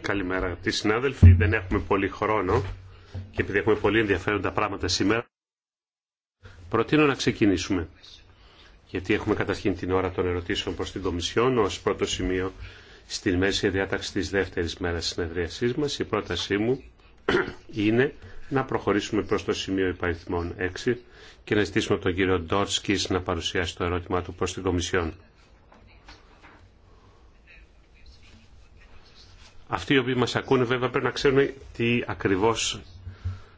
Καλημέρα αγαπητοί συνάδελφοι, δεν έχουμε πολύ χρόνο και επειδή έχουμε πολύ ενδιαφέροντα πράγματα σήμερα, προτείνω να ξεκινήσουμε. Γιατί έχουμε καταρχήν την ώρα των ερωτήσεων προς την Κομισιόν ως πρώτο σημείο στην μέση διάταξη της δεύτερης μέρας συνεδρίασής μας. Η πρότασή μου είναι να προχωρήσουμε προς το σημείο υπαριθμών 6 και να ζητήσουμε τον κύριο Ντόρσκης να παρουσιάσει το ερώτημα του προς την Κομισιόν. Αυτοί οι οποίοι μας ακούνε βέβαια πρέπει να ξέρουν τι ακριβώς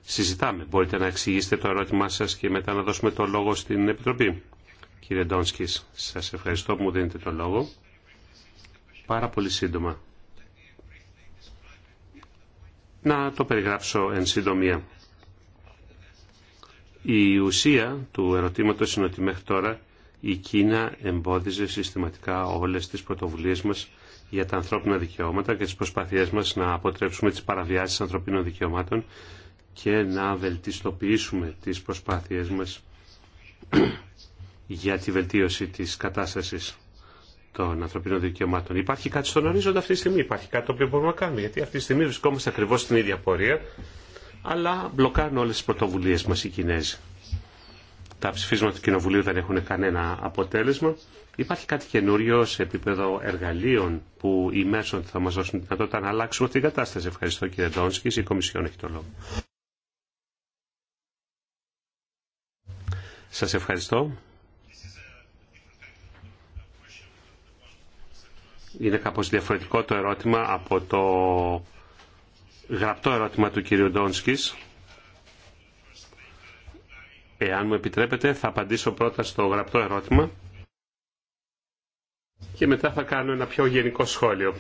συζητάμε. Μπορείτε να εξηγήσετε το ερώτημά σας και μετά να δώσουμε το λόγο στην Επιτροπή. Κύριε Ντόνσκης, σας ευχαριστώ που μου δίνετε το λόγο. Πάρα πολύ σύντομα. Να το περιγράψω εν συντομία. Η ουσία του ερωτήματος είναι ότι μέχρι τώρα η Κίνα εμπόδιζε συστηματικά όλες τις πρωτοβουλίες μας για τα ανθρώπινα δικαιώματα και τις προσπαθίες μας να αποτρέψουμε τις παραβιάσεις ανθρωπίνων δικαιωμάτων και να βελτιστοποιήσουμε τις προσπάθειές μας για τη βελτίωση της κατάστασης των ανθρωπίνων δικαιωμάτων. Υπάρχει κάτι στον ορίζοντα αυτή τη στιγμή, υπάρχει κάτι το οποίο μπορούμε να κάνουμε. Γιατί αυτή τη στιγμή βρισκόμαστε ακριβώ στην ίδια πορεία, αλλά μπλοκάρουν όλε τι πρωτοβουλίε μα οι Κινέζοι. Τα ψηφίσματα του Κοινοβουλίου δεν έχουν κανένα αποτέλεσμα. Υπάρχει κάτι καινούριο σε επίπεδο εργαλείων που οι μέσων θα μα δώσουν τη δυνατότητα να αλλάξουμε την κατάσταση. Ευχαριστώ κύριε Ντόνσκι. Η Κομισιόν έχει το λόγο. Σας ευχαριστώ. είναι κάπως διαφορετικό το ερώτημα από το γραπτό ερώτημα του κύριου Ντόνσκης. Εάν μου επιτρέπετε θα απαντήσω πρώτα στο γραπτό ερώτημα και μετά θα κάνω ένα πιο γενικό σχόλιο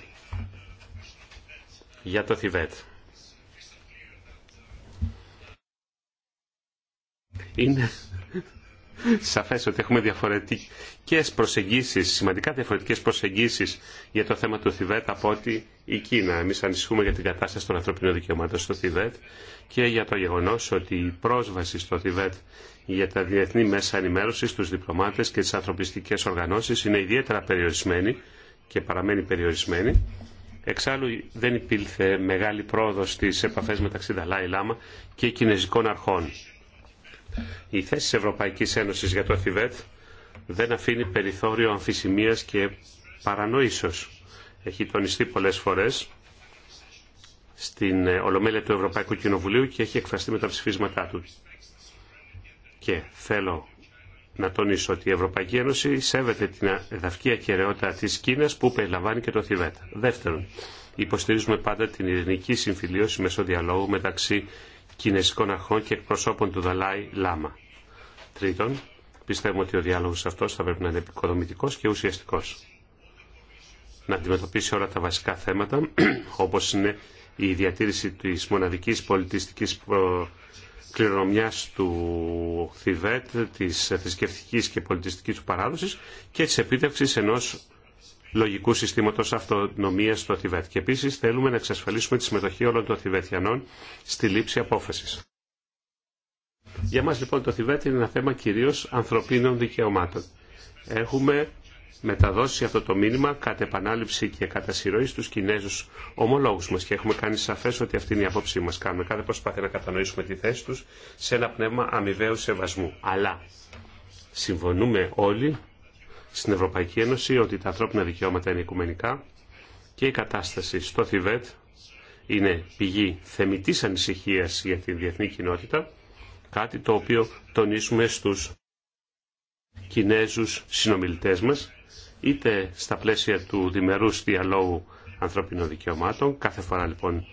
για το Θιβέτ. Είναι σαφές ότι έχουμε διαφορετικές προσεγγίσεις, σημαντικά διαφορετικές προσεγγίσεις για το θέμα του Θιβέτ από ότι η Κίνα. Εμείς ανησυχούμε για την κατάσταση των ανθρωπίνων δικαιωμάτων στο Θιβέτ και για το γεγονός ότι η πρόσβαση στο Θιβέτ για τα διεθνή μέσα ενημέρωση τους διπλωμάτες και τις ανθρωπιστικές οργανώσεις είναι ιδιαίτερα περιορισμένη και παραμένει περιορισμένη. Εξάλλου δεν υπήλθε μεγάλη πρόοδος στις επαφές μεταξύ Δαλάη Λάμα και κινέζικων αρχών. Η θέση της Ευρωπαϊκής Ένωσης για το Θιβέτ δεν αφήνει περιθώριο αμφισημίας και παρανοήσεως. Έχει τονιστεί πολλές φορές στην ε, Ολομέλεια του Ευρωπαϊκού Κοινοβουλίου και έχει εκφραστεί με τα ψηφίσματά του. Και θέλω να τονίσω ότι η Ευρωπαϊκή Ένωση σέβεται την εδαφική ακαιρεότητα της Κίνας που περιλαμβάνει και το Θιβέτ. Δεύτερον, υποστηρίζουμε πάντα την ειρηνική συμφιλίωση μέσω διαλόγου μεταξύ Κινέζικων Αρχών και εκπροσώπων του Δαλάη Λάμα. Τρίτον, πιστεύουμε ότι ο διάλογος αυτός θα πρέπει να είναι επικοδομητικός και ουσιαστικός. Να αντιμετωπίσει όλα τα βασικά θέματα, όπως είναι η διατήρηση της μοναδικής πολιτιστικής κληρονομιάς του Θιβέτ, της θρησκευτική και πολιτιστικής του παράδοσης και της επίτευξης ενός λογικού συστήματο αυτονομία στο Θιβέτ. Και επίση θέλουμε να εξασφαλίσουμε τη συμμετοχή όλων των Θιβέτιανών στη λήψη απόφαση. Για μα, λοιπόν το Θιβέτ είναι ένα θέμα κυρίω ανθρωπίνων δικαιωμάτων. Έχουμε μεταδώσει αυτό το μήνυμα κατά επανάληψη και κατά συρροή στου Κινέζου ομολόγου μα και έχουμε κάνει σαφέ ότι αυτή είναι η απόψη μα. Κάνουμε κάθε προσπάθεια να κατανοήσουμε τη θέση του σε ένα πνεύμα αμοιβαίου σεβασμού. Αλλά συμφωνούμε όλοι στην Ευρωπαϊκή Ένωση ότι τα ανθρώπινα δικαιώματα είναι οικουμενικά και η κατάσταση στο Θιβέτ είναι πηγή θεμητής ανησυχίας για την διεθνή κοινότητα, κάτι το οποίο τονίσουμε στους Κινέζους συνομιλητές μας, είτε στα πλαίσια του διμερούς διαλόγου ανθρωπινών δικαιωμάτων, κάθε φορά λοιπόν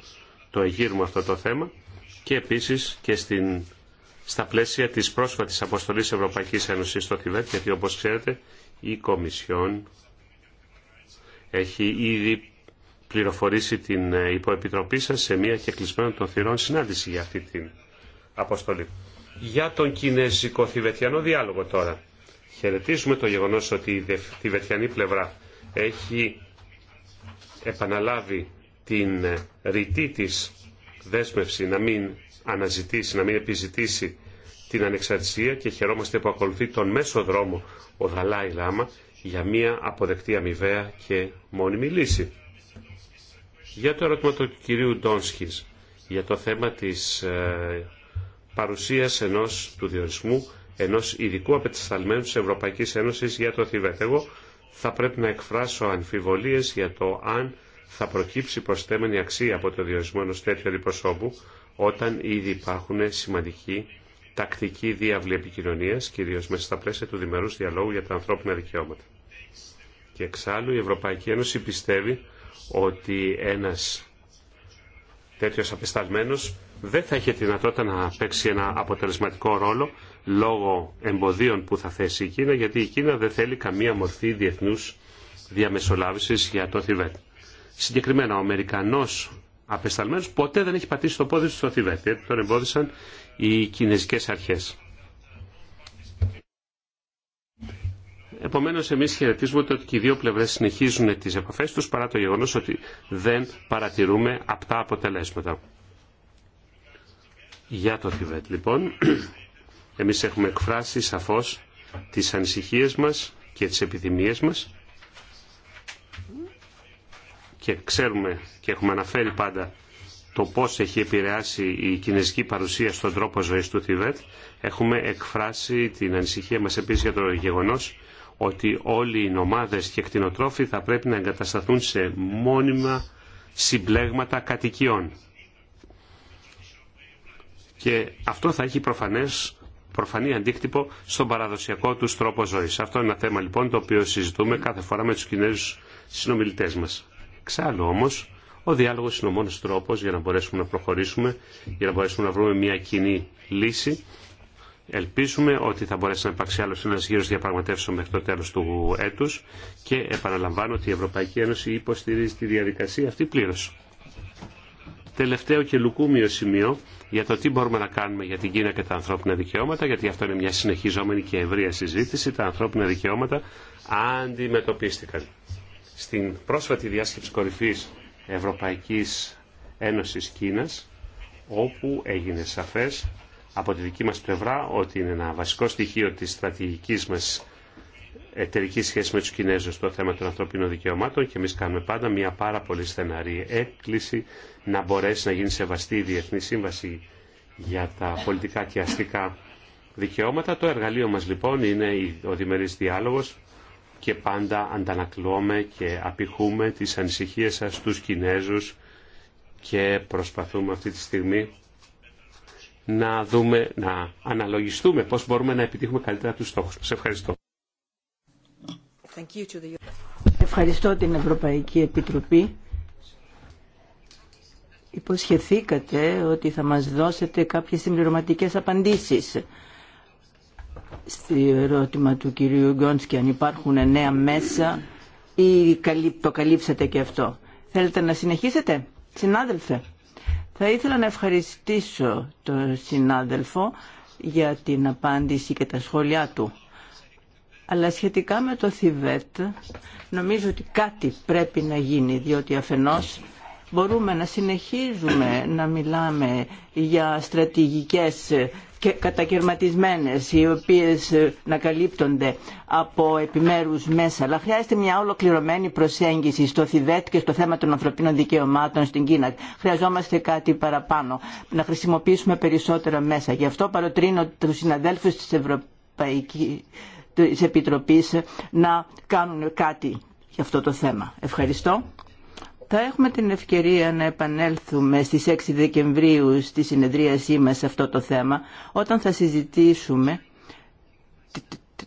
το εγείρουμε αυτό το θέμα, και επίσης και στην, στα πλαίσια της πρόσφατης αποστολής Ευρωπαϊκής Ένωσης στο Θιβέτ, γιατί όπως ξέρετε η Κομισιόν έχει ήδη πληροφορήσει την ε, υποεπιτροπή σας σε μια και κλεισμένο των θυρών συνάντηση για αυτή την αποστολή. Για τον Κινέζικο-Θιβετιανό διάλογο τώρα. Χαιρετίζουμε το γεγονός ότι η Θιβετιανή πλευρά έχει επαναλάβει την ε, ρητή της δέσμευση να μην αναζητήσει, να μην επιζητήσει την ανεξαρτησία και χαιρόμαστε που ακολουθεί τον μέσο δρόμο ο Δαλάη Λάμα για μια αποδεκτή αμοιβαία και μόνιμη λύση. Για το ερώτημα του κυρίου Ντόνσκης για το θέμα της ε, παρουσίας ενός του διορισμού ενός ειδικού απεσταλμένου της Ευρωπαϊκής Ένωσης για το Θιβέτ. Εγώ θα πρέπει να εκφράσω αμφιβολίες για το αν θα προκύψει προσθέμενη αξία από το διορισμό ενός τέτοιου αντιπροσώπου όταν ήδη υπάρχουν σημαντικοί τακτική διάβλη επικοινωνία, κυρίω μέσα στα πλαίσια του διμερού διαλόγου για τα ανθρώπινα δικαιώματα. Και εξάλλου η Ευρωπαϊκή Ένωση πιστεύει ότι ένα τέτοιο απεσταλμένο δεν θα έχει δυνατότητα να παίξει ένα αποτελεσματικό ρόλο λόγω εμποδίων που θα θέσει η Κίνα, γιατί η Κίνα δεν θέλει καμία μορφή διεθνού διαμεσολάβηση για το Θιβέτ. Συγκεκριμένα, ο Αμερικανός Απεσταλμένος ποτέ δεν έχει πατήσει το πόδι του στο Θιβέτ. Γιατί τον εμπόδισαν οι κινέζικες αρχές. Επομένως, εμείς χαιρετίζουμε ότι και οι δύο πλευρές συνεχίζουν τις επαφές τους παρά το γεγονός ότι δεν παρατηρούμε απτά αποτελέσματα. Για το Θιβέτ, λοιπόν, εμείς έχουμε εκφράσει σαφώς τις ανησυχίες μας και τις επιθυμίε μας και ξέρουμε και έχουμε αναφέρει πάντα το πώς έχει επηρεάσει η κινέζικη παρουσία στον τρόπο ζωής του Θιβέτ. Έχουμε εκφράσει την ανησυχία μας επίσης για το γεγονός ότι όλοι οι νομάδες και κτηνοτρόφοι θα πρέπει να εγκατασταθούν σε μόνιμα συμπλέγματα κατοικιών. Και αυτό θα έχει προφανές, προφανή αντίκτυπο στον παραδοσιακό του τρόπο ζωής. Αυτό είναι ένα θέμα λοιπόν το οποίο συζητούμε κάθε φορά με τους Κινέζους συνομιλητές μας. Εξάλλου όμω, ο διάλογο είναι ο μόνο τρόπο για να μπορέσουμε να προχωρήσουμε, για να μπορέσουμε να βρούμε μια κοινή λύση. Ελπίζουμε ότι θα μπορέσει να υπάρξει άλλο ένα γύρο διαπραγματεύσεων μέχρι το τέλο του έτου και επαναλαμβάνω ότι η Ευρωπαϊκή Ένωση υποστηρίζει τη διαδικασία αυτή πλήρω. Τελευταίο και λουκούμιο σημείο για το τι μπορούμε να κάνουμε για την Κίνα και τα ανθρώπινα δικαιώματα, γιατί αυτό είναι μια συνεχιζόμενη και ευρεία συζήτηση. Τα ανθρώπινα δικαιώματα αντιμετωπίστηκαν στην πρόσφατη διάσκεψη κορυφής Ευρωπαϊκής Ένωσης Κίνας, όπου έγινε σαφές από τη δική μας πλευρά ότι είναι ένα βασικό στοιχείο της στρατηγικής μας εταιρική σχέση με τους Κινέζους στο θέμα των ανθρωπίνων δικαιωμάτων και εμείς κάνουμε πάντα μια πάρα πολύ στεναρή έκκληση να μπορέσει να γίνει σεβαστή η Διεθνή Σύμβαση για τα πολιτικά και αστικά δικαιώματα. Το εργαλείο μας λοιπόν είναι ο διμερής διάλογος και πάντα αντανακλώμε και απηχούμε τις ανησυχίες σας στους Κινέζους και προσπαθούμε αυτή τη στιγμή να δούμε, να αναλογιστούμε πώς μπορούμε να επιτύχουμε καλύτερα τους στόχους. Σας ευχαριστώ. Ευχαριστώ την Ευρωπαϊκή Επιτροπή. Υποσχεθήκατε ότι θα μας δώσετε κάποιες συμπληρωματικές απαντήσεις στη ερώτημα του κυρίου και αν υπάρχουν νέα μέσα ή το καλύψατε και αυτό. Θέλετε να συνεχίσετε, συνάδελφε. Θα ήθελα να ευχαριστήσω τον συνάδελφο για την απάντηση και τα σχόλιά του. Αλλά σχετικά με το Θιβέτ νομίζω ότι κάτι πρέπει να γίνει διότι αφενός μπορούμε να συνεχίζουμε να μιλάμε για στρατηγικές και κατακαιρματισμένες οι οποίες ε, να καλύπτονται από επιμέρους μέσα αλλά χρειάζεται μια ολοκληρωμένη προσέγγιση στο Θιβέτ και στο θέμα των ανθρωπίνων δικαιωμάτων στην Κίνα. Χρειαζόμαστε κάτι παραπάνω, να χρησιμοποιήσουμε περισσότερα μέσα. Γι' αυτό παροτρύνω τους συναδέλφους της Ευρωπαϊκής Επιτροπής να κάνουν κάτι για αυτό το θέμα. Ευχαριστώ. Θα έχουμε την ευκαιρία να επανέλθουμε στις 6 Δεκεμβρίου στη συνεδρίασή μας σε αυτό το θέμα όταν θα συζητήσουμε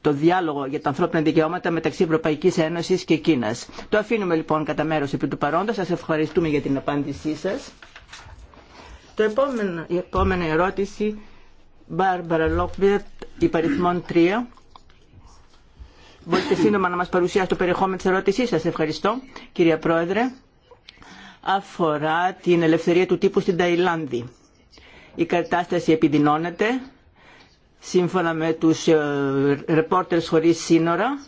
το διάλογο για τα ανθρώπινα δικαιώματα μεταξύ Ευρωπαϊκής Ένωσης και Κίνας. Το αφήνουμε λοιπόν κατά μέρος επί του παρόντος. Σας ευχαριστούμε για την απάντησή σας. Το επόμενο, η επόμενη ερώτηση, Μπάρμπαρα Λόχβιερτ, υπαριθμών 3. Μπορείτε σύντομα να μας παρουσιάσετε το περιεχόμενο της ερώτησής σας. Ευχαριστώ, κυρία Πρόεδρε αφορά την ελευθερία του τύπου στην Ταϊλάνδη. Η κατάσταση επιδεινώνεται σύμφωνα με τους ε, reporters χωρίς σύνορα.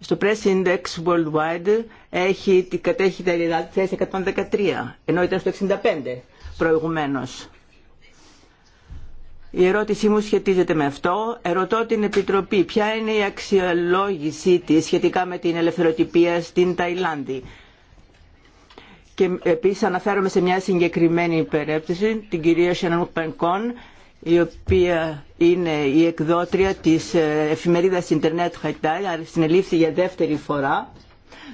Στο Press Index Worldwide έχει, κατέχει τα Ιρλανδία θέση 113, ενώ ήταν στο 65 προηγουμένως. Η ερώτησή μου σχετίζεται με αυτό. Ερωτώ την Επιτροπή ποια είναι η αξιολόγησή της σχετικά με την ελευθεροτυπία στην Ταϊλάνδη. Και επίσης αναφέρομαι σε μια συγκεκριμένη περίπτωση, την κυρία Σινανού Πενκόν, η οποία είναι η εκδότρια της ε, εφημερίδας Ιντερνετ αλλά συνελήφθη για δεύτερη φορά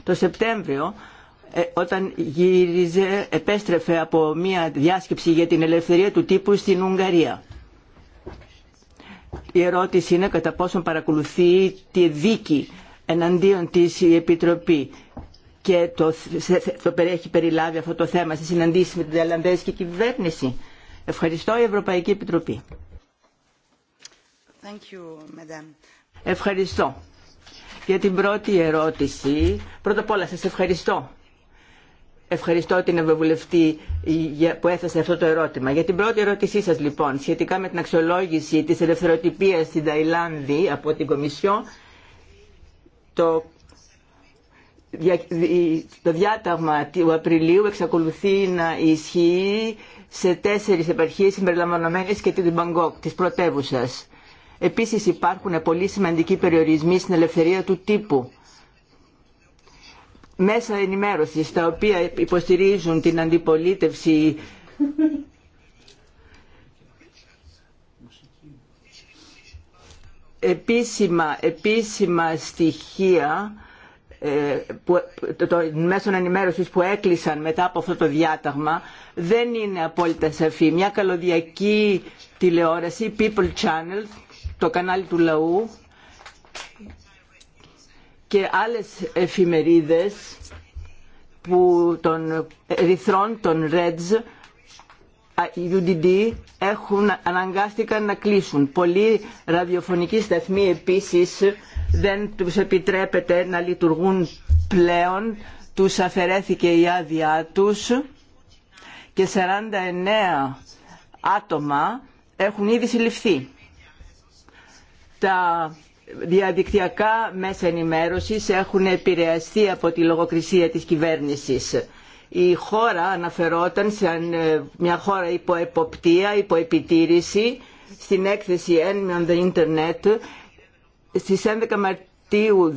το Σεπτέμβριο, ε, όταν γύριζε, επέστρεφε από μια διάσκεψη για την ελευθερία του τύπου στην Ουγγαρία. Η ερώτηση είναι κατά πόσον παρακολουθεί τη δίκη εναντίον της Επιτροπή και το, το έχει περιλάβει αυτό το θέμα σε συναντήση με την Ταϊλανδέζικη κυβέρνηση. Ευχαριστώ η Ευρωπαϊκή Επιτροπή. Thank you, ευχαριστώ για την πρώτη ερώτηση. Πρώτα απ' όλα σας ευχαριστώ. Ευχαριστώ την Ευρωβουλευτή που έθεσε αυτό το ερώτημα. Για την πρώτη ερώτησή σας λοιπόν, σχετικά με την αξιολόγηση της ελευθεροτυπίας στην Ταϊλάνδη από την Κομισιό, το το διάταγμα του Απριλίου εξακολουθεί να ισχύει σε τέσσερις επαρχίες συμπεριλαμβανομένες και την Μπαγκόκ, της πρωτεύουσας. Επίσης υπάρχουν πολύ σημαντικοί περιορισμοί στην ελευθερία του τύπου. Μέσα ενημέρωσης τα οποία υποστηρίζουν την αντιπολίτευση επίσημα, επίσημα στοιχεία ε, των μέσων ενημέρωσης που έκλεισαν μετά από αυτό το διάταγμα δεν είναι απόλυτα σαφή. Μια καλωδιακή τηλεόραση, People Channel, το κανάλι του λαού και άλλες εφημερίδες που των ε, ρηθρών, των Reds, UDD έχουν, αναγκάστηκαν να κλείσουν. Πολλοί ραδιοφωνικοί σταθμοί επίσης δεν τους επιτρέπεται να λειτουργούν πλέον. Τους αφαιρέθηκε η άδειά τους και 49 άτομα έχουν ήδη συλληφθεί. Τα διαδικτυακά μέσα ενημέρωσης έχουν επηρεαστεί από τη λογοκρισία της κυβέρνησης η χώρα αναφερόταν σε ε, μια χώρα υπό εποπτεία, υπό επιτήρηση στην έκθεση Enemy on the Internet στις 11 Μαρτίου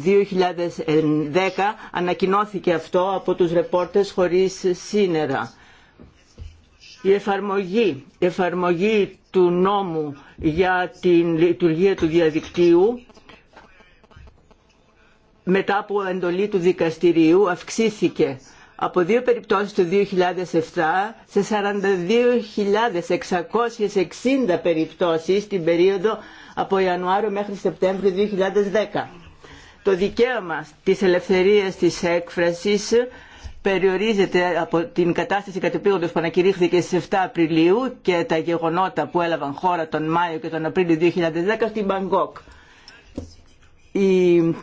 2010 ανακοινώθηκε αυτό από τους ρεπόρτες χωρίς σύνερα. Η εφαρμογή, η εφαρμογή του νόμου για την λειτουργία του διαδικτύου μετά από εντολή του δικαστηρίου αυξήθηκε από δύο περιπτώσεις το 2007 σε 42.660 περιπτώσεις την περίοδο από Ιανουάριο μέχρι Σεπτέμβριο 2010. Το δικαίωμα της ελευθερίας της έκφρασης περιορίζεται από την κατάσταση κατεπίγοντος που ανακηρύχθηκε στις 7 Απριλίου και τα γεγονότα που έλαβαν χώρα τον Μάιο και τον Απρίλιο 2010 στην Μπαγκόκ.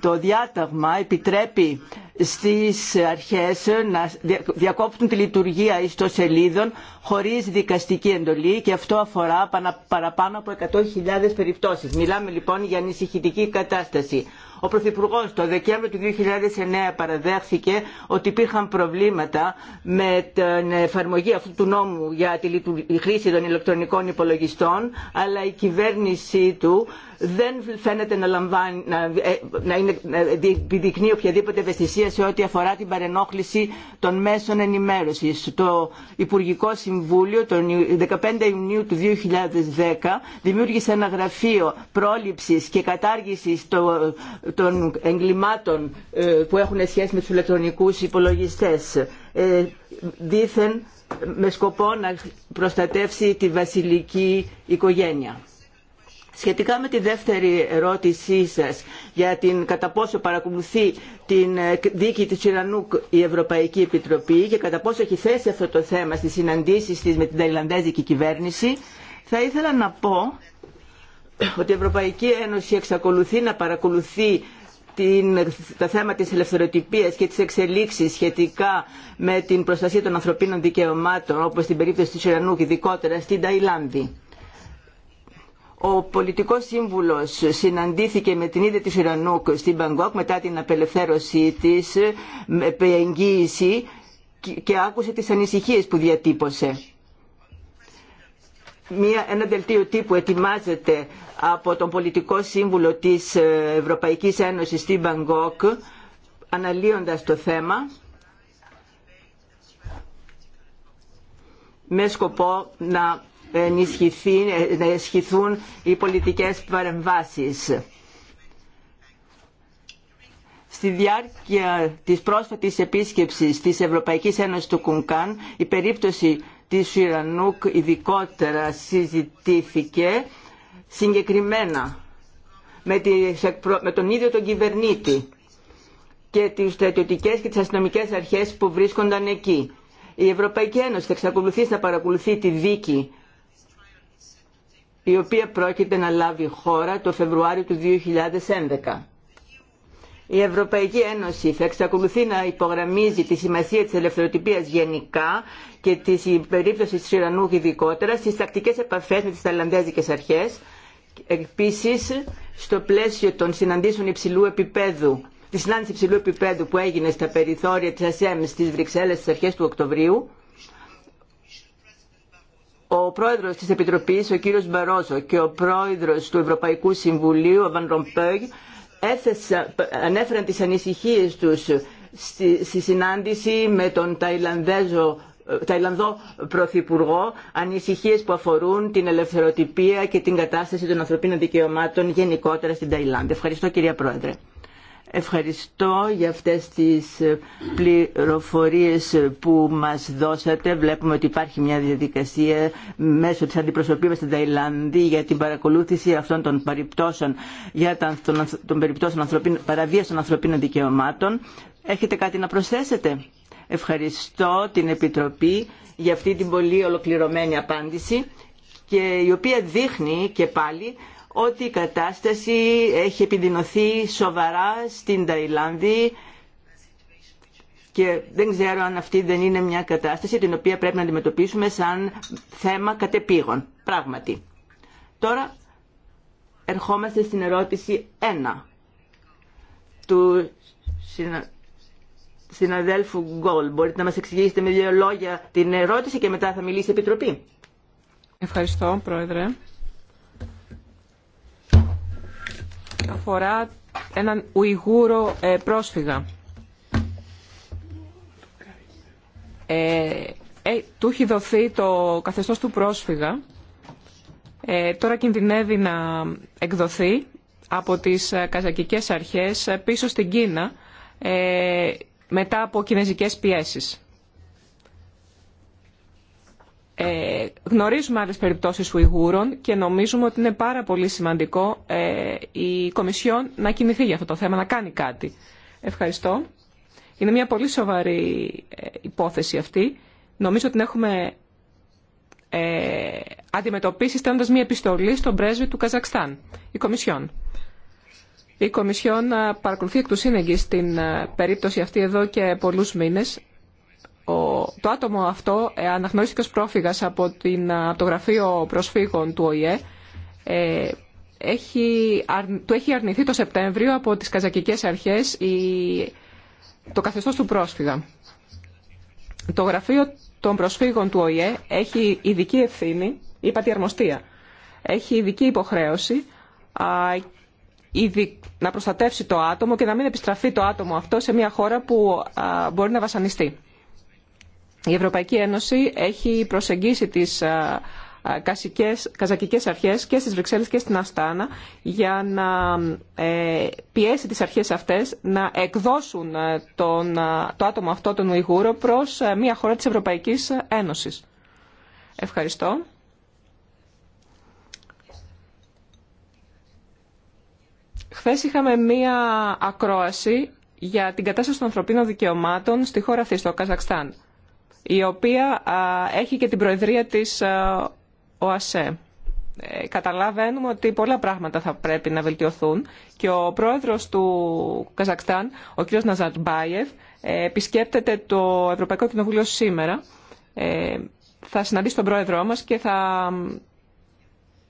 Το διάταγμα επιτρέπει στις αρχές να διακόπτουν τη λειτουργία ιστοσελίδων χωρίς δικαστική εντολή και αυτό αφορά παραπάνω από 100.000 περιπτώσεις. Μιλάμε λοιπόν για ανησυχητική κατάσταση. Ο Πρωθυπουργό το Δεκέμβριο του 2009 παραδέχθηκε ότι υπήρχαν προβλήματα με την εφαρμογή αυτού του νόμου για τη χρήση των ηλεκτρονικών υπολογιστών, αλλά η κυβέρνησή του δεν φαίνεται να, λαμβάνει, ε, είναι, να επιδεικνύει οποιαδήποτε ευαισθησία σε ό,τι αφορά την παρενόχληση των μέσων ενημέρωσης. Το Υπουργικό Συμβούλιο τον 15 Ιουνίου του 2010 δημιούργησε ένα γραφείο πρόληψης και κατάργησης των εγκλημάτων ε, που έχουν σχέση με τους ηλεκτρονικούς υπολογιστές ε, δήθεν με σκοπό να προστατεύσει τη βασιλική οικογένεια. Σχετικά με τη δεύτερη ερώτησή σας για την κατά πόσο παρακολουθεί την ε, δίκη της Ιρανούκ η Ευρωπαϊκή Επιτροπή και κατά πόσο έχει θέσει αυτό το θέμα στις συναντήσεις της με την Ταϊλανδέζικη κυβέρνηση, θα ήθελα να πω ότι η Ευρωπαϊκή Ένωση εξακολουθεί να παρακολουθεί την, τα θέματα της ελευθεροτυπίας και της εξελίξης σχετικά με την προστασία των ανθρωπίνων δικαιωμάτων, όπως στην περίπτωση του Ιρανούκ, ειδικότερα στην Ταϊλάνδη ο πολιτικός σύμβουλος συναντήθηκε με την ίδια τη Ιρανούκ στην Μπαγκόκ μετά την απελευθέρωσή της με εγγύηση και άκουσε τις ανησυχίες που διατύπωσε. Μια, ένα δελτίο τύπου ετοιμάζεται από τον πολιτικό σύμβουλο της Ευρωπαϊκής Ένωσης στην Μπαγκόκ αναλύοντας το θέμα με σκοπό να να ενισχυθούν οι πολιτικές παρεμβάσεις. Στη διάρκεια της πρόσφατης επίσκεψης της Ευρωπαϊκής Ένωσης του Κουνκάν, η περίπτωση της Ιρανούκ ειδικότερα συζητήθηκε συγκεκριμένα με τον ίδιο τον κυβερνήτη και τις στρατιωτικές και τις αστυνομικές αρχές που βρίσκονταν εκεί. Η Ευρωπαϊκή Ένωση θα εξακολουθήσει να παρακολουθεί τη δίκη η οποία πρόκειται να λάβει χώρα το Φεβρουάριο του 2011. Η Ευρωπαϊκή Ένωση θα εξακολουθεί να υπογραμμίζει τη σημασία της ελευθεροτυπίας γενικά και της περίπτωση της Ιρανού ειδικότερα στις τακτικές επαφές με τις ταλλανδέζικες αρχές, επίσης στο πλαίσιο των συναντήσεων υψηλού επίπεδου υψηλού επίπεδου που έγινε στα περιθώρια της ΑΣΕΜ στις Βρυξέλλες στις αρχές του Οκτωβρίου ο πρόεδρος της Επιτροπής, ο κύριος Μπαρόζο και ο πρόεδρος του Ευρωπαϊκού Συμβουλίου, ο Βαν Ρομπέγ, ανέφεραν τις ανησυχίες τους στη, στη συνάντηση με τον Ταϊλανδέζο ε, Ταϊλανδό Πρωθυπουργό, ανησυχίε που αφορούν την ελευθεροτυπία και την κατάσταση των ανθρωπίνων δικαιωμάτων γενικότερα στην Ταϊλάνδη. Ευχαριστώ κυρία Πρόεδρε. Ευχαριστώ για αυτές τις πληροφορίες που μας δώσατε. Βλέπουμε ότι υπάρχει μια διαδικασία μέσω της αντιπροσωπείας στην Ταϊλανδή για την παρακολούθηση αυτών των περιπτώσεων, για των περιπτώσεων παραβίας των ανθρωπίνων δικαιωμάτων. Έχετε κάτι να προσθέσετε. Ευχαριστώ την Επιτροπή για αυτή την πολύ ολοκληρωμένη απάντηση και η οποία δείχνει και πάλι ότι η κατάσταση έχει επιδεινωθεί σοβαρά στην Ταϊλάνδη και δεν ξέρω αν αυτή δεν είναι μια κατάσταση την οποία πρέπει να αντιμετωπίσουμε σαν θέμα κατεπήγων. Πράγματι. Τώρα ερχόμαστε στην ερώτηση 1 του συναδέλφου Γκόλ. Μπορείτε να μας εξηγήσετε με δύο λόγια την ερώτηση και μετά θα μιλήσει η Επιτροπή. Ευχαριστώ, Πρόεδρε. αφορά έναν Ουιγούρο ε, πρόσφυγα. Ε, ε, του έχει δοθεί το καθεστώς του πρόσφυγα. Ε, τώρα κινδυνεύει να εκδοθεί από τις καζακικές αρχές πίσω στην Κίνα ε, μετά από κινέζικες πιέσεις. Ε, γνωρίζουμε άλλες περιπτώσεις Ουιγούρων και νομίζουμε ότι είναι πάρα πολύ σημαντικό ε, η Κομισιόν να κινηθεί για αυτό το θέμα, να κάνει κάτι. Ευχαριστώ. Είναι μια πολύ σοβαρή ε, υπόθεση αυτή. Νομίζω ότι την έχουμε ε, αντιμετωπίσει στέλνοντας μια επιστολή στον πρέσβη του Καζακστάν, η Κομισιόν. Η Κομισιόν παρακολουθεί εκ του σύνεγγυ στην περίπτωση αυτή εδώ και πολλούς μήνες το άτομο αυτό ε, αναγνωρίστηκε ως πρόφυγας από, την, από το Γραφείο Προσφύγων του ΟΗΕ. Ε, έχει, του έχει αρνηθεί το Σεπτέμβριο από τις καζακικές αρχές το καθεστώς του πρόσφυγα. Το Γραφείο των Προσφύγων του ΟΗΕ έχει ειδική ευθύνη, είπα τη αρμοστία, έχει ειδική υποχρέωση να προστατεύσει το άτομο και να μην επιστραφεί το άτομο αυτό σε μια χώρα που μπορεί να βασανιστεί. Η Ευρωπαϊκή Ένωση έχει προσεγγίσει τις κασικές, καζακικές αρχές και στις Βρυξέλλες και στην Αστάνα για να ε, πιέσει τις αρχές αυτές να εκδώσουν ε, τον, το άτομο αυτό, τον Ουιγούρο, προς ε, μια χώρα της Ευρωπαϊκής Ένωσης. Ευχαριστώ. χθε είχαμε μία ακρόαση για την κατάσταση των ανθρωπίνων δικαιωμάτων στη χώρα αυτή, στο Καζακστάν η οποία έχει και την προεδρία της ΟΑΣΕ. Ε, καταλαβαίνουμε ότι πολλά πράγματα θα πρέπει να βελτιωθούν και ο πρόεδρος του Καζακστάν, ο κ. Ναζαρμπάιεφ, ε, επισκέπτεται το Ευρωπαϊκό Κοινοβούλιο σήμερα. Ε, θα συναντήσει τον πρόεδρό μας και θα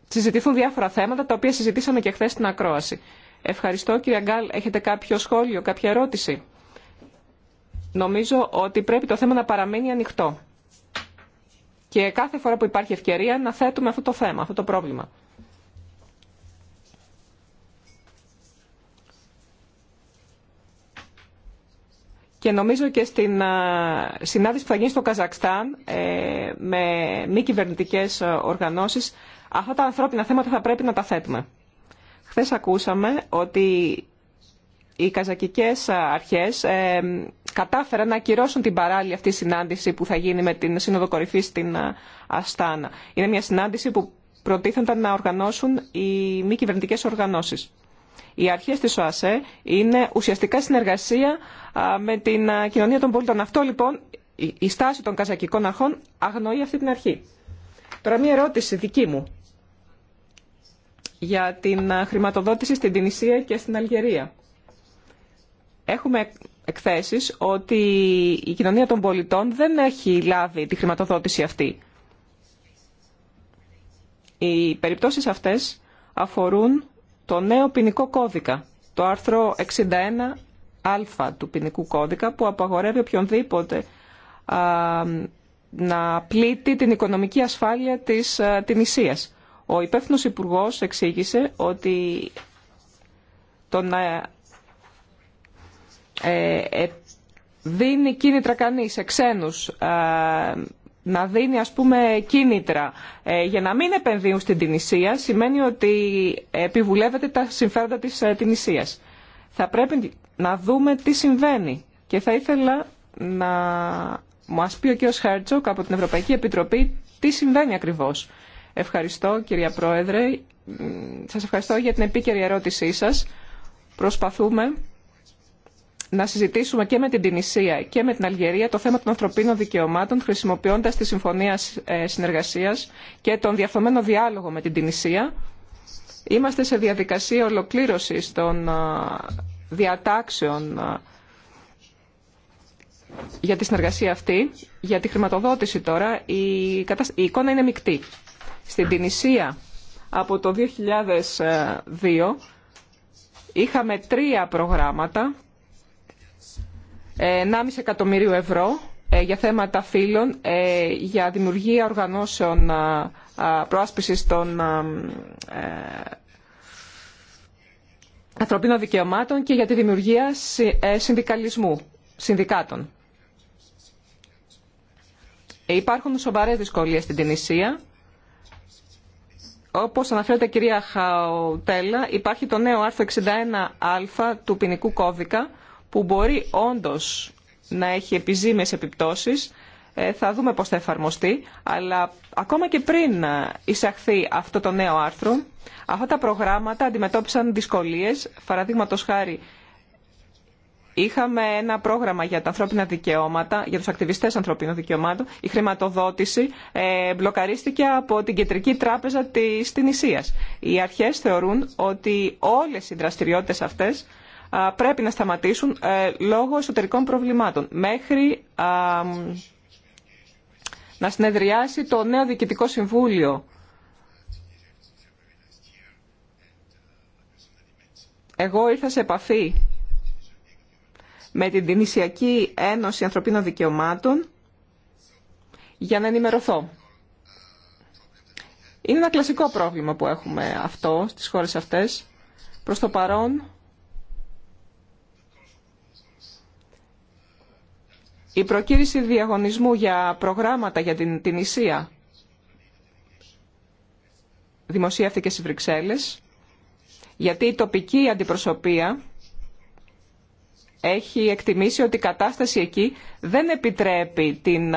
συζητηθούν διάφορα θέματα τα οποία συζητήσαμε και χθε στην ακρόαση. Ευχαριστώ κύριε Γκάλ. Έχετε κάποιο σχόλιο, κάποια ερώτηση. Νομίζω ότι πρέπει το θέμα να παραμείνει ανοιχτό. Και κάθε φορά που υπάρχει ευκαιρία να θέτουμε αυτό το θέμα, αυτό το πρόβλημα. Και νομίζω και στην συνάντηση που θα γίνει στο Καζακστάν ε, με μη κυβερνητικέ ε, οργανώσεις, αυτά τα ανθρώπινα θέματα θα πρέπει να τα θέτουμε. Χθες ακούσαμε ότι οι καζακικές αρχές ε, κατάφεραν να ακυρώσουν την παράλληλη αυτή συνάντηση που θα γίνει με την Σύνοδο Κορυφής στην ε, Αστάνα. Είναι μια συνάντηση που προτίθενταν να οργανώσουν οι μη κυβερνητικέ οργανώσεις. Οι αρχές της ΟΑΣΕ είναι ουσιαστικά συνεργασία με την ε, κοινωνία των πολιτών. Αυτό λοιπόν η στάση των καζακικών αρχών αγνοεί αυτή την αρχή. Τώρα μια ερώτηση δική μου για την χρηματοδότηση στην Τινησία και στην Αλγερία. Έχουμε εκθέσεις ότι η κοινωνία των πολιτών δεν έχει λάβει τη χρηματοδότηση αυτή. Οι περιπτώσεις αυτές αφορούν το νέο ποινικό κώδικα, το άρθρο 61α του ποινικού κώδικα που απαγορεύει οποιονδήποτε να πλήττει την οικονομική ασφάλεια της α, Ισίας. Ο υπεύθυνος υπουργός εξήγησε ότι το ε, ε, δίνει κίνητρα κάνει σε ε, να δίνει ας πούμε κίνητρα για να μην επενδύουν στην Τινησία σημαίνει ότι επιβουλεύεται τα συμφέροντα της Τινησίας. Θα πρέπει να δούμε τι συμβαίνει και θα ήθελα να μας πει ο κ. Χέρτσοκ από την Ευρωπαϊκή Επιτροπή τι συμβαίνει ακριβώς. Ευχαριστώ κυρία Πρόεδρε, σας ευχαριστώ για την επίκαιρη ερώτησή σας. Προσπαθούμε να συζητήσουμε και με την Τινησία και με την Αλγερία το θέμα των ανθρωπίνων δικαιωμάτων χρησιμοποιώντας τη Συμφωνία ε, Συνεργασίας και τον διαφθομένο διάλογο με την Τινησία. Είμαστε σε διαδικασία ολοκλήρωσης των ε, διατάξεων ε, για τη συνεργασία αυτή. Για τη χρηματοδότηση τώρα η εικόνα είναι μεικτή. Στην Τινησία από το 2002 είχαμε τρία προγράμματα 1,5 εκατομμυρίου ευρώ ε, για θέματα φύλων, ε, για δημιουργία οργανώσεων προάσπισης των ε, ανθρωπίνων δικαιωμάτων και για τη δημιουργία συνδικαλισμού, συνδικάτων. Υπάρχουν σοβαρές δυσκολίες στην Τινησία. Όπως αναφέρεται η κυρία Χαουτέλα, υπάρχει το νέο άρθρο 61α του ποινικού κώδικα που μπορεί όντως να έχει επιζήμιες επιπτώσεις, ε, θα δούμε πώς θα εφαρμοστεί, αλλά ακόμα και πριν εισαχθεί αυτό το νέο άρθρο, αυτά τα προγράμματα αντιμετώπισαν δυσκολίες. Παραδείγματο χάρη, είχαμε ένα πρόγραμμα για τα ανθρώπινα δικαιώματα, για τους ακτιβιστές ανθρωπίνων δικαιωμάτων. Η χρηματοδότηση ε, μπλοκαρίστηκε από την Κεντρική Τράπεζα της Τινησίας. Οι αρχές θεωρούν ότι όλες οι δραστηριότητες αυτές πρέπει να σταματήσουν ε, λόγω εσωτερικών προβλημάτων μέχρι να συνεδριάσει το νέο Διοικητικό Συμβούλιο. Εγώ ήρθα σε επαφή με την Τινησιακή Ένωση Ανθρωπίνων Δικαιωμάτων για να ενημερωθώ. Είναι ένα κλασικό πρόβλημα που έχουμε αυτό στις χώρες αυτές. Προς το παρόν Η προκήρυξη διαγωνισμού για προγράμματα για την, την Ισία δημοσιεύθηκε στις Βρυξέλλες, γιατί η τοπική αντιπροσωπεία έχει εκτιμήσει ότι η κατάσταση εκεί δεν επιτρέπει την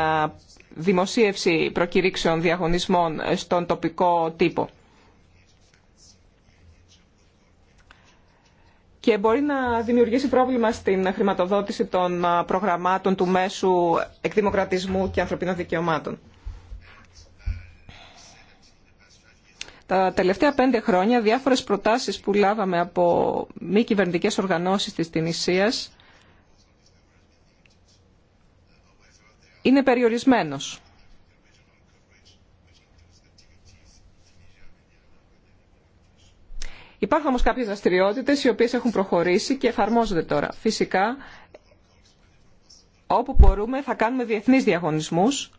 δημοσίευση προκηρύξεων διαγωνισμών στον τοπικό τύπο. και μπορεί να δημιουργήσει πρόβλημα στην χρηματοδότηση των προγραμμάτων του μέσου εκδημοκρατισμού και ανθρωπίνων δικαιωμάτων. Τα τελευταία πέντε χρόνια διάφορες προτάσεις που λάβαμε από μη κυβερνητικέ οργανώσεις της Τινησίας είναι περιορισμένος Υπάρχουν όμω κάποιες δραστηριότητε οι οποίες έχουν προχωρήσει και εφαρμόζονται τώρα. Φυσικά, όπου μπορούμε θα κάνουμε διεθνείς διαγωνισμούς,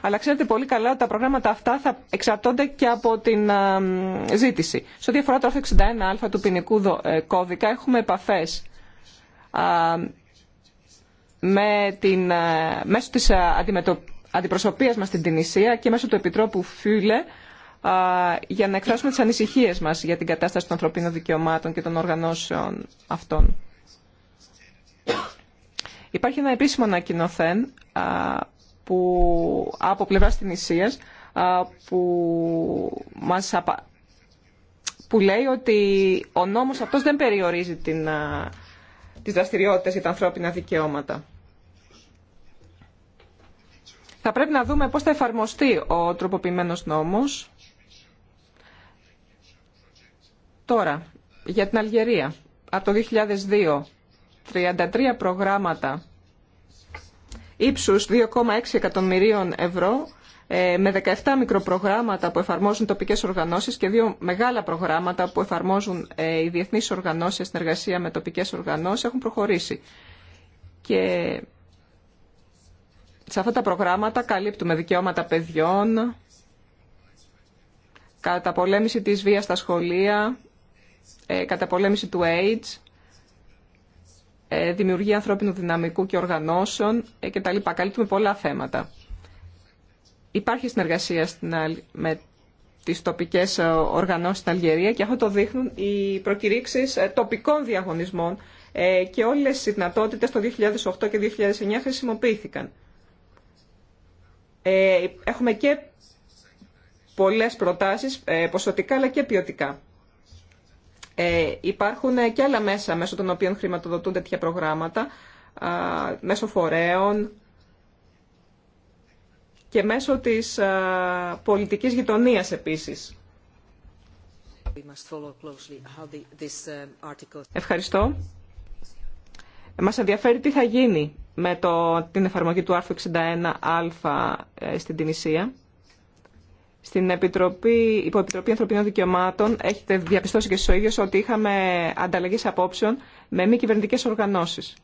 αλλά ξέρετε πολύ καλά ότι τα προγράμματα αυτά θα εξαρτώνται και από την ε, ζήτηση. Σε ό,τι αφορά το 61α του ποινικού ε, κώδικα έχουμε επαφές με την, ε, μέσω της αντιπροσωπείας μας στην Τινησία και μέσω του Επιτρόπου Φιούλε για να εκφράσουμε τις ανησυχίες μας για την κατάσταση των ανθρωπίνων δικαιωμάτων και των οργανώσεων αυτών. Υπάρχει ένα επίσημο ανακοινωθέν που, από πλευράς της νησίας που, μας, που λέει ότι ο νόμος αυτός δεν περιορίζει την, τις δραστηριότητες για τα ανθρώπινα δικαιώματα. Θα πρέπει να δούμε πώς θα εφαρμοστεί ο τροποποιημένος νόμος Τώρα, για την Αλγερία. Από το 2002, 33 προγράμματα ύψους 2,6 εκατομμυρίων ευρώ ε, με 17 μικροπρογράμματα που εφαρμόζουν τοπικές οργανώσεις και δύο μεγάλα προγράμματα που εφαρμόζουν ε, οι διεθνείς οργανώσεις στην εργασία με τοπικές οργανώσεις έχουν προχωρήσει. Και σε αυτά τα προγράμματα καλύπτουμε δικαιώματα παιδιών, καταπολέμηση της βίας στα σχολεία, ε, καταπολέμηση του AIDS, ε, δημιουργία ανθρώπινου δυναμικού και οργανώσεων ε, κτλ. Καλύπτουμε πολλά θέματα. Υπάρχει συνεργασία με τις τοπικές οργανώσεις στην Αλγερία και αυτό το δείχνουν οι προκηρύξεις τοπικών διαγωνισμών και όλες οι δυνατότητες το 2008 και 2009 χρησιμοποιήθηκαν. Έχουμε και πολλές προτάσεις ποσοτικά αλλά και ποιοτικά. Ε, υπάρχουν και άλλα μέσα μέσω των οποίων χρηματοδοτούν τέτοια προγράμματα, μέσω φορέων και μέσω της πολιτικής γειτονίας επίσης. Um, Ευχαριστώ. Μας ενδιαφέρει τι θα γίνει με το, την εφαρμογή του άρθρου 61α ε, στην Τινησία. Στην Επιτροπή, Υποεπιτροπή Ανθρωπίνων Δικαιωμάτων έχετε διαπιστώσει και στους ίδιους ότι είχαμε ανταλλαγές απόψεων με μη κυβερνητικέ οργανώσεις.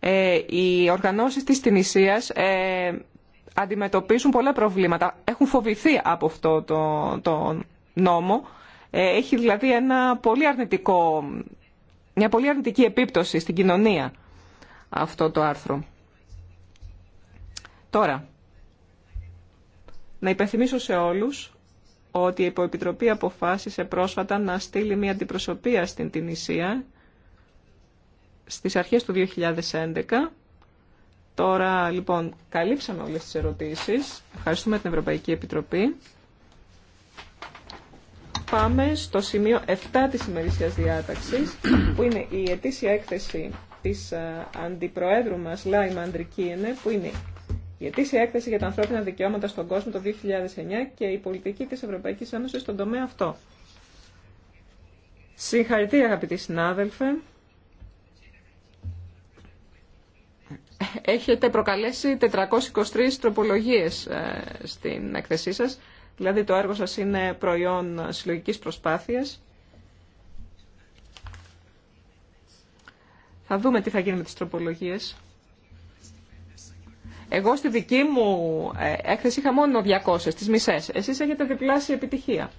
Ε, οι οργανώσεις της Τινησίας ε, αντιμετωπίζουν πολλά προβλήματα. Έχουν φοβηθεί από αυτό το, νόμο. Ε, έχει δηλαδή ένα πολύ αρνητικό, μια πολύ αρνητική επίπτωση στην κοινωνία αυτό το άρθρο. Τώρα, να υπενθυμίσω σε όλους ότι η Υποεπιτροπή αποφάσισε πρόσφατα να στείλει μια αντιπροσωπεία στην Τινησία στις αρχές του 2011. Τώρα, λοιπόν, καλύψαμε όλες τις ερωτήσεις. Ευχαριστούμε την Ευρωπαϊκή Επιτροπή. Πάμε στο σημείο 7 της ημερήσιας διάταξης, που είναι η ετήσια έκθεση της ε, Αντιπροέδρου μας Λάιμα Αντρικίνε, που είναι η ετήσια έκθεση για τα ανθρώπινα δικαιώματα στον κόσμο το 2009 και η πολιτική της Ευρωπαϊκής Ένωσης στον τομέα αυτό. Συγχαρητήρια αγαπητοί συνάδελφε. Έχετε προκαλέσει 423 τροπολογίες ε, στην έκθεσή σας, δηλαδή το έργο σας είναι προϊόν συλλογικής προσπάθειας. Θα δούμε τι θα γίνει με τις τροπολογίες. Εγώ στη δική μου ε, έκθεση είχα μόνο 200, τις μισές. Εσείς έχετε διπλάσια επιτυχία.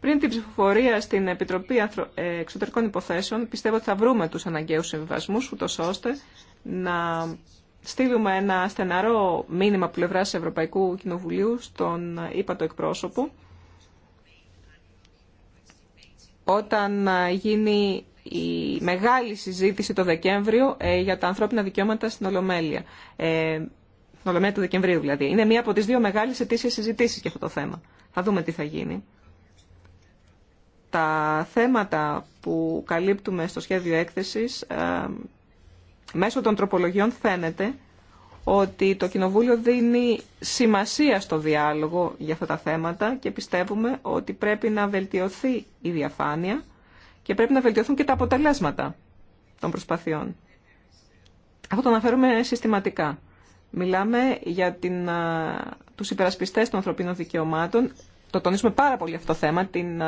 Πριν την ψηφοφορία στην Επιτροπή ε, Εξωτερικών Υποθέσεων, πιστεύω ότι θα βρούμε τους αναγκαίους συμβιβασμούς, ούτως ώστε να στείλουμε ένα στεναρό μήνυμα πλευρά Ευρωπαϊκού Κοινοβουλίου στον ύπατο ε, εκπρόσωπο όταν γίνει η μεγάλη συζήτηση το Δεκέμβριο ε, για τα ανθρώπινα δικαιώματα στην Ολομέλεια. Ε, στην Ολομέλεια του Δεκεμβρίου δηλαδή. Είναι μία από τις δύο μεγάλες ετήσιες συζητήσεις για αυτό το θέμα. Θα δούμε τι θα γίνει. Τα θέματα που καλύπτουμε στο σχέδιο έκθεσης ε, μέσω των τροπολογιών φαίνεται ότι το Κοινοβούλιο δίνει σημασία στο διάλογο για αυτά τα θέματα και πιστεύουμε ότι πρέπει να βελτιωθεί η διαφάνεια και πρέπει να βελτιωθούν και τα αποτελέσματα των προσπαθειών. Αυτό το αναφέρουμε συστηματικά. Μιλάμε για την, τους υπερασπιστές των ανθρωπίνων δικαιωμάτων. Το τονίζουμε πάρα πολύ αυτό το θέμα, την,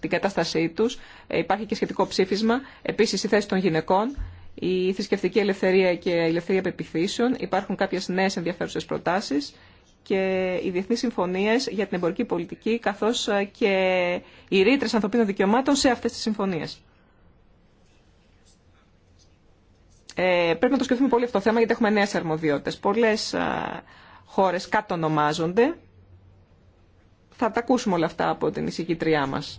την κατάστασή τους. Ε, υπάρχει και σχετικό ψήφισμα. Επίσης η θέση των γυναικών, η θρησκευτική ελευθερία και η ελευθερία πεπιθήσεων. Υπάρχουν κάποιες νέες ενδιαφέρουσες προτάσεις και οι διεθνείς συμφωνίες για την εμπορική πολιτική καθώς ε, και οι ρήτρες ανθρωπίνων δικαιωμάτων σε αυτές τις συμφωνίες. Ε, πρέπει να το σκεφτούμε πολύ αυτό το θέμα γιατί έχουμε νέες αρμοδιότητες. Πολλές α, ε, χώρες κατονομάζονται. Θα τα ακούσουμε όλα αυτά από την εισηγήτριά μας.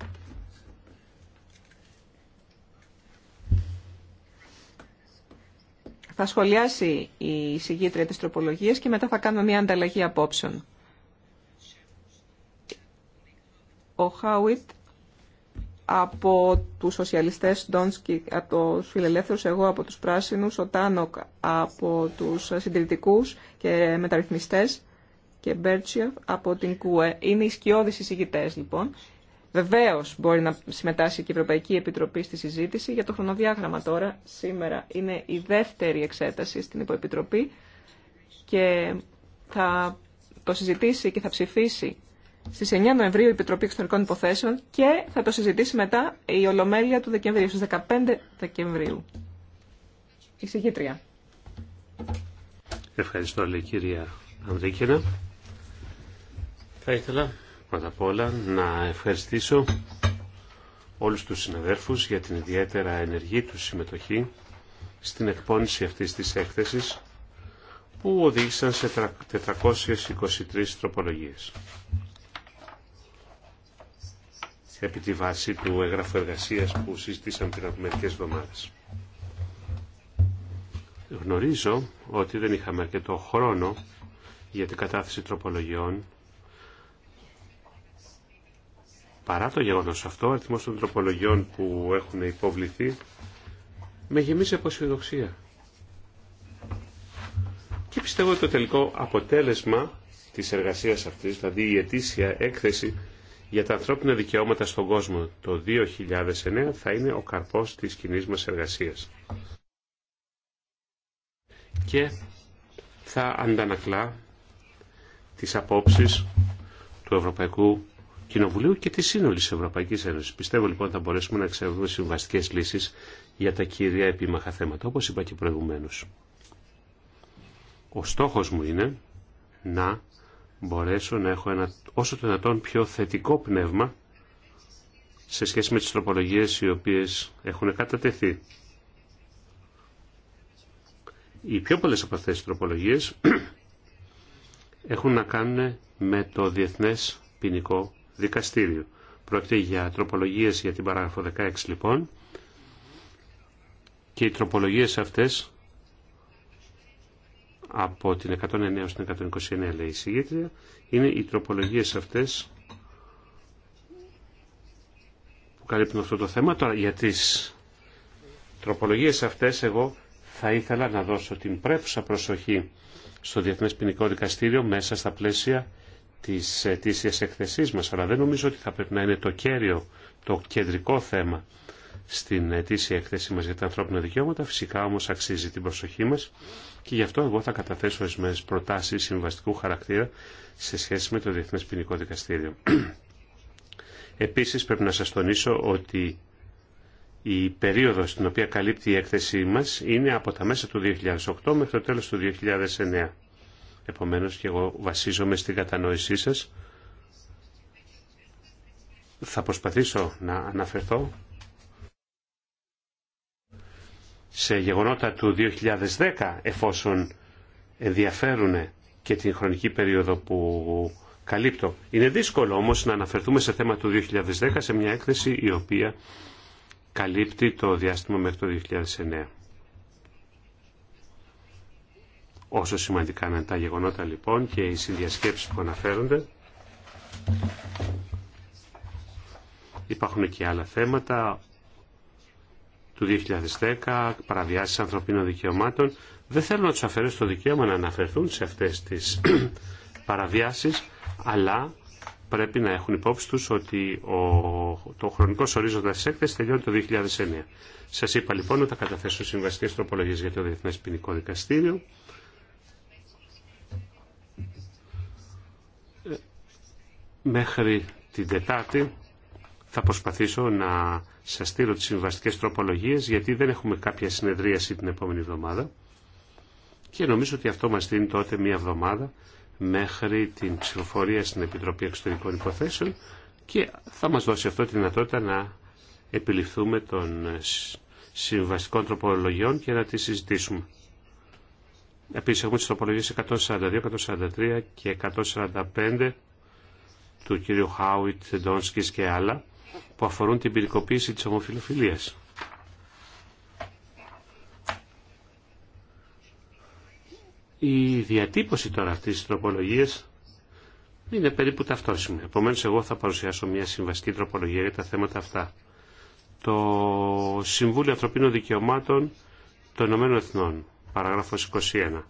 Θα σχολιάσει η συγκήτρια της τροπολογίας και μετά θα κάνουμε μια ανταλλαγή απόψεων. Ο Χάουιτ από τους σοσιαλιστές, Ντόνσκι από τους φιλελεύθερους, εγώ από τους πράσινους, ο Τάνοκ από τους συντηρητικούς και μεταρρυθμιστές και Μπέρτσιεφ από την ΚΟΕ. Είναι οι σκιώδεις εισηγητές λοιπόν. Βεβαίω μπορεί να συμμετάσχει και η Ευρωπαϊκή Επιτροπή στη συζήτηση. Για το χρονοδιάγραμμα τώρα, σήμερα είναι η δεύτερη εξέταση στην Υποεπιτροπή και θα το συζητήσει και θα ψηφίσει στις 9 Νοεμβρίου η Επιτροπή Εξωτερικών Υποθέσεων και θα το συζητήσει μετά η Ολομέλεια του Δεκεμβρίου, στις 15 Δεκεμβρίου. Εισηγήτρια. Ευχαριστώ, λέει κυρία Ανδρίκηνα. Θα ήθελα Πρώτα απ' όλα να ευχαριστήσω όλους τους συναδέρφους για την ιδιαίτερα ενεργή του συμμετοχή στην εκπόνηση αυτής της έκθεσης που οδήγησαν σε 423 τροπολογίες. Επί τη βάση του έγγραφου εργασίας που συζητήσαμε πριν από μερικές Γνωρίζω ότι δεν είχαμε αρκετό χρόνο για την κατάθεση τροπολογιών Παρά το γεγονός αυτό, ο αριθμός των τροπολογιών που έχουν υποβληθεί με γεμίζει από αισιοδοξία. Και πιστεύω ότι το τελικό αποτέλεσμα της εργασίας αυτής, δηλαδή η ετήσια έκθεση για τα ανθρώπινα δικαιώματα στον κόσμο το 2009 θα είναι ο καρπός της κοινή μας εργασίας. Και θα αντανακλά τις απόψεις του Ευρωπαϊκού Κοινοβουλίου και τη σύνολη τη Ευρωπαϊκή Ένωση. Πιστεύω λοιπόν ότι θα μπορέσουμε να εξεύρουμε συμβαστικέ λύσει για τα κύρια επίμαχα θέματα, όπω είπα και προηγουμένω. Ο στόχο μου είναι να μπορέσω να έχω ένα όσο το δυνατόν πιο θετικό πνεύμα σε σχέση με τις τροπολογίες οι οποίες έχουν κατατεθεί. Οι πιο πολλές από αυτές τις τροπολογίες έχουν να κάνουν με το διεθνές ποινικό δικαστήριο. Πρόκειται για τροπολογίες για την παράγραφο 16 λοιπόν και οι τροπολογίες αυτές από την 109 στην 129 λέει η συγγήτρια είναι οι τροπολογίες αυτές που καλύπτουν αυτό το θέμα. Τώρα για τις τροπολογίες αυτές εγώ θα ήθελα να δώσω την πρέφουσα προσοχή στο Διεθνές Ποινικό Δικαστήριο μέσα στα πλαίσια της αιτήσιας εκθεσής μας, αλλά δεν νομίζω ότι θα πρέπει να είναι το κέριο, το κεντρικό θέμα στην αιτήσια εκθέση μας για τα ανθρώπινα δικαιώματα. Φυσικά όμως αξίζει την προσοχή μας και γι' αυτό εγώ θα καταθέσω ορισμένε προτάσεις συμβαστικού χαρακτήρα σε σχέση με το Διεθνές Ποινικό Δικαστήριο. Επίσης πρέπει να σας τονίσω ότι η περίοδος στην οποία καλύπτει η έκθεσή μας είναι από τα μέσα του 2008 μέχρι το τέλος του 2009. Επομένως και εγώ βασίζομαι στην κατανόησή σας. Θα προσπαθήσω να αναφερθώ σε γεγονότα του 2010 εφόσον ενδιαφέρουν και την χρονική περίοδο που καλύπτω. Είναι δύσκολο όμως να αναφερθούμε σε θέμα του 2010 σε μια έκθεση η οποία καλύπτει το διάστημα μέχρι το 2009. Όσο σημαντικά είναι τα γεγονότα λοιπόν και οι συνδιασκέψεις που αναφέρονται, υπάρχουν και άλλα θέματα του 2010, παραβιάσεις ανθρωπίνων δικαιωμάτων. Δεν θέλω να τους αφαιρέσω το δικαίωμα να αναφερθούν σε αυτές τις παραβιάσεις, αλλά πρέπει να έχουν υπόψη τους ότι ο, το χρονικό ορίζοντα της έκθεσης τελειώνει το 2009. Σας είπα λοιπόν ότι θα καταθέσω συμβασικές τροπολογίες για το Διεθνές Ποινικό Δικαστήριο Μέχρι την Τετάρτη θα προσπαθήσω να σας στείλω τις συμβαστικές τροπολογίες γιατί δεν έχουμε κάποια συνεδρίαση την επόμενη εβδομάδα και νομίζω ότι αυτό μας δίνει τότε μία εβδομάδα μέχρι την ψηφοφορία στην Επιτροπή Εξωτερικών Υποθέσεων και θα μας δώσει αυτό τη δυνατότητα να επιληφθούμε των συμβαστικών τροπολογιών και να τις συζητήσουμε. Επίσης έχουμε τις τροπολογίες 142, 143 και 145 του κ. Χάουιτ, Ντόνσκης και άλλα που αφορούν την πυρικοποίηση τη ομοφιλοφιλία. Η διατύπωση τώρα αυτή τη τροπολογία είναι περίπου ταυτόσιμη. Επομένω, εγώ θα παρουσιάσω μια συμβαστική τροπολογία για τα θέματα αυτά. Το Συμβούλιο Ανθρωπίνων Δικαιωμάτων των Ηνωμένων Εθνών, παράγραφος 21.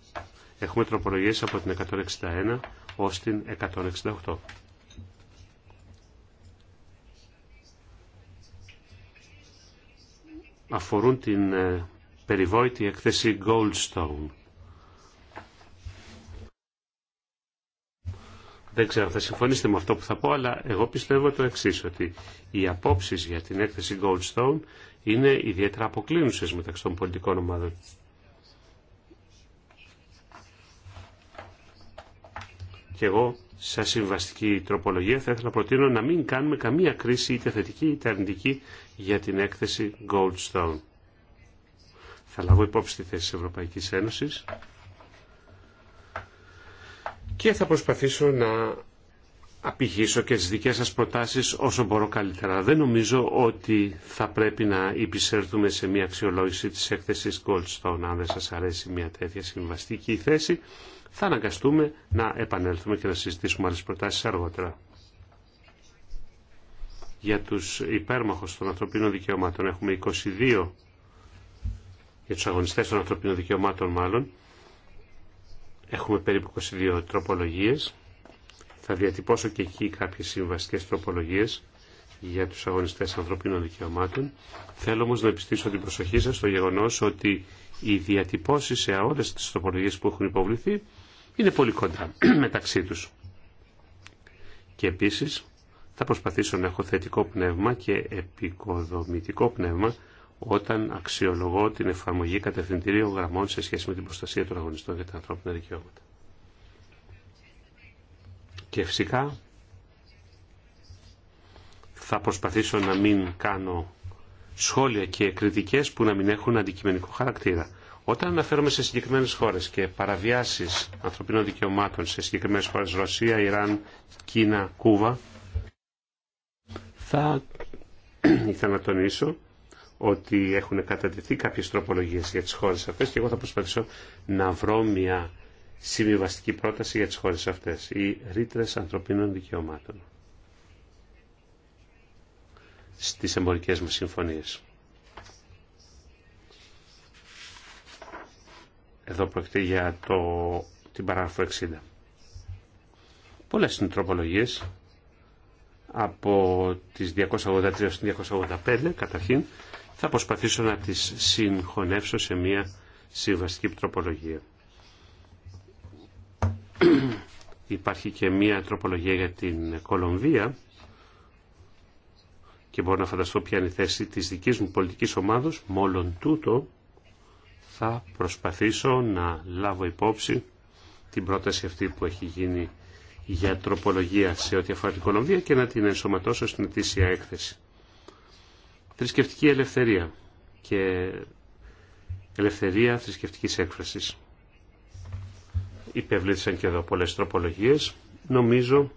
Έχουμε τροπολογίες από την 161 ως την 168. αφορούν την ε, περιβόητη έκθεση Goldstone. Δεν ξέρω αν θα συμφωνήσετε με αυτό που θα πω, αλλά εγώ πιστεύω το εξή ότι οι απόψει για την έκθεση Goldstone είναι ιδιαίτερα αποκλίνουσες μεταξύ των πολιτικών ομάδων. Και εγώ, σαν συμβαστική τροπολογία, θα ήθελα να προτείνω να μην κάνουμε καμία κρίση είτε θετική είτε αρνητική για την έκθεση Goldstone. Θα λάβω υπόψη τη θέση της Ευρωπαϊκής Ένωσης και θα προσπαθήσω να απηχήσω και τις δικές σας προτάσεις όσο μπορώ καλύτερα. Δεν νομίζω ότι θα πρέπει να υπησέρθουμε σε μια αξιολόγηση της έκθεσης Goldstone. Αν δεν σας αρέσει μια τέτοια συμβαστική θέση, θα αναγκαστούμε να επανέλθουμε και να συζητήσουμε άλλες προτάσεις αργότερα για τους υπέρμαχους των ανθρωπίνων δικαιωμάτων. Έχουμε 22 για τους αγωνιστές των ανθρωπίνων δικαιωμάτων μάλλον. Έχουμε περίπου 22 τροπολογίες. Θα διατυπώσω και εκεί κάποιες συμβαστικές τροπολογίες για τους αγωνιστές ανθρωπίνων δικαιωμάτων. Θέλω όμως να επιστήσω την προσοχή σας στο γεγονός ότι οι διατυπώσεις σε όλες τις τροπολογίες που έχουν υποβληθεί είναι πολύ κοντά μεταξύ τους. Και επίσης θα προσπαθήσω να έχω θετικό πνεύμα και επικοδομητικό πνεύμα όταν αξιολογώ την εφαρμογή κατευθυντήριων γραμμών σε σχέση με την προστασία των αγωνιστών για τα ανθρώπινα δικαιώματα. Και φυσικά θα προσπαθήσω να μην κάνω σχόλια και κριτικές που να μην έχουν αντικειμενικό χαρακτήρα. Όταν αναφέρομαι σε συγκεκριμένε χώρε και παραβιάσεις ανθρωπίνων δικαιωμάτων σε συγκεκριμένε χώρε Ρωσία, Ιράν, Κίνα, Κούβα, θα ήθελα να τονίσω ότι έχουν κατατεθεί κάποιες τροπολογίες για τις χώρες αυτές και εγώ θα προσπαθήσω να βρω μια συμβιβαστική πρόταση για τις χώρες αυτές, οι ρήτρε ανθρωπίνων δικαιωμάτων στις εμπορικές μας συμφωνίες. Εδώ πρόκειται για το, την παράγραφο 60. Πολλές είναι τροπολογίες από τις 283 στις 285 καταρχήν θα προσπαθήσω να τις συγχωνεύσω σε μια συμβαστική τροπολογία. Υπάρχει και μια τροπολογία για την Κολομβία και μπορώ να φανταστώ ποια είναι η θέση της δικής μου πολιτικής ομάδος. Μόλον τούτο θα προσπαθήσω να λάβω υπόψη την πρόταση αυτή που έχει γίνει για τροπολογία σε ό,τι αφορά την Κολομβία και να την ενσωματώσω στην ετήσια έκθεση. Θρησκευτική ελευθερία και ελευθερία θρησκευτικής έκφρασης. Υπευλήθησαν και εδώ πολλές τροπολογίες. Νομίζω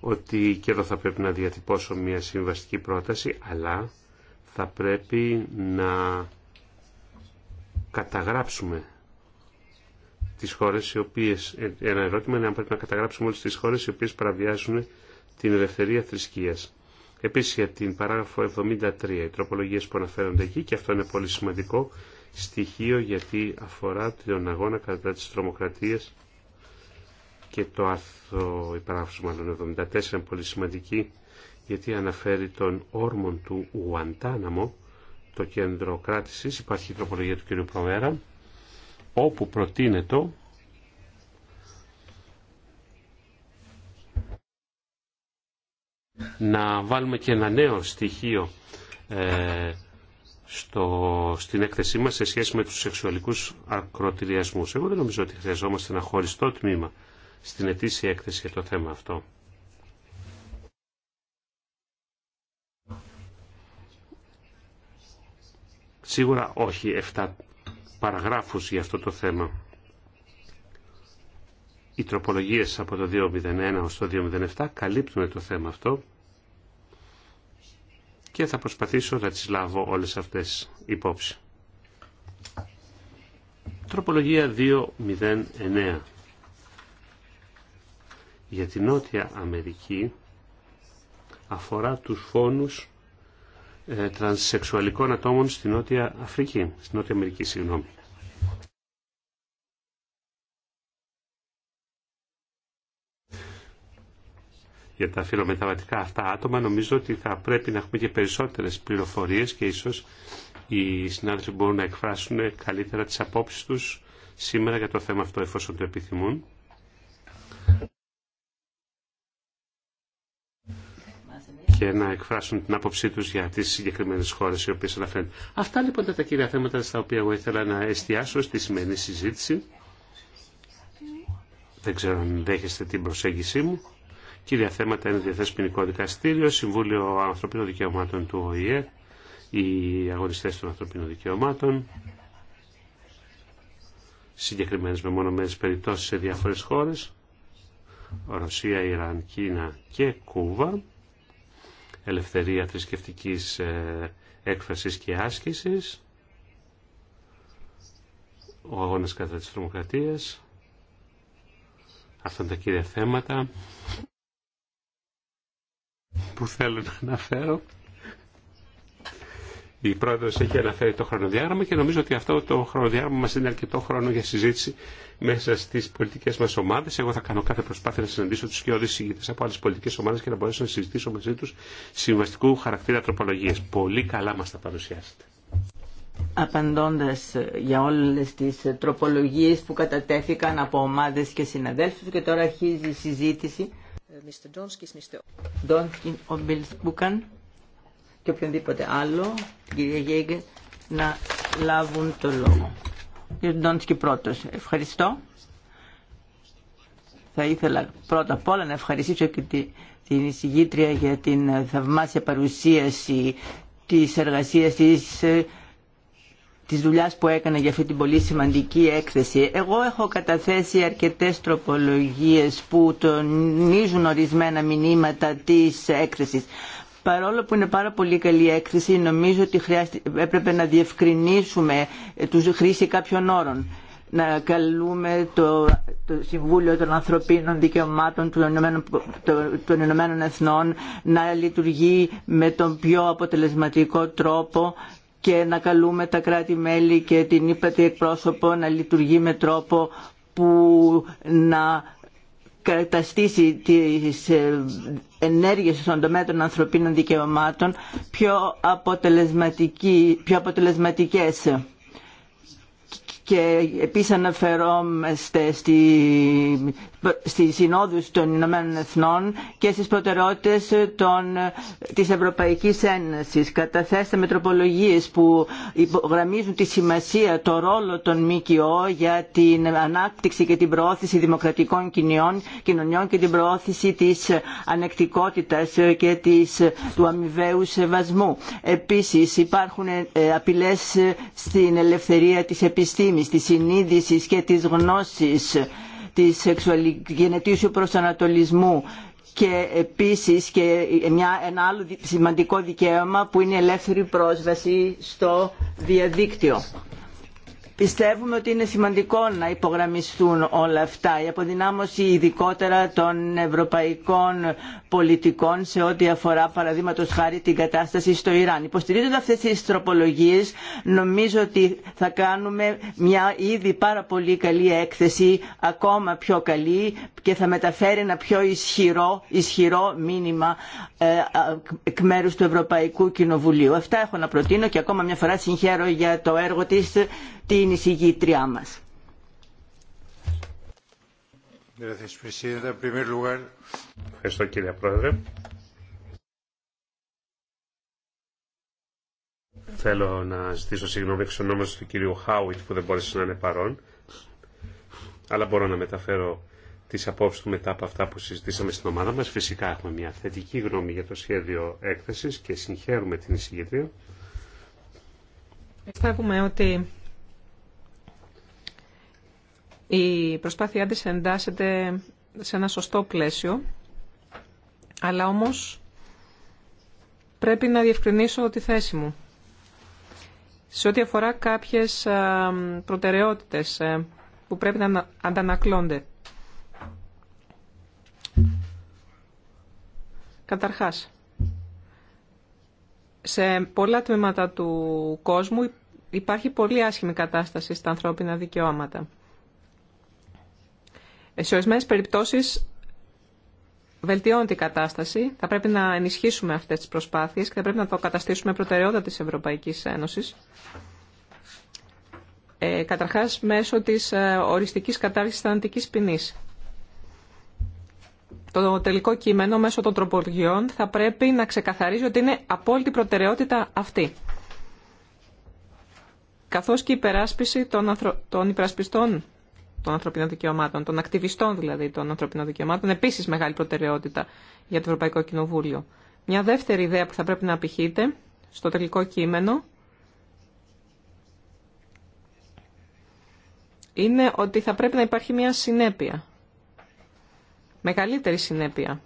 ότι και εδώ θα πρέπει να διατυπώσω μια συμβαστική πρόταση, αλλά θα πρέπει να καταγράψουμε τι χώρε οι οποίες, ε, ένα ερώτημα είναι αν πρέπει να καταγράψουμε όλε τι χώρε οι οποίε παραβιάζουν την ελευθερία θρησκείας. Επίση για την παράγραφο 73, οι τροπολογίε που αναφέρονται εκεί και αυτό είναι πολύ σημαντικό στοιχείο γιατί αφορά τον αγώνα κατά της τρομοκρατία και το άρθρο, η παράγραφο μάλλον 74 είναι πολύ σημαντική γιατί αναφέρει τον όρμον του Ουαντάναμο, το κέντρο κράτησης, υπάρχει η τροπολογία του κ. Προβέρα όπου προτείνεται να βάλουμε και ένα νέο στοιχείο ε, στο, στην έκθεσή μας σε σχέση με τους σεξουαλικούς ακροτηριασμούς. Εγώ δεν νομίζω ότι χρειαζόμαστε ένα χωριστό τμήμα στην ετήσια έκθεση για το θέμα αυτό. Σίγουρα όχι 7 παραγράφους για αυτό το θέμα. Οι τροπολογίες από το 2.01 ως το 2.07 καλύπτουν το θέμα αυτό και θα προσπαθήσω να τις λάβω όλες αυτές υπόψη. Τροπολογία 2.09 για την Νότια Αμερική αφορά τους φόνους ε, τρανσεξουαλικών ατόμων στην Νότια Αφρική, στην Νότια Αμερική, συγγνώμη. Για τα φιλομεταβατικά αυτά άτομα νομίζω ότι θα πρέπει να έχουμε και περισσότερες πληροφορίες και ίσως οι συνάδελφοι μπορούν να εκφράσουν καλύτερα τις απόψεις τους σήμερα για το θέμα αυτό εφόσον το επιθυμούν. και να εκφράσουν την άποψή τους για τις συγκεκριμένες χώρες οι οποίες αναφέρουν. Αυτά λοιπόν τα κύρια θέματα στα οποία εγώ ήθελα να εστιάσω στη σημερινή συζήτηση. Δεν ξέρω αν δέχεστε την προσέγγιση μου. Κύρια θέματα είναι διαθέσει ποινικό δικαστήριο, Συμβούλιο Ανθρωπίνων Δικαιωμάτων του ΟΗΕ, οι αγωνιστές των ανθρωπίνων δικαιωμάτων, συγκεκριμένες μέρες περιπτώσεις σε διάφορες χώρες, Ρωσία, Ιράν, Κίνα και Κούβα ελευθερία θρησκευτικής ε, έκφρασης και άσκησης, ο αγώνας κατά της τρομοκρατίας. Αυτά τα κύρια θέματα που θέλω να αναφέρω. Η πρόεδρο έχει αναφέρει το χρονοδιάγραμμα και νομίζω ότι αυτό το χρονοδιάγραμμα μα δίνει αρκετό χρόνο για συζήτηση μέσα στι πολιτικέ μα ομάδε. Εγώ θα κάνω κάθε προσπάθεια να συναντήσω του κοιόδη συγγητέ από άλλε πολιτικέ ομάδε και να μπορέσω να συζητήσω μαζί του συμβαστικού χαρακτήρα τροπολογία. Πολύ καλά μα τα παρουσιάσετε. Απαντώντα για όλε τι τροπολογίε που κατατέθηκαν από ομάδε και συναδέλφου και τώρα αρχίζει η συζήτηση. Ε, Mr. Mr και οποιονδήποτε άλλο, την κυρία Γέγκε, να λάβουν το λόγο. Κύριε Ντόντσκι πρώτος. Ευχαριστώ. Θα ήθελα πρώτα απ' όλα να ευχαριστήσω και την εισηγήτρια για την θαυμάσια παρουσίαση της εργασίας της ε, τη δουλειά που έκανα για αυτή την πολύ σημαντική έκθεση. Εγώ έχω καταθέσει αρκετέ τροπολογίε που τονίζουν ορισμένα μηνύματα τη έκθεση. Παρόλο που είναι πάρα πολύ καλή έκθεση, νομίζω ότι έπρεπε να διευκρινίσουμε ε, τους χρήση κάποιων όρων. Να καλούμε το, το Συμβούλιο των Ανθρωπίνων Δικαιωμάτων των Ηνωμένων, των Ηνωμένων Εθνών να λειτουργεί με τον πιο αποτελεσματικό τρόπο και να καλούμε τα κράτη-μέλη και την ύπατη εκπρόσωπο να λειτουργεί με τρόπο που να καταστήσει τις ε, ενέργειες στον τομέα των ανθρωπίνων δικαιωμάτων πιο, αποτελεσματική, πιο αποτελεσματικές και επίσης αναφερόμαστε στη, στη συνόδους των Ηνωμένων Εθνών και στις προτεραιότητες των, της Ευρωπαϊκής Ένωσης. με τροπολογίες που υπογραμμίζουν τη σημασία, το ρόλο των ΜΚΟ για την ανάπτυξη και την προώθηση δημοκρατικών κοινωνιών και την προώθηση της ανεκτικότητας και της, του αμοιβαίου σεβασμού. Επίσης υπάρχουν ε, απειλές στην ελευθερία της επιστήμης επιστήμης, της συνείδησης και της γνώσης, της γενετήσου προσανατολισμού και επίσης και μια, ένα άλλο σημαντικό δικαίωμα που είναι η ελεύθερη πρόσβαση στο διαδίκτυο. Πιστεύουμε ότι είναι σημαντικό να υπογραμμιστούν όλα αυτά. Η αποδυνάμωση ειδικότερα των ευρωπαϊκών πολιτικών σε ό,τι αφορά παραδείγματος χάρη την κατάσταση στο Ιράν. Υποστηρίζοντα αυτέ τι τροπολογίε, νομίζω ότι θα κάνουμε μια ήδη πάρα πολύ καλή έκθεση, ακόμα πιο καλή και θα μεταφέρει ένα πιο ισχυρό, ισχυρό μήνυμα ε, εκ μέρους του Ευρωπαϊκού Κοινοβουλίου. Αυτά έχω να προτείνω και ακόμα μια φορά συγχαίρω για το έργο τη την εισηγήτριά μας. Ευχαριστώ κύριε Πρόεδρε. Θέλω να ζητήσω συγγνώμη εξ ονόματος του κύριου Χάουιτ που δεν μπόρεσε να είναι παρόν, αλλά μπορώ να μεταφέρω τις απόψεις του μετά από αυτά που συζητήσαμε στην ομάδα μας. Φυσικά έχουμε μια θετική γνώμη για το σχέδιο έκθεσης και συγχαίρουμε την εισηγητρία. Πιστεύουμε ότι η προσπάθειά της εντάσσεται σε ένα σωστό πλαίσιο, αλλά όμως πρέπει να διευκρινίσω τη θέση μου. Σε ό,τι αφορά κάποιες προτεραιότητες ε, που πρέπει να αντανακλώνται. Καταρχάς, σε πολλά τμήματα του κόσμου υπάρχει πολύ άσχημη κατάσταση στα ανθρώπινα δικαιώματα. Σε ορισμένε περιπτώσεις βελτιώνεται η κατάσταση. Θα πρέπει να ενισχύσουμε αυτές τις προσπάθειες και θα πρέπει να το καταστήσουμε προτεραιότητα της Ευρωπαϊκής Ένωσης. Ε, καταρχάς μέσω της ε, οριστικής κατάργησης θανατική ποινή. Το τελικό κείμενο μέσω των τροπολογιών θα πρέπει να ξεκαθαρίζει ότι είναι απόλυτη προτεραιότητα αυτή. Καθώς και η υπεράσπιση των, των των ανθρωπίνων δικαιωμάτων, των ακτιβιστών δηλαδή των ανθρωπίνων δικαιωμάτων, επίσης μεγάλη προτεραιότητα για το Ευρωπαϊκό Κοινοβούλιο. Μια δεύτερη ιδέα που θα πρέπει να απηχείτε στο τελικό κείμενο είναι ότι θα πρέπει να υπάρχει μια συνέπεια, μεγαλύτερη συνέπεια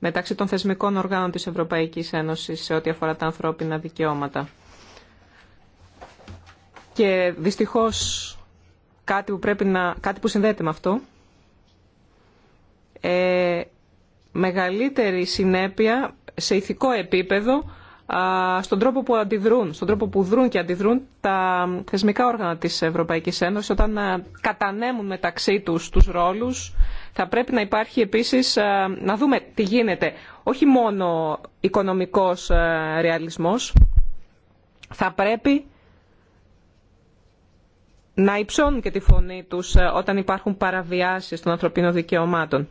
μεταξύ των θεσμικών οργάνων της Ευρωπαϊκής Ένωσης σε ό,τι αφορά τα ανθρώπινα δικαιώματα. Και δυστυχώς κάτι που, πρέπει να, κάτι που συνδέεται με αυτό. Ε, μεγαλύτερη συνέπεια σε ηθικό επίπεδο στον τρόπο που αντιδρούν, στον τρόπο που δρούν και αντιδρούν τα θεσμικά όργανα της Ευρωπαϊκής Ένωσης όταν κατανέμουν μεταξύ τους τους ρόλους. Θα πρέπει να υπάρχει επίσης, να δούμε τι γίνεται, όχι μόνο οικονομικός ρεαλισμός, θα πρέπει να υψώνουν και τη φωνή τους ε, όταν υπάρχουν παραβιάσεις των ανθρωπίνων δικαιωμάτων.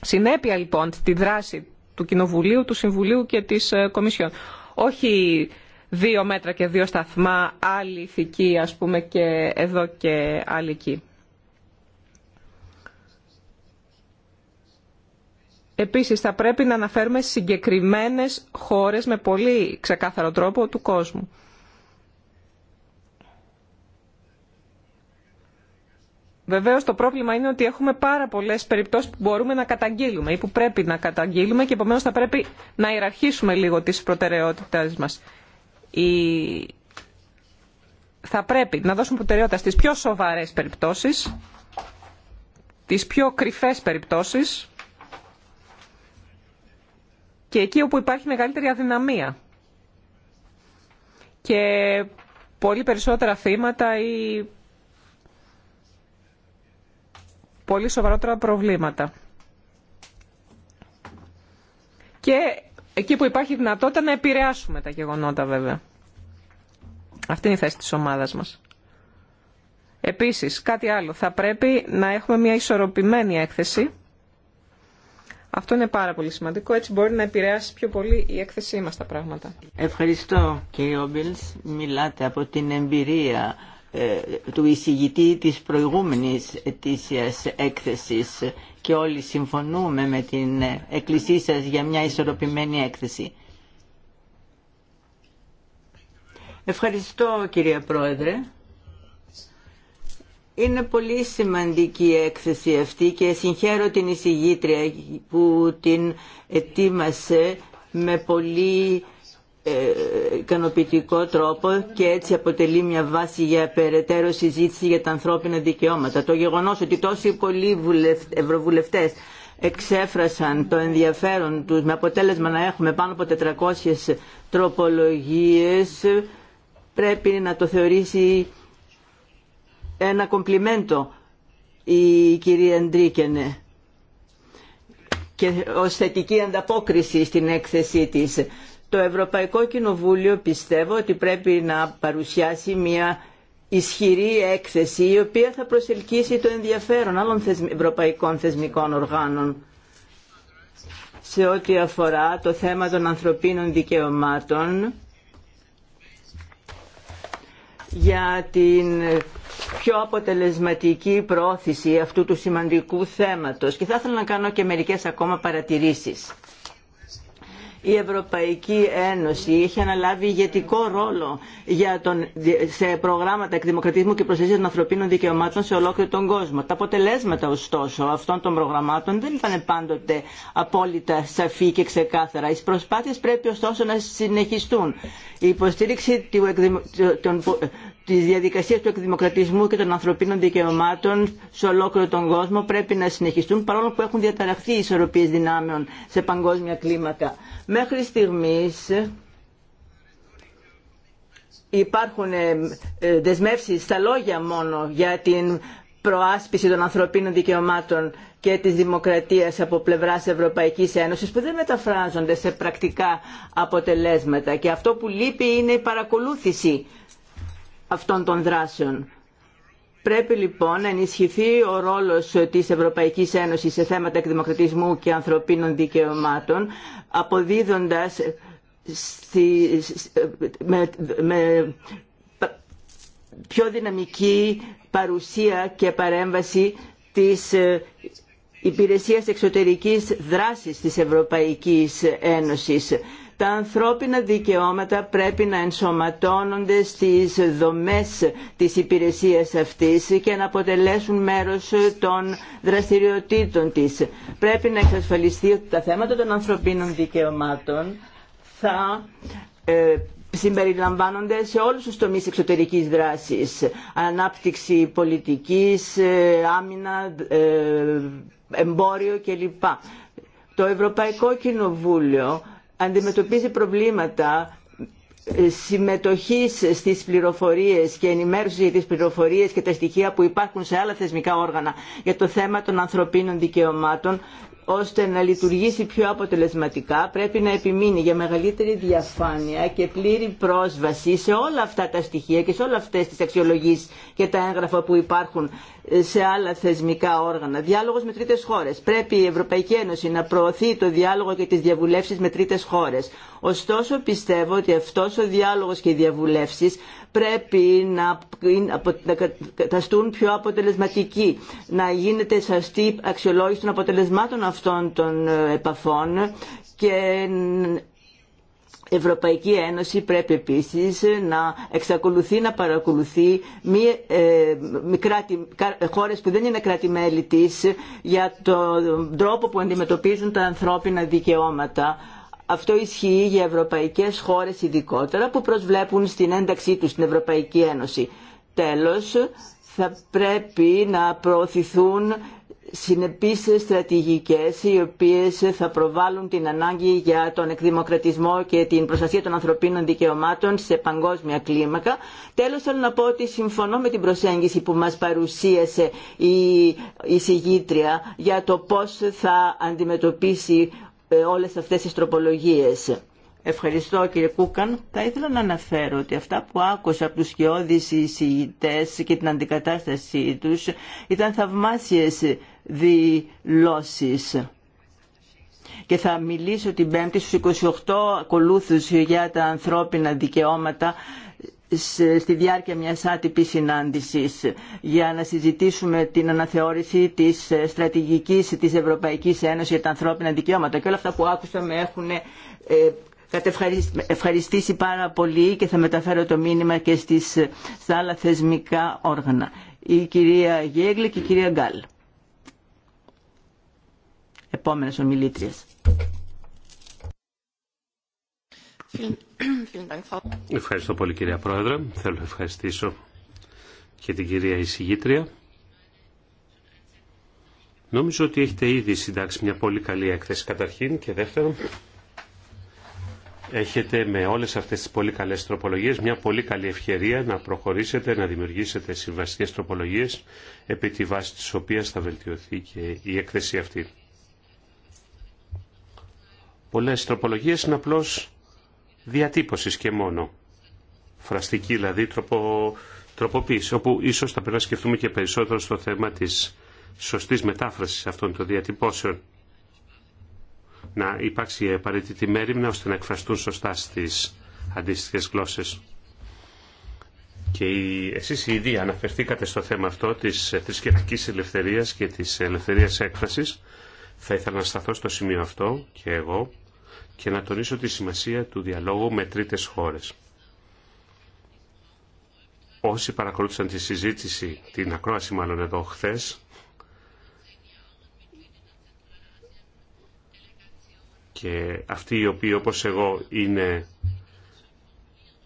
Συνέπεια λοιπόν τη δράση του Κοινοβουλίου, του Συμβουλίου και της ε, Κομισιόν. Όχι δύο μέτρα και δύο σταθμά, άλλη ηθική ας πούμε και εδώ και άλλη εκεί. Επίσης θα πρέπει να αναφέρουμε συγκεκριμένες χώρες με πολύ ξεκάθαρο τρόπο του κόσμου. Βεβαίω το πρόβλημα είναι ότι έχουμε πάρα πολλέ περιπτώσει που μπορούμε να καταγγείλουμε ή που πρέπει να καταγγείλουμε και επομένω θα πρέπει να ιεραρχήσουμε λίγο τι προτεραιότητέ μα. Η... Θα πρέπει να δώσουμε προτεραιότητα στι πιο σοβαρέ περιπτώσει, τι πιο κρυφέ περιπτώσει και εκεί όπου υπάρχει μεγαλύτερη αδυναμία. Και πολύ περισσότερα θύματα ή πολύ σοβαρότερα προβλήματα. Και εκεί που υπάρχει δυνατότητα να επηρεάσουμε τα γεγονότα βέβαια. Αυτή είναι η θέση της ομάδας μας. Επίσης, κάτι άλλο. Θα πρέπει να έχουμε μια ισορροπημένη έκθεση. Αυτό είναι πάρα πολύ σημαντικό. Έτσι μπορεί να επηρεάσει πιο πολύ η έκθεσή μας τα πράγματα. Ευχαριστώ κύριε Όμπιλς. Μιλάτε από την εμπειρία ε, του εισηγητή της προηγούμενης ετήσιας έκθεσης και όλοι συμφωνούμε με την εκκλησία σας για μια ισορροπημένη έκθεση. Ευχαριστώ κυρία Πρόεδρε. Είναι πολύ σημαντική η έκθεση αυτή και συγχαίρω την εισηγήτρια που την ετοίμασε με πολύ ε, ικανοποιητικό τρόπο και έτσι αποτελεί μια βάση για περαιτέρω συζήτηση για τα ανθρώπινα δικαιώματα. Το γεγονός ότι τόσοι πολλοί ευρωβουλευτές εξέφρασαν το ενδιαφέρον τους με αποτέλεσμα να έχουμε πάνω από 400 τροπολογίες πρέπει να το θεωρήσει ένα κομπλιμέντο η κυρία Ντρίκενε και ως θετική ανταπόκριση στην έκθεσή της το Ευρωπαϊκό Κοινοβούλιο πιστεύω ότι πρέπει να παρουσιάσει μια ισχυρή έκθεση η οποία θα προσελκύσει το ενδιαφέρον άλλων ευρωπαϊκών θεσμικών οργάνων σε ό,τι αφορά το θέμα των ανθρωπίνων δικαιωμάτων για την πιο αποτελεσματική πρόθεση αυτού του σημαντικού θέματος και θα ήθελα να κάνω και μερικές ακόμα παρατηρήσεις η Ευρωπαϊκή Ένωση έχει αναλάβει ηγετικό ρόλο για τον, σε προγράμματα εκδημοκρατισμού και προστασία των ανθρωπίνων δικαιωμάτων σε ολόκληρο τον κόσμο. Τα αποτελέσματα ωστόσο αυτών των προγραμμάτων δεν ήταν πάντοτε απόλυτα σαφή και ξεκάθαρα. Οι προσπάθειες πρέπει ωστόσο να συνεχιστούν. Η υποστήριξη του, τις διαδικασίε του εκδημοκρατισμού και των ανθρωπίνων δικαιωμάτων σε ολόκληρο τον κόσμο πρέπει να συνεχιστούν παρόλο που έχουν διαταραχθεί οι ισορροπίε δυνάμεων σε παγκόσμια κλίμακα. Μέχρι στιγμή, υπάρχουν ε, ε, δεσμεύσεις στα λόγια μόνο για την προάσπιση των ανθρωπίνων δικαιωμάτων και της δημοκρατίας από πλευράς Ευρωπαϊκής Ένωσης που δεν μεταφράζονται σε πρακτικά αποτελέσματα και αυτό που λείπει είναι η παρακολούθηση αυτών των δράσεων. Πρέπει λοιπόν να ενισχυθεί ο ρόλος της Ευρωπαϊκής Ένωσης σε θέματα εκδημοκρατισμού και ανθρωπίνων δικαιωμάτων, αποδίδοντας στη, πιο δυναμική παρουσία και παρέμβαση της ε, υπηρεσίας εξωτερικής δράσης της Ευρωπαϊκής Ένωσης τα ανθρώπινα δικαιώματα πρέπει να ενσωματώνονται στις δομές της υπηρεσίας αυτής και να αποτελέσουν μέρος των δραστηριοτήτων της. Πρέπει να εξασφαλιστεί ότι τα θέματα των ανθρωπίνων δικαιωμάτων θα ε, συμπεριλαμβάνονται σε όλους τους τομείς εξωτερικής δράσης. Ανάπτυξη πολιτικής, ε, άμυνα, ε, εμπόριο κλπ. Το Ευρωπαϊκό Κοινοβούλιο αντιμετωπίζει προβλήματα ε, συμμετοχής στις πληροφορίες και ενημέρωση για τις πληροφορίες και τα στοιχεία που υπάρχουν σε άλλα θεσμικά όργανα για το θέμα των ανθρωπίνων δικαιωμάτων ώστε να λειτουργήσει πιο αποτελεσματικά πρέπει να επιμείνει για μεγαλύτερη διαφάνεια και πλήρη πρόσβαση σε όλα αυτά τα στοιχεία και σε όλα αυτές τις αξιολογίες και τα έγγραφα που υπάρχουν σε άλλα θεσμικά όργανα. Διάλογο με τρίτες χώρες. Πρέπει η Ευρωπαϊκή Ένωση να προωθεί το διάλογο και τις διαβουλεύσεις με τρίτες χώρες. Ωστόσο πιστεύω ότι αυτός ο διάλογο και οι διαβουλεύσεις πρέπει να καταστούν πιο αποτελεσματικοί, να γίνεται σαστή αξιολόγηση των αποτελεσμάτων αυτών των ε, επαφών και η Ευρωπαϊκή Ένωση πρέπει επίσης να εξακολουθεί να παρακολουθεί μη, ε, χώρες που δεν είναι κράτη-μέλη της για τον τρόπο που αντιμετωπίζουν τα ανθρώπινα δικαιώματα. Αυτό ισχύει για ευρωπαϊκές χώρες ειδικότερα που προσβλέπουν στην ένταξή τους στην Ευρωπαϊκή Ένωση. Τέλος, θα πρέπει να προωθηθούν συνεπείς στρατηγικές οι οποίες θα προβάλλουν την ανάγκη για τον εκδημοκρατισμό και την προστασία των ανθρωπίνων δικαιωμάτων σε παγκόσμια κλίμακα. Τέλος θέλω να πω ότι συμφωνώ με την προσέγγιση που μας παρουσίασε η συγγήτρια για το πώς θα αντιμετωπίσει ε, όλες αυτές τις τροπολογίες. Ευχαριστώ κύριε Κούκαν. Θα ήθελα να αναφέρω ότι αυτά που άκουσα από τους σκιώδεις εισηγητές και την αντικατάστασή τους ήταν θαυμάσιες δηλώσεις. Και θα μιλήσω την Πέμπτη στους 28 ακολούθους για τα ανθρώπινα δικαιώματα στη διάρκεια μιας άτυπης συνάντησης για να συζητήσουμε την αναθεώρηση της στρατηγικής της Ευρωπαϊκής Ένωσης για τα ανθρώπινα δικαιώματα και όλα αυτά που άκουσα με έχουν ε, ευχαριστήσει πάρα πολύ και θα μεταφέρω το μήνυμα και στις, στα άλλα θεσμικά όργανα. Η κυρία Γέγλε και η κυρία Γκάλ επόμενες ομιλήτριες. Ευχαριστώ πολύ κυρία Πρόεδρε. Θέλω να ευχαριστήσω και την κυρία εισηγήτρια. Νομίζω ότι έχετε ήδη συντάξει μια πολύ καλή έκθεση καταρχήν και δεύτερον έχετε με όλες αυτές τις πολύ καλές τροπολογίες μια πολύ καλή ευκαιρία να προχωρήσετε, να δημιουργήσετε συμβαστικές τροπολογίες επί τη βάση της οποίας θα βελτιωθεί και η έκθεση αυτή πολλές τροπολογίες είναι απλώς διατύπωσης και μόνο. Φραστική δηλαδή τροπο, τροποποίηση, όπου ίσως θα πρέπει να σκεφτούμε και περισσότερο στο θέμα της σωστής μετάφρασης αυτών των διατυπώσεων. Να υπάρξει απαραίτητη μέρημνα ώστε να εκφραστούν σωστά στις αντίστοιχες γλώσσες. Και εσείς ήδη αναφερθήκατε στο θέμα αυτό της θρησκευτική ελευθερίας και της ελευθερίας έκφρασης. Θα ήθελα να σταθώ στο σημείο αυτό και εγώ και να τονίσω τη σημασία του διαλόγου με τρίτες χώρες. Όσοι παρακολούθησαν τη συζήτηση, την ακρόαση μάλλον εδώ χθες, και αυτοί οι οποίοι όπως εγώ είναι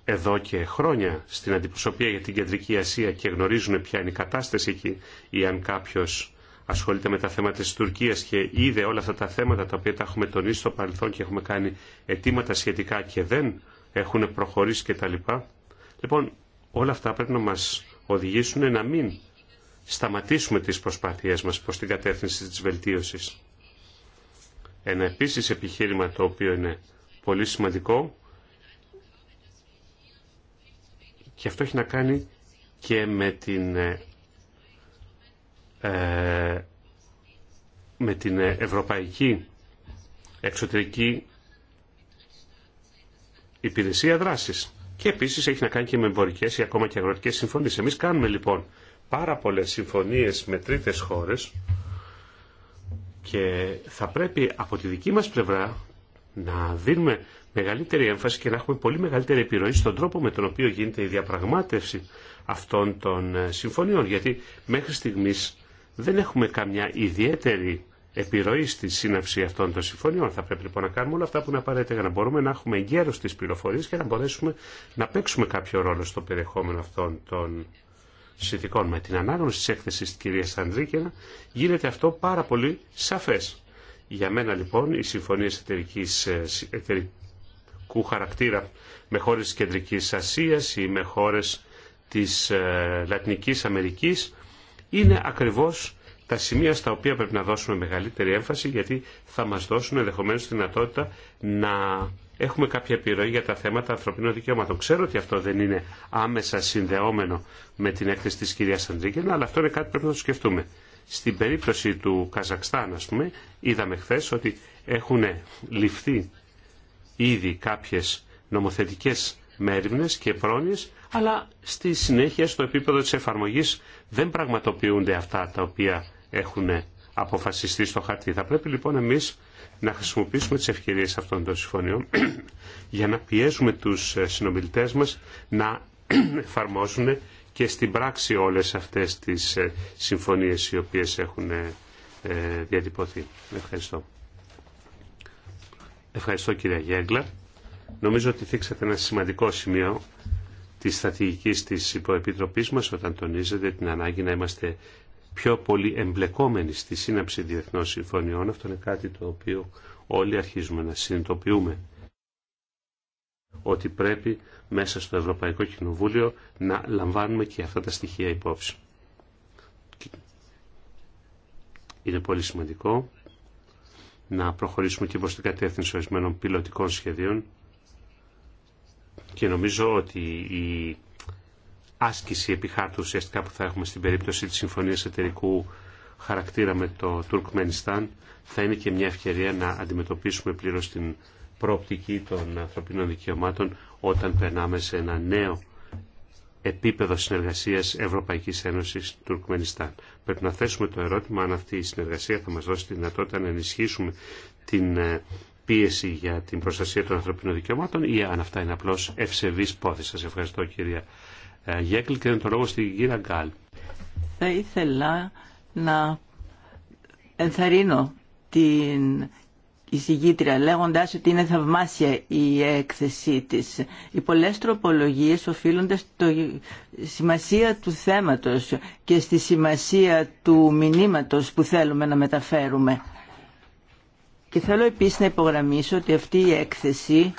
εδώ και χρόνια στην αντιπροσωπεία για την Κεντρική Ασία και γνωρίζουν ποια είναι η κατάσταση εκεί ή αν κάποιος ασχολείται με τα θέματα της Τουρκίας και είδε όλα αυτά τα θέματα τα οποία τα έχουμε τονίσει στο παρελθόν και έχουμε κάνει αιτήματα σχετικά και δεν έχουν προχωρήσει κτλ. Λοιπόν, όλα αυτά πρέπει να μας οδηγήσουν να μην σταματήσουμε τις προσπάθειές μας προς την κατεύθυνση της βελτίωσης. Ένα επίσης επιχείρημα το οποίο είναι πολύ σημαντικό και αυτό έχει να κάνει και με την ε, ε, με την Ευρωπαϊκή Εξωτερική Υπηρεσία Δράσης. Και επίσης έχει να κάνει και με εμπορικές ή ακόμα και αγροτικές συμφωνίες. Εμείς κάνουμε λοιπόν πάρα πολλές συμφωνίες με τρίτες χώρες και θα πρέπει από τη δική μας πλευρά να δίνουμε μεγαλύτερη έμφαση και να έχουμε πολύ μεγαλύτερη επιρροή στον τρόπο με τον οποίο γίνεται η διαπραγμάτευση αυτών των ε, συμφωνιών. Γιατί μέχρι στιγμής δεν έχουμε καμιά ιδιαίτερη επιρροή στη σύναψη αυτών των συμφωνιών. Θα πρέπει λοιπόν να κάνουμε όλα αυτά που είναι απαραίτητα για να μπορούμε να έχουμε γέρο τι πληροφορίε και να μπορέσουμε να παίξουμε κάποιο ρόλο στο περιεχόμενο αυτών των συνθηκών. Με την ανάγνωση τη έκθεση τη κυρία Ανδρίκαινα γίνεται αυτό πάρα πολύ σαφέ. Για μένα λοιπόν οι συμφωνίε ε, εταιρικού χαρακτήρα με χώρε τη Κεντρική Ασία ή με χώρε τη ε, Λατινική Αμερική είναι ακριβώς τα σημεία στα οποία πρέπει να δώσουμε μεγαλύτερη έμφαση γιατί θα μας δώσουν ενδεχομένω τη δυνατότητα να έχουμε κάποια επιρροή για τα θέματα ανθρωπίνων δικαιωμάτων. Ξέρω ότι αυτό δεν είναι άμεσα συνδεόμενο με την έκθεση της κυρίας Αντρίγκεν, αλλά αυτό είναι κάτι που πρέπει να το σκεφτούμε. Στην περίπτωση του Καζακστάν, ας πούμε, είδαμε χθε ότι έχουν ληφθεί ήδη κάποιες νομοθετικές μέρημνες και πρόνοιες, αλλά στη συνέχεια στο επίπεδο της εφαρμογής δεν πραγματοποιούνται αυτά τα οποία έχουν αποφασιστεί στο χαρτί. Θα πρέπει λοιπόν εμείς να χρησιμοποιήσουμε τις ευκαιρίες αυτών των συμφωνιών για να πιέσουμε τους ε, συνομιλητές μας να εφαρμόσουν και στην πράξη όλες αυτές τις ε, συμφωνίες οι οποίες έχουν ε, διατυπωθεί. Ευχαριστώ. Ευχαριστώ κύριε Γέγκλα. Νομίζω ότι θίξατε ένα σημαντικό σημείο τη στρατηγικής της υποεπιτροπής μας όταν τονίζεται την ανάγκη να είμαστε πιο πολύ εμπλεκόμενοι στη σύναψη διεθνών συμφωνιών. Αυτό είναι κάτι το οποίο όλοι αρχίζουμε να συνειδητοποιούμε ότι πρέπει μέσα στο Ευρωπαϊκό Κοινοβούλιο να λαμβάνουμε και αυτά τα στοιχεία υπόψη. Είναι πολύ σημαντικό να προχωρήσουμε και προς την κατεύθυνση ορισμένων πιλωτικών σχεδίων και νομίζω ότι η άσκηση επιχάρτου ουσιαστικά που θα έχουμε στην περίπτωση της συμφωνίας εταιρικού χαρακτήρα με το Τουρκμενιστάν θα είναι και μια ευκαιρία να αντιμετωπίσουμε πλήρως την προοπτική των ανθρωπίνων δικαιωμάτων όταν περνάμε σε ένα νέο επίπεδο συνεργασίας Ευρωπαϊκής Ένωσης Τουρκμενιστάν. Πρέπει να θέσουμε το ερώτημα αν αυτή η συνεργασία θα μας δώσει τη δυνατότητα να ενισχύσουμε την ε, πίεση για την προστασία των ανθρωπίνων δικαιωμάτων ή αν αυτά είναι απλώς ευσεβείς πόθη. Σας ευχαριστώ κυρία ε, Γέκλ και το λόγο στην κυρία Γκάλ. Θα ήθελα να ενθαρρύνω την εισηγήτρια λέγοντας ότι είναι θαυμάσια η έκθεσή της. Οι πολλές τροπολογίες οφείλονται στη σημασία του θέματος και στη σημασία του μηνύματος που θέλουμε να μεταφέρουμε. Και θέλω επίσης να υπογραμμίσω ότι αυτή η έκθεση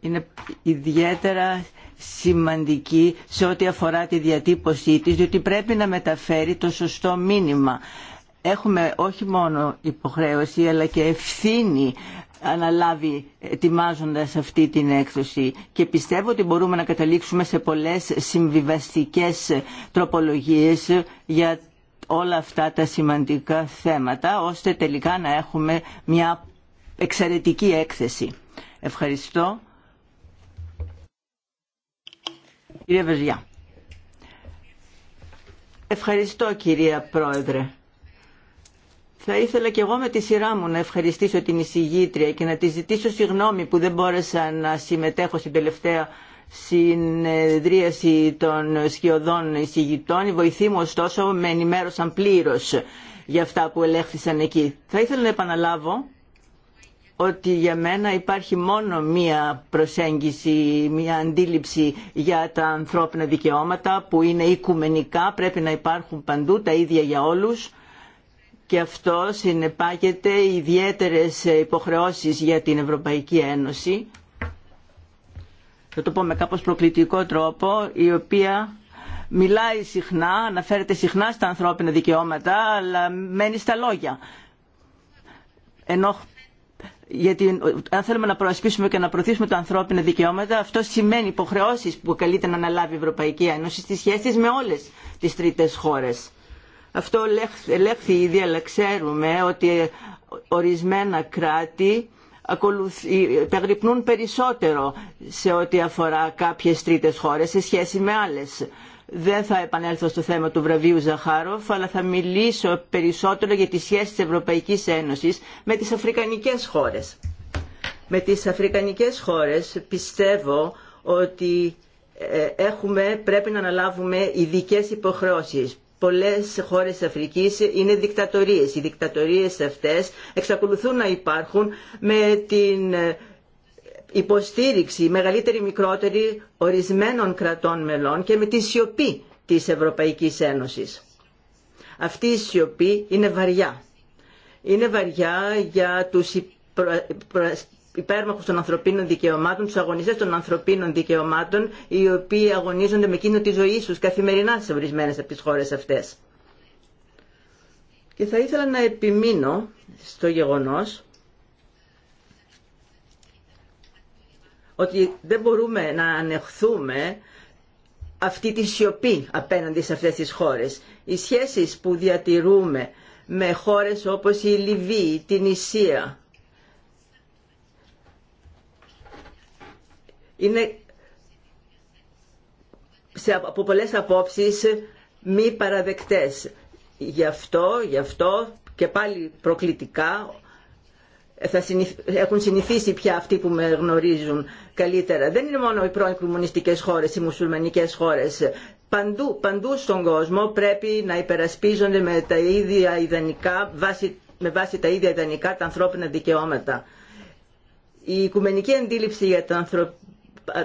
είναι ιδιαίτερα σημαντική σε ό,τι αφορά τη διατύπωσή της, διότι πρέπει να μεταφέρει το σωστό μήνυμα. Έχουμε όχι μόνο υποχρέωση, αλλά και ευθύνη αναλάβει ετοιμάζοντας αυτή την έκθεση. και πιστεύω ότι μπορούμε να καταλήξουμε σε πολλές συμβιβαστικές τροπολογίες για όλα αυτά τα σημαντικά θέματα ώστε τελικά να έχουμε μια εξαιρετική έκθεση. Ευχαριστώ. Κύριε Βεζιά. Ευχαριστώ κυρία Πρόεδρε. Θα ήθελα και εγώ με τη σειρά μου να ευχαριστήσω την εισηγήτρια και να τη ζητήσω συγγνώμη που δεν μπόρεσα να συμμετέχω στην τελευταία συνεδρίαση των σκιωδών εισηγητών. Οι βοηθοί μου ωστόσο με ενημέρωσαν πλήρω για αυτά που ελέγχθησαν εκεί. Θα ήθελα να επαναλάβω ότι για μένα υπάρχει μόνο μία προσέγγιση, μία αντίληψη για τα ανθρώπινα δικαιώματα που είναι οικουμενικά, πρέπει να υπάρχουν παντού τα ίδια για όλους και αυτό συνεπάγεται ιδιαίτερες υποχρεώσεις για την Ευρωπαϊκή Ένωση θα το πω με κάπως προκλητικό τρόπο, η οποία μιλάει συχνά, αναφέρεται συχνά στα ανθρώπινα δικαιώματα, αλλά μένει στα λόγια. Ενώ γιατί αν θέλουμε να προασπίσουμε και να προωθήσουμε τα ανθρώπινα δικαιώματα, αυτό σημαίνει υποχρεώσεις που καλείται να αναλάβει η Ευρωπαϊκή Ένωση στις σχέσεις με όλες τις τρίτες χώρες. Αυτό ελέγχθη ήδη, αλλά ξέρουμε ότι ορισμένα κράτη τα ε, περισσότερο σε ό,τι αφορά κάποιες τρίτες χώρες σε σχέση με άλλες. Δεν θα επανέλθω στο θέμα του βραβείου Ζαχάροφ, αλλά θα μιλήσω περισσότερο για τις σχέσεις της Ευρωπαϊκής Ένωσης με τις αφρικανικές χώρες. Με τις αφρικανικές χώρες πιστεύω ότι ε, έχουμε, πρέπει να αναλάβουμε ειδικέ υποχρεώσεις πολλές χώρες Αφρικής είναι δικτατορίες. Οι δικτατορίες αυτές εξακολουθούν να υπάρχουν με την ε, υποστήριξη μεγαλύτερη μικρότερη ορισμένων κρατών μελών και με τη σιωπή της Ευρωπαϊκής Ένωσης. Αυτή η σιωπή είναι βαριά. Είναι βαριά για τους υπέρμαχου των ανθρωπίνων δικαιωμάτων, του αγωνιστέ των ανθρωπίνων δικαιωμάτων, οι οποίοι αγωνίζονται με εκείνο τη ζωή του, καθημερινά σε ορισμένε από τι χώρε αυτές. Και θα ήθελα να επιμείνω στο γεγονός ότι δεν μπορούμε να ανεχθούμε αυτή τη σιωπή απέναντι σε αυτές τις χώρες. Οι σχέσεις που διατηρούμε με χώρες όπως η Λιβύη, την Ισία, είναι σε, από πολλές απόψεις μη παραδεκτές. Γι' αυτό, γι' αυτό και πάλι προκλητικά ε, έχουν συνηθίσει πια αυτοί που με γνωρίζουν καλύτερα. Δεν είναι μόνο οι πρώην κομμουνιστικές χώρες, οι μουσουλμανικές χώρες. Παντού, παντού στον κόσμο πρέπει να υπερασπίζονται με τα ίδια ιδανικά, με βάση τα ίδια ιδανικά τα ανθρώπινα δικαιώματα. Η οικουμενική αντίληψη για τα ανθρωπ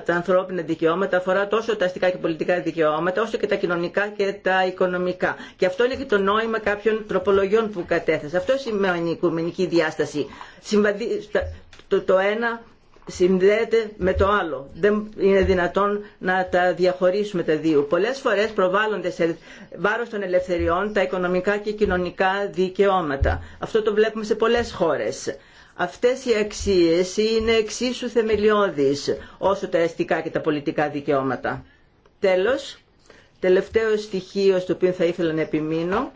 τα ανθρώπινα δικαιώματα αφορά τόσο τα αστικά και πολιτικά δικαιώματα όσο και τα κοινωνικά και τα οικονομικά. Και αυτό είναι και το νόημα κάποιων τροπολογιών που κατέθεσε. Αυτό σημαίνει η οικουμενική διάσταση. Το, το ένα συνδέεται με το άλλο. Δεν είναι δυνατόν να τα διαχωρίσουμε τα δύο. Πολλές φορές προβάλλονται σε βάρο των ελευθεριών τα οικονομικά και κοινωνικά δικαιώματα. Αυτό το βλέπουμε σε πολλέ χώρε. Αυτές οι αξίες είναι εξίσου θεμελιώδεις όσο τα αισθητικά και τα πολιτικά δικαιώματα. Τέλος, τελευταίο στοιχείο στο οποίο θα ήθελα να επιμείνω,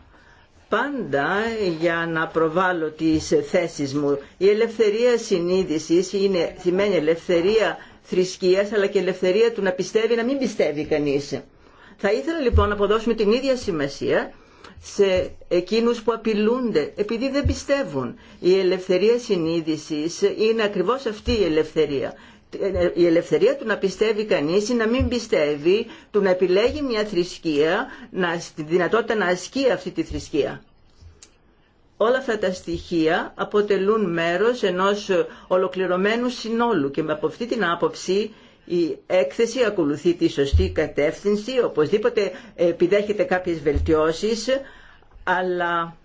πάντα για να προβάλλω τις θέσεις μου. Η ελευθερία συνείδησης είναι, σημαίνει ελευθερία θρησκείας αλλά και ελευθερία του να πιστεύει να μην πιστεύει κανείς. Θα ήθελα λοιπόν να αποδώσουμε την ίδια σημασία σε εκείνους που απειλούνται επειδή δεν πιστεύουν. Η ελευθερία συνείδησης είναι ακριβώς αυτή η ελευθερία. Η ελευθερία του να πιστεύει κανείς ή να μην πιστεύει, του να επιλέγει μια θρησκεία, να, τη δυνατότητα να ασκεί αυτή τη θρησκεία. Όλα αυτά τα στοιχεία αποτελούν μέρος ενός ολοκληρωμένου συνόλου και με από αυτή την άποψη η έκθεση ακολουθεί τη σωστή κατεύθυνση, οπωσδήποτε ε, επιδέχεται κάποιες βελτιώσεις, αλλά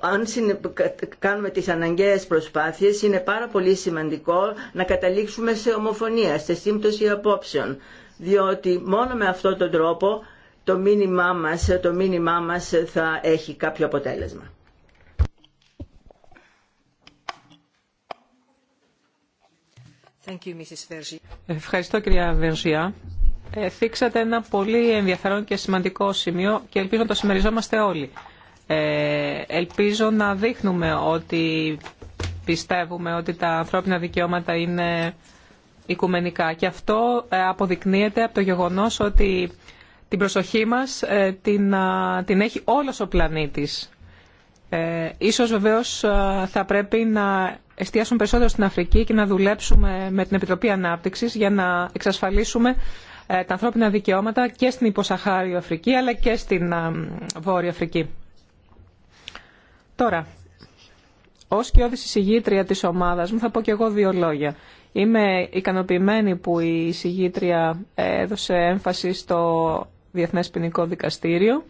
αν κάνουμε τις αναγκαίες προσπάθειες είναι πάρα πολύ σημαντικό να καταλήξουμε σε ομοφωνία, σε σύμπτωση απόψεων, διότι μόνο με αυτόν τον τρόπο το μήνυμά μας, το μήνυμά μας θα έχει κάποιο αποτέλεσμα. Ευχαριστώ κυρία Βερζιά. Ε, ένα πολύ ενδιαφέρον και σημαντικό σημείο και ελπίζω να το συμμεριζόμαστε όλοι. Ε, ελπίζω να δείχνουμε ότι πιστεύουμε ότι τα ανθρώπινα δικαιώματα είναι οικουμενικά και αυτό ε, αποδεικνύεται από το γεγονός ότι την προσοχή μας την, την έχει όλος ο πλανήτης ε, ίσως βεβαίως ε, θα πρέπει να εστιάσουμε περισσότερο στην Αφρική και να δουλέψουμε με την Επιτροπή Ανάπτυξης για να εξασφαλίσουμε ε, τα ανθρώπινα δικαιώματα και στην Υποσαχάριο Αφρική αλλά και στην Βόρεια Αφρική. Τώρα, ως και όδηση συγγήτρια της ομάδας μου θα πω και εγώ δύο λόγια. Είμαι ικανοποιημένη που η συγγήτρια έδωσε έμφαση στο Διεθνές Ποινικό Δικαστήριο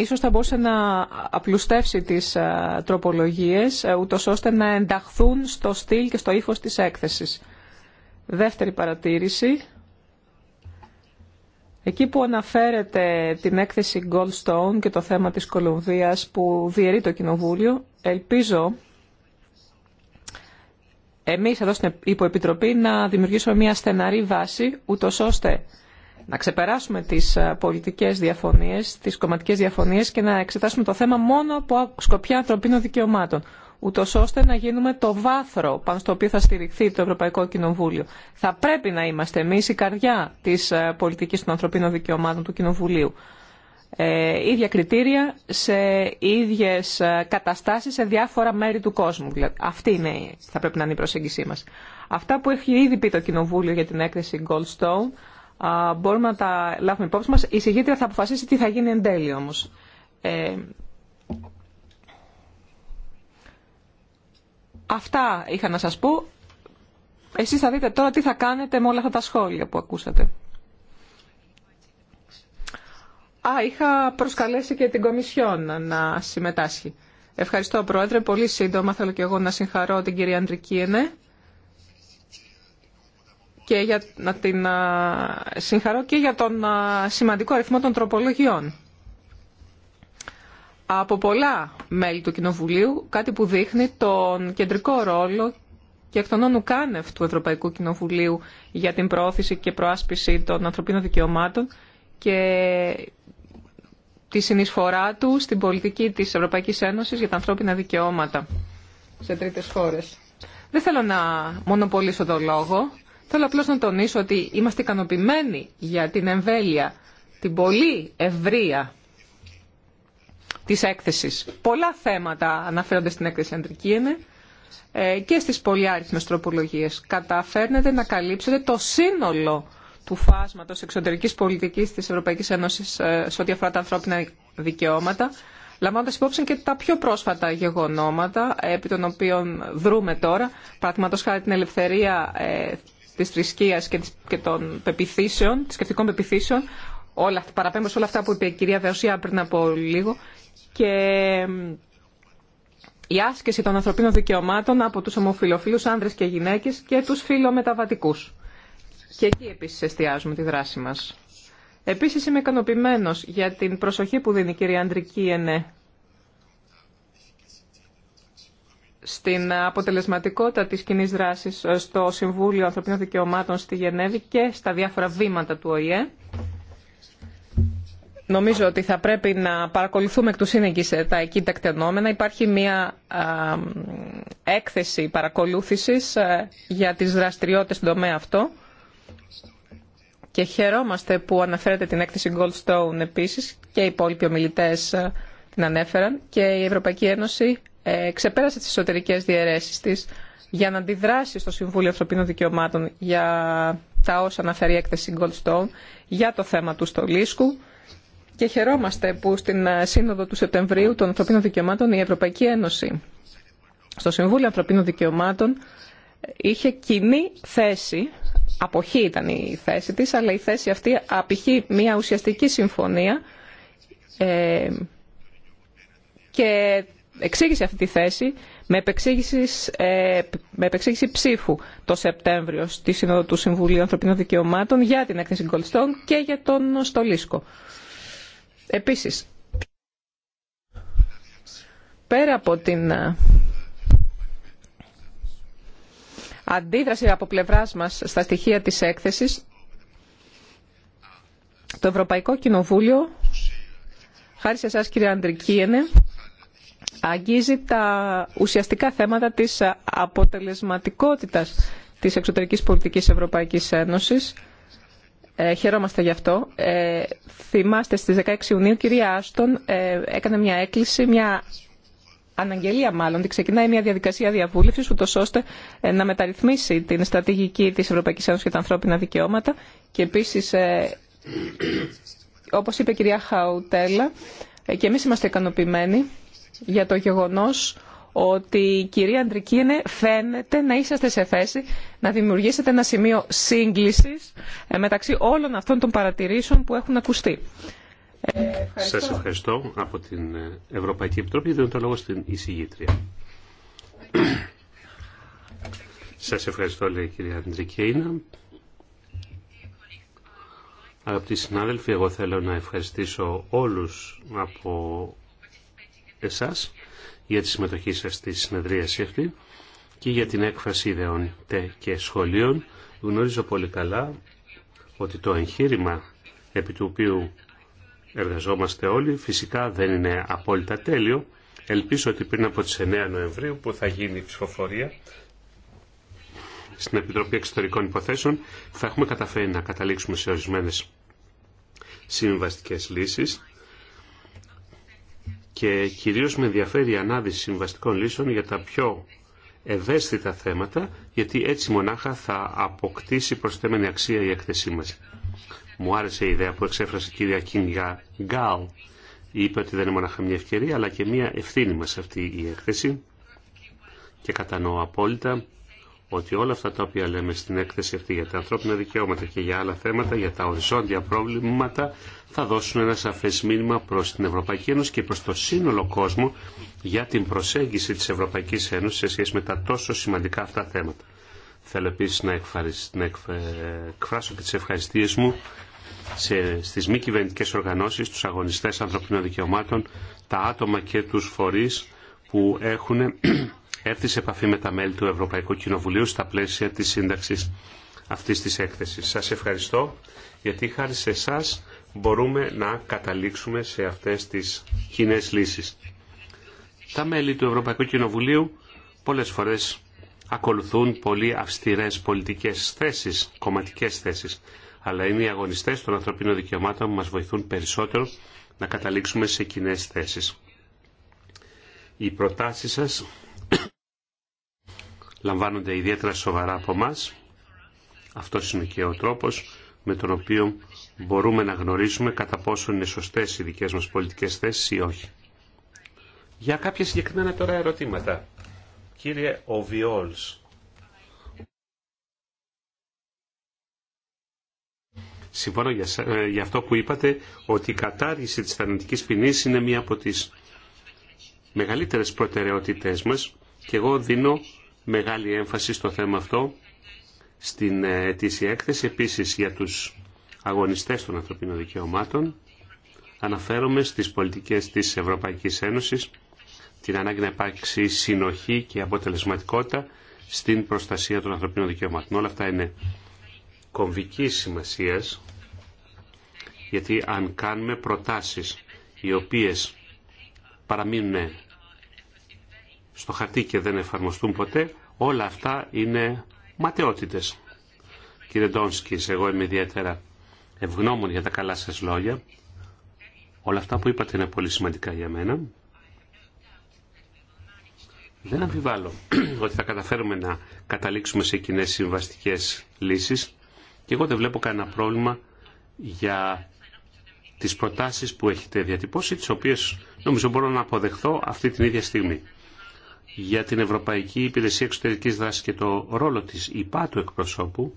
ίσως θα μπορούσε να απλουστεύσει τις ε, τροπολογίες, ε, ούτως ώστε να ενταχθούν στο στυλ και στο ύφος της έκθεσης. Δεύτερη παρατήρηση. Εκεί που αναφέρεται την έκθεση Goldstone και το θέμα της Κολομβίας που διαιρεί το Κοινοβούλιο, ελπίζω εμείς εδώ στην Υποεπιτροπή να δημιουργήσουμε μια στεναρή βάση, ούτως ώστε να ξεπεράσουμε τις ε, πολιτικές διαφωνίες, τις κομματικές διαφωνίες και να εξετάσουμε το θέμα μόνο από σκοπιά ανθρωπίνων δικαιωμάτων ούτω ώστε να γίνουμε το βάθρο πάνω στο οποίο θα στηριχθεί το Ευρωπαϊκό Κοινοβούλιο. Θα πρέπει να είμαστε εμεί η καρδιά τη ε, πολιτική των ανθρωπίνων δικαιωμάτων του Κοινοβουλίου. Ε, ίδια κριτήρια σε ίδιε καταστάσει σε διάφορα μέρη του κόσμου. αυτή είναι, θα πρέπει να είναι η προσέγγιση μα. Αυτά που έχει ήδη πει το Κοινοβούλιο για την έκθεση Goldstone μπορούμε να τα λάβουμε υπόψη μας. Η συγγήτρια θα αποφασίσει τι θα γίνει εν τέλει όμως. Ε, αυτά είχα να σας πω. Εσείς θα δείτε τώρα τι θα κάνετε με όλα αυτά τα σχόλια που ακούσατε. Α, είχα προσκαλέσει και την Κομισιόν να συμμετάσχει. Ευχαριστώ, Πρόεδρε. Πολύ σύντομα θέλω και εγώ να συγχαρώ την κυρία Ενέ και για, να την συγχαρώ και για τον σημαντικό αριθμό των τροπολογιών. Από πολλά μέλη του Κοινοβουλίου, κάτι που δείχνει τον κεντρικό ρόλο και εκ των του Ευρωπαϊκού Κοινοβουλίου για την προώθηση και προάσπιση των ανθρωπίνων δικαιωμάτων και τη συνεισφορά του στην πολιτική της Ευρωπαϊκής Ένωσης για τα ανθρώπινα δικαιώματα σε τρίτες χώρες. Δεν θέλω να μονοπολίσω το λόγο. Θέλω απλώς να τονίσω ότι είμαστε ικανοποιημένοι για την εμβέλεια, την πολύ ευρεία της έκθεσης. Πολλά θέματα αναφέρονται στην έκθεση είναι ε, και στις πολυάριθμες τροπολογίες. Καταφέρνετε να καλύψετε το σύνολο του φάσματος εξωτερικής πολιτικής της Ευρωπαϊκής Ένωσης ε, σε ό,τι αφορά τα ανθρώπινα δικαιώματα, λαμβάνοντας υπόψη και τα πιο πρόσφατα γεγονόματα ε, επί των οποίων δρούμε τώρα, παραδείγματος χάρη την ελευθερία της θρησκείας και, των πεπιθήσεων, σκεπτικών πεπιθήσεων. Όλα, παραπέμπω σε όλα αυτά που είπε η κυρία Βεωσία πριν από λίγο. Και η άσκηση των ανθρωπίνων δικαιωμάτων από τους ομοφιλοφίλους άνδρες και γυναίκες και τους φιλομεταβατικούς. Και εκεί επίσης εστιάζουμε τη δράση μας. Επίσης είμαι ικανοποιημένο για την προσοχή που δίνει η κυρία Αντρική Ενέ στην αποτελεσματικότητα της κοινή δράση στο Συμβούλιο Ανθρωπίνων Δικαιωμάτων στη Γενέβη και στα διάφορα βήματα του ΟΗΕ. Νομίζω ότι θα πρέπει να παρακολουθούμε εκ του σύνεγγυς τα εκεί τεκτενόμενα. Υπάρχει μια έκθεση παρακολούθησης για τις δραστηριότητες στον τομέα αυτό και χαιρόμαστε που αναφέρεται την έκθεση Goldstone επίσης και οι υπόλοιποι ομιλητές την ανέφεραν και η Ευρωπαϊκή Ένωση ε, ξεπέρασε τις εσωτερικές διαιρέσεις της για να αντιδράσει στο Συμβούλιο Ανθρωπίνων Δικαιωμάτων για τα όσα αναφέρει η έκθεση Goldstone για το θέμα του στολίσκου και χαιρόμαστε που στην ε, Σύνοδο του Σεπτεμβρίου των Ανθρωπίνων Δικαιωμάτων η Ευρωπαϊκή Ένωση στο Συμβούλιο Ανθρωπίνων Δικαιωμάτων είχε κοινή θέση, αποχή ήταν η θέση της, αλλά η θέση αυτή απηχεί μια ουσιαστική συμφωνία ε, και εξήγησε αυτή τη θέση με επεξήγηση, ε, με επεξήγηση ψήφου το Σεπτέμβριο στη Σύνοδο του Συμβουλίου Ανθρωπίνων Δικαιωμάτων για την έκθεση Γκολστόν και για τον Στολίσκο. Επίσης, πέρα από την ε, αντίδραση από πλευράς μας στα στοιχεία της έκθεσης, το Ευρωπαϊκό Κοινοβούλιο, χάρη σε εσάς κύριε Αντρικίενε, αγγίζει τα ουσιαστικά θέματα της αποτελεσματικότητας της εξωτερικής πολιτικής Ευρωπαϊκής Ένωσης. Ε, χαιρόμαστε γι' αυτό. Ε, θυμάστε στις 16 Ιουνίου, κυρία Άστον, ε, έκανε μια έκκληση, μια αναγγελία μάλλον, ότι ξεκινάει μια διαδικασία διαβούλευσης, ούτως ώστε ε, να μεταρρυθμίσει την στρατηγική της Ευρωπαϊκής Ένωσης για τα ανθρώπινα δικαιώματα και επίσης, ε, όπως είπε η κυρία Χαουτέλα, και εμείς είμαστε ικανοποιημένοι για το γεγονός ότι κυρία είναι φαίνεται να είσαστε σε θέση να δημιουργήσετε ένα σημείο σύγκλησης ε, μεταξύ όλων αυτών των παρατηρήσεων που έχουν ακουστεί. Ε, ευχαριστώ. Σας ευχαριστώ από την ε, Ευρωπαϊκή Επιτροπή. Δίνω το λόγο στην εισηγήτρια. Σας ευχαριστώ, λέει η κυρία Αντρικίνα. Αγαπητοί συνάδελφοι, εγώ θέλω να ευχαριστήσω όλους από εσάς για τη συμμετοχή σας στη συνεδρίαση αυτή και για την έκφραση ιδεών και σχολείων. Γνωρίζω πολύ καλά ότι το εγχείρημα επί του οποίου εργαζόμαστε όλοι φυσικά δεν είναι απόλυτα τέλειο. Ελπίζω ότι πριν από τις 9 Νοεμβρίου που θα γίνει η ψηφοφορία στην Επιτροπή Εξωτερικών Υποθέσεων θα έχουμε καταφέρει να καταλήξουμε σε ορισμένες συμβαστικές λύσεις και κυρίως με ενδιαφέρει η ανάδυση συμβαστικών λύσεων για τα πιο ευαίσθητα θέματα, γιατί έτσι μονάχα θα αποκτήσει προσθέμενη αξία η έκθεσή μας. Μου άρεσε η ιδέα που εξέφρασε η κυρία Κίνγκα Γκάλ. Είπε ότι δεν είναι μονάχα μια ευκαιρία, αλλά και μια ευθύνη μας αυτή η έκθεση και κατανοώ απόλυτα ότι όλα αυτά τα οποία λέμε στην έκθεση αυτή για τα ανθρώπινα δικαιώματα και για άλλα θέματα, για τα οριζόντια πρόβληματα, θα δώσουν ένα σαφές μήνυμα προς την Ευρωπαϊκή Ένωση και προς το σύνολο κόσμο για την προσέγγιση της Ευρωπαϊκής Ένωσης σε σχέση με τα τόσο σημαντικά αυτά θέματα. Θέλω επίσης να, εκφράσω και τις ευχαριστίες μου σε, στις μη κυβερνητικέ οργανώσεις, τους αγωνιστές ανθρωπίνων δικαιωμάτων, τα άτομα και τους φορείς που έχουν έρθει σε επαφή με τα μέλη του Ευρωπαϊκού Κοινοβουλίου στα πλαίσια της σύνταξης αυτής της έκθεσης. Σας ευχαριστώ γιατί χάρη σε εσά μπορούμε να καταλήξουμε σε αυτές τις κοινέ λύσεις. Τα μέλη του Ευρωπαϊκού Κοινοβουλίου πολλές φορές ακολουθούν πολύ αυστηρές πολιτικές θέσεις, κομματικές θέσεις, αλλά είναι οι αγωνιστές των ανθρωπίνων δικαιωμάτων που μας βοηθούν περισσότερο να καταλήξουμε σε κοινέ θέσεις. Οι σας λαμβάνονται ιδιαίτερα σοβαρά από εμά. Αυτό είναι και ο τρόπο με τον οποίο μπορούμε να γνωρίσουμε κατά πόσο είναι σωστέ οι δικέ μα πολιτικέ θέσει ή όχι. Για κάποιε συγκεκριμένα τώρα ερωτήματα. Συμφωνώ γι' αυτό που είπατε ότι ή όχι. Για κάποια συγκεκριμένα τώρα ερωτήματα. Κύριε Οβιόλς, συμφωνώ για, ε, αυτό που είπατε ότι η κατάργηση της θανατικής ποινή είναι μία από τις μεγαλύτερες προτεραιότητές μας και εγώ δίνω μεγάλη έμφαση στο θέμα αυτό στην ε, ετήσια έκθεση. Επίσης για τους αγωνιστές των ανθρωπίνων δικαιωμάτων αναφέρομαι στις πολιτικές της Ευρωπαϊκής Ένωσης την ανάγκη να υπάρξει συνοχή και αποτελεσματικότητα στην προστασία των ανθρωπίνων δικαιωμάτων. Όλα αυτά είναι κομβική σημασία γιατί αν κάνουμε προτάσεις οι οποίες παραμείνουν στο χαρτί και δεν εφαρμοστούν ποτέ, όλα αυτά είναι ματαιότητες. Κύριε Ντόνσκης, εγώ είμαι ιδιαίτερα ευγνώμων για τα καλά σας λόγια. Όλα αυτά που είπατε είναι πολύ σημαντικά για μένα. Δεν αμφιβάλλω ότι θα καταφέρουμε να καταλήξουμε σε κοινέ συμβαστικέ λύσεις και εγώ δεν βλέπω κανένα πρόβλημα για τις προτάσεις που έχετε διατυπώσει, τις οποίες νομίζω μπορώ να αποδεχθώ αυτή την ίδια στιγμή για την Ευρωπαϊκή Υπηρεσία Εξωτερικής Δράσης και το ρόλο της υπά του εκπροσώπου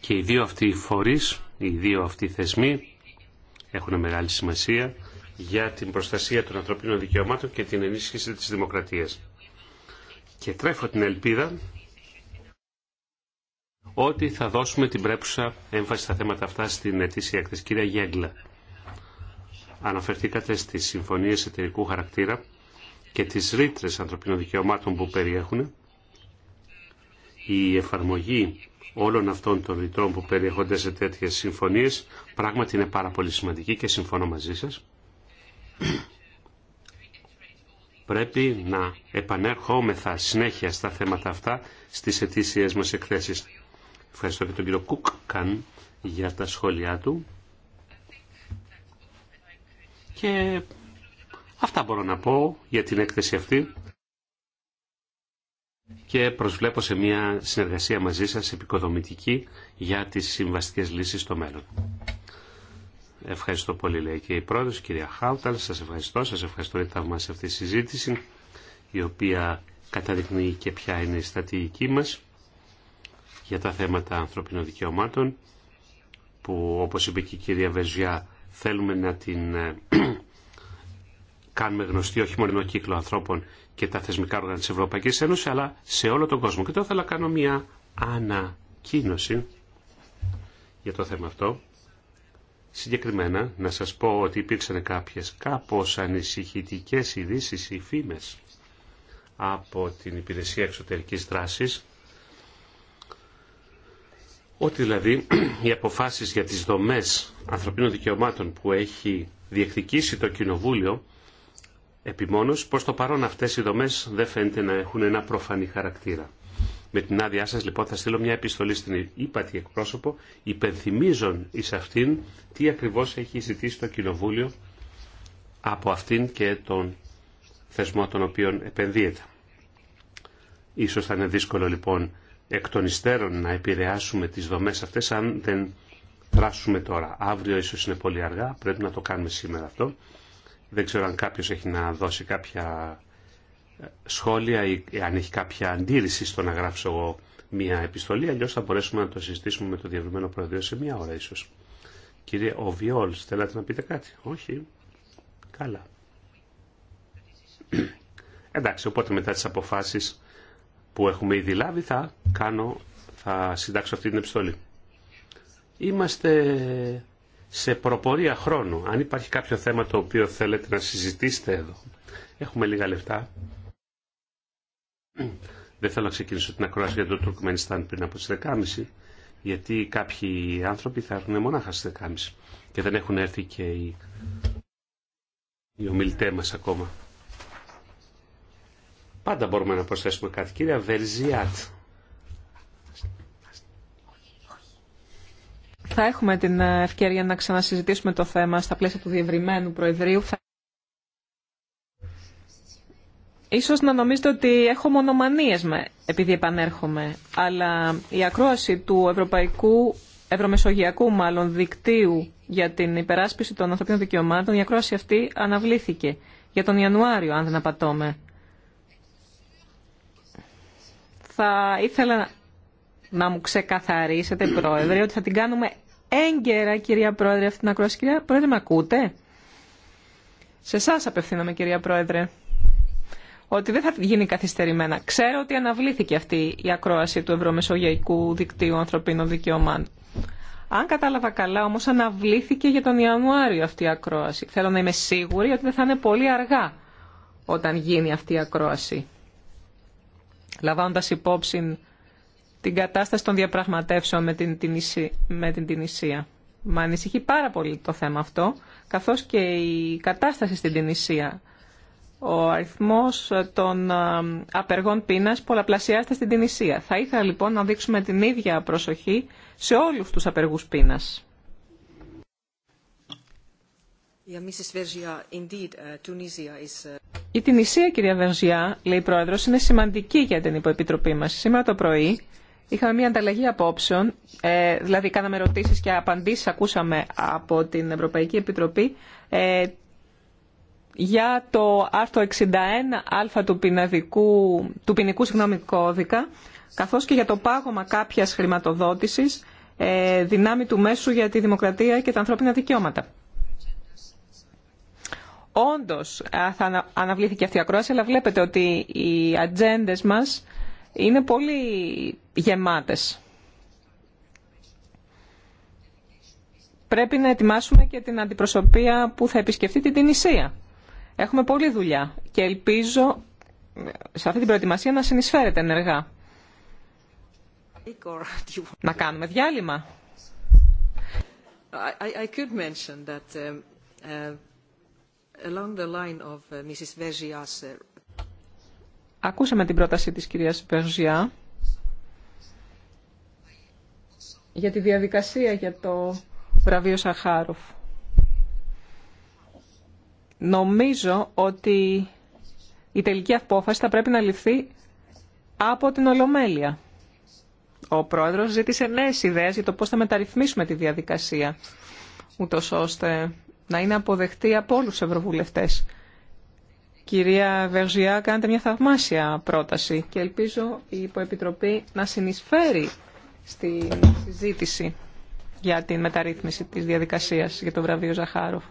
και οι δύο αυτοί φορείς, οι δύο αυτοί θεσμοί έχουν μεγάλη σημασία για την προστασία των ανθρωπίνων δικαιωμάτων και την ενίσχυση της δημοκρατίας. Και τρέφω την ελπίδα ότι θα δώσουμε την πρέπουσα έμφαση στα θέματα αυτά στην ετήσια Κυρία Γέγκλα αναφερθήκατε στις συμφωνίες εταιρικού χαρακτήρα και τις ρήτρε ανθρωπίνων δικαιωμάτων που περιέχουν. Η εφαρμογή όλων αυτών των ρητρών που περιέχονται σε τέτοιες συμφωνίες πράγματι είναι πάρα πολύ σημαντική και συμφωνώ μαζί σας. Πρέπει να επανέρχομεθα συνέχεια στα θέματα αυτά στις ετήσιες μας εκθέσεις. Ευχαριστώ και τον κύριο Κούκκαν για τα σχόλιά του. Και αυτά μπορώ να πω για την έκθεση αυτή και προσβλέπω σε μια συνεργασία μαζί σας επικοδομητική για τις συμβαστικές λύσεις στο μέλλον. Ευχαριστώ πολύ λέει και η πρόεδρος, κυρία Χάουταλ, σας ευχαριστώ, σας ευχαριστώ για σε αυτή τη συζήτηση η οποία καταδεικνύει και ποια είναι η στατηγική μας για τα θέματα ανθρωπινών δικαιωμάτων που όπως είπε και η κυρία Βεζιά θέλουμε να την ε, κάνουμε γνωστή όχι μόνο κύκλο ανθρώπων και τα θεσμικά όργανα της Ευρωπαϊκής Ένωσης, αλλά σε όλο τον κόσμο. Και τώρα θέλω να κάνω μια ανακοίνωση για το θέμα αυτό. Συγκεκριμένα, να σας πω ότι υπήρξαν κάποιες κάπως ανησυχητικές ειδήσει ή φήμες από την Υπηρεσία Εξωτερικής Δράσης ότι δηλαδή οι αποφάσεις για τις δομές ανθρωπίνων δικαιωμάτων που έχει διεκδικήσει το Κοινοβούλιο επιμόνως, προς το παρόν αυτές οι δομές δεν φαίνεται να έχουν ένα προφανή χαρακτήρα. Με την άδειά σας λοιπόν θα στείλω μια επιστολή στην ύπατη εκπρόσωπο υπενθυμίζων εις αυτήν τι ακριβώς έχει ζητήσει το Κοινοβούλιο από αυτήν και τον θεσμό τον οποίων επενδύεται. Ίσως θα είναι δύσκολο λοιπόν εκ των υστέρων να επηρεάσουμε τις δομές αυτές αν δεν δράσουμε τώρα. Αύριο ίσως είναι πολύ αργά, πρέπει να το κάνουμε σήμερα αυτό. Δεν ξέρω αν κάποιος έχει να δώσει κάποια ε, σχόλια ή αν έχει κάποια αντίρρηση στο να γράψω εγώ μια επιστολή, αλλιώς θα μπορέσουμε να το συζητήσουμε με το διευρυμένο προεδρείο σε μια ώρα ίσως. Κύριε Οβιόλ, θέλατε να πείτε κάτι. Όχι. Καλά. Εντάξει, οπότε μετά τις αποφάσεις που έχουμε ήδη λάβει θα, κάνω, θα συντάξω αυτή την επιστολή. Είμαστε σε προπορία χρόνου. Αν υπάρχει κάποιο θέμα το οποίο θέλετε να συζητήσετε εδώ, έχουμε λίγα λεφτά. Δεν θέλω να ξεκινήσω την ακρόαση για το Τουρκμενιστάν πριν από τις 10.30, γιατί κάποιοι άνθρωποι θα έρθουν μονάχα στις 10.30 και δεν έχουν έρθει και οι, οι ομιλητές μας ακόμα. Πάντα μπορούμε να προσθέσουμε κάτι. Κύριε Βερζιάτ. Θα έχουμε την ε, ευκαιρία να ξανασυζητήσουμε το θέμα στα πλαίσια του διευρυμένου προεδρίου. Ίσως να νομίζετε ότι έχω μονομανίες με, επειδή επανέρχομαι, αλλά η ακρόαση του Ευρωπαϊκού, Ευρωμεσογειακού μάλλον δικτύου για την υπεράσπιση των ανθρωπίνων δικαιωμάτων, η ακρόαση αυτή αναβλήθηκε για τον Ιανουάριο, αν δεν απατώμε. θα ήθελα να μου ξεκαθαρίσετε, Πρόεδρε, ότι θα την κάνουμε έγκαιρα, κυρία Πρόεδρε, αυτήν την ακρόαση. Κυρία Πρόεδρε, με ακούτε? Σε εσά απευθύνομαι, κυρία Πρόεδρε, ότι δεν θα γίνει καθυστερημένα. Ξέρω ότι αναβλήθηκε αυτή η ακρόαση του Ευρωμεσογειακού Δικτύου Ανθρωπίνων Δικαιωμάτων. Αν κατάλαβα καλά, όμως αναβλήθηκε για τον Ιανουάριο αυτή η ακρόαση. Θέλω να είμαι σίγουρη ότι δεν θα είναι πολύ αργά όταν γίνει αυτή η ακρόαση λαμβάνοντας υπόψη την κατάσταση των διαπραγματεύσεων με την, την, με την Τινησία. Μα ανησυχεί πάρα πολύ το θέμα αυτό, καθώς και η κατάσταση στην Τινησία. Ο αριθμός των απεργών πείνας πολλαπλασιάζεται στην Τινησία. Θα ήθελα λοιπόν να δείξουμε την ίδια προσοχή σε όλους τους απεργούς πείνας. Uh, uh, η Τινησία, κυρία Βερζιά, λέει η Πρόεδρος, είναι σημαντική για την υποεπιτροπή μας. Σήμερα το πρωί είχαμε μια ανταλλαγή απόψεων, ε, δηλαδή κάναμε ερωτήσεις και απαντήσεις ακούσαμε από την Ευρωπαϊκή Επιτροπή ε, για το άρθρο 61α του, του ποινικού συγγνώμη, κώδικα, καθώς και για το πάγωμα κάποιας χρηματοδότησης ε, δυνάμει του μέσου για τη δημοκρατία και τα ανθρώπινα δικαιώματα. Όντω θα αναβλήθηκε αυτή η ακρόαση, αλλά βλέπετε ότι οι ατζέντε μας είναι πολύ γεμάτες. Πρέπει να ετοιμάσουμε και την αντιπροσωπεία που θα επισκεφτεί την Τινησία. Έχουμε πολλή δουλειά και ελπίζω ε, σε αυτή την προετοιμασία να συνεισφέρετε ενεργά. Να κάνουμε διάλειμμα. Um, uh, Uh, Ακούσαμε την πρόταση της κυρίας Βερζιά για τη διαδικασία για το βραβείο Σαχάροφ. Νομίζω ότι η τελική απόφαση θα πρέπει να ληφθεί από την Ολομέλεια. Ο πρόεδρος ζήτησε νέες ιδέες για το πώς θα μεταρρυθμίσουμε τη διαδικασία, ούτως ώστε να είναι αποδεχτή από όλους τους ευρωβουλευτές. Κυρία Βεργιά, κάνετε μια θαυμάσια πρόταση και ελπίζω η Υποεπιτροπή να συνεισφέρει στη συζήτηση για την μεταρρύθμιση της διαδικασίας για το βραβείο Ζαχάροφ.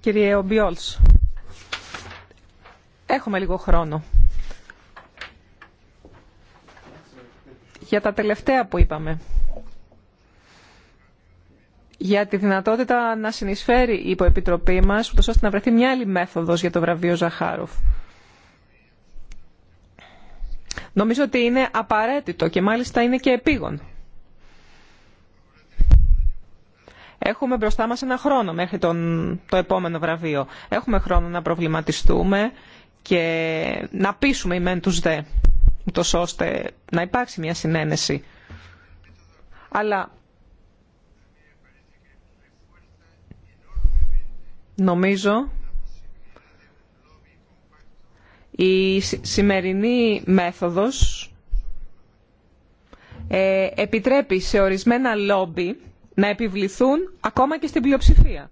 Κύριε Ομπιόλς, έχουμε λίγο χρόνο. Για τα τελευταία που είπαμε, για τη δυνατότητα να συνεισφέρει η υποεπιτροπή μας, ούτως ώστε να βρεθεί μια άλλη μέθοδος για το βραβείο Ζαχάροφ. Νομίζω ότι είναι απαραίτητο και μάλιστα είναι και επίγον. Έχουμε μπροστά μας ένα χρόνο μέχρι τον, το επόμενο βραβείο. Έχουμε χρόνο να προβληματιστούμε και να πείσουμε μεν τους δε, ούτως ώστε να υπάρξει μια συνένεση. Αλλά νομίζω η σημερινή μέθοδος ε, επιτρέπει σε ορισμένα λόμπι να επιβληθούν ακόμα και στην πλειοψηφία.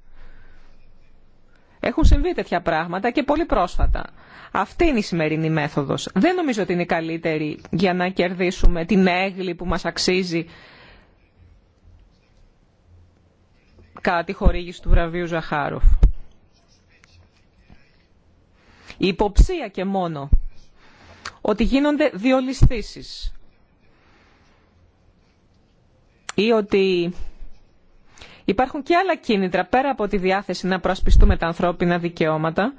Έχουν συμβεί τέτοια πράγματα και πολύ πρόσφατα. Αυτή είναι η σημερινή μέθοδος. Δεν νομίζω ότι είναι η καλύτερη για να κερδίσουμε την έγκλη που μας αξίζει κάτι τη χορήγηση του βραβείου Ζαχάροφ. Η υποψία και μόνο ότι γίνονται διολυστήσεις ή ότι Υπάρχουν και άλλα κίνητρα πέρα από τη διάθεση να προασπιστούμε τα ανθρώπινα δικαιώματα.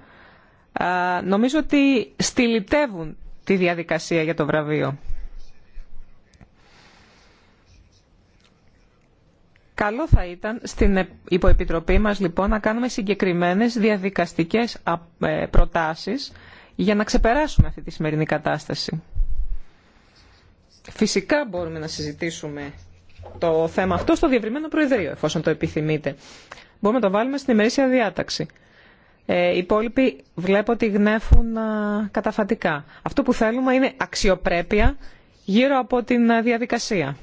Νομίζω ότι στυλιτεύουν τη διαδικασία για το βραβείο. Καλό θα ήταν στην υποεπιτροπή μας λοιπόν να κάνουμε συγκεκριμένες διαδικαστικές ε, προτάσεις για να ξεπεράσουμε αυτή τη σημερινή κατάσταση. Φυσικά μπορούμε να συζητήσουμε το θέμα αυτό στο διευρυμένο Προεδρείο, εφόσον το επιθυμείτε. Μπορούμε να το βάλουμε στην ημερήσια διάταξη. Ε, οι υπόλοιποι βλέπω ότι γνέφουν α, καταφατικά. Αυτό που θέλουμε είναι αξιοπρέπεια γύρω από την διαδικασία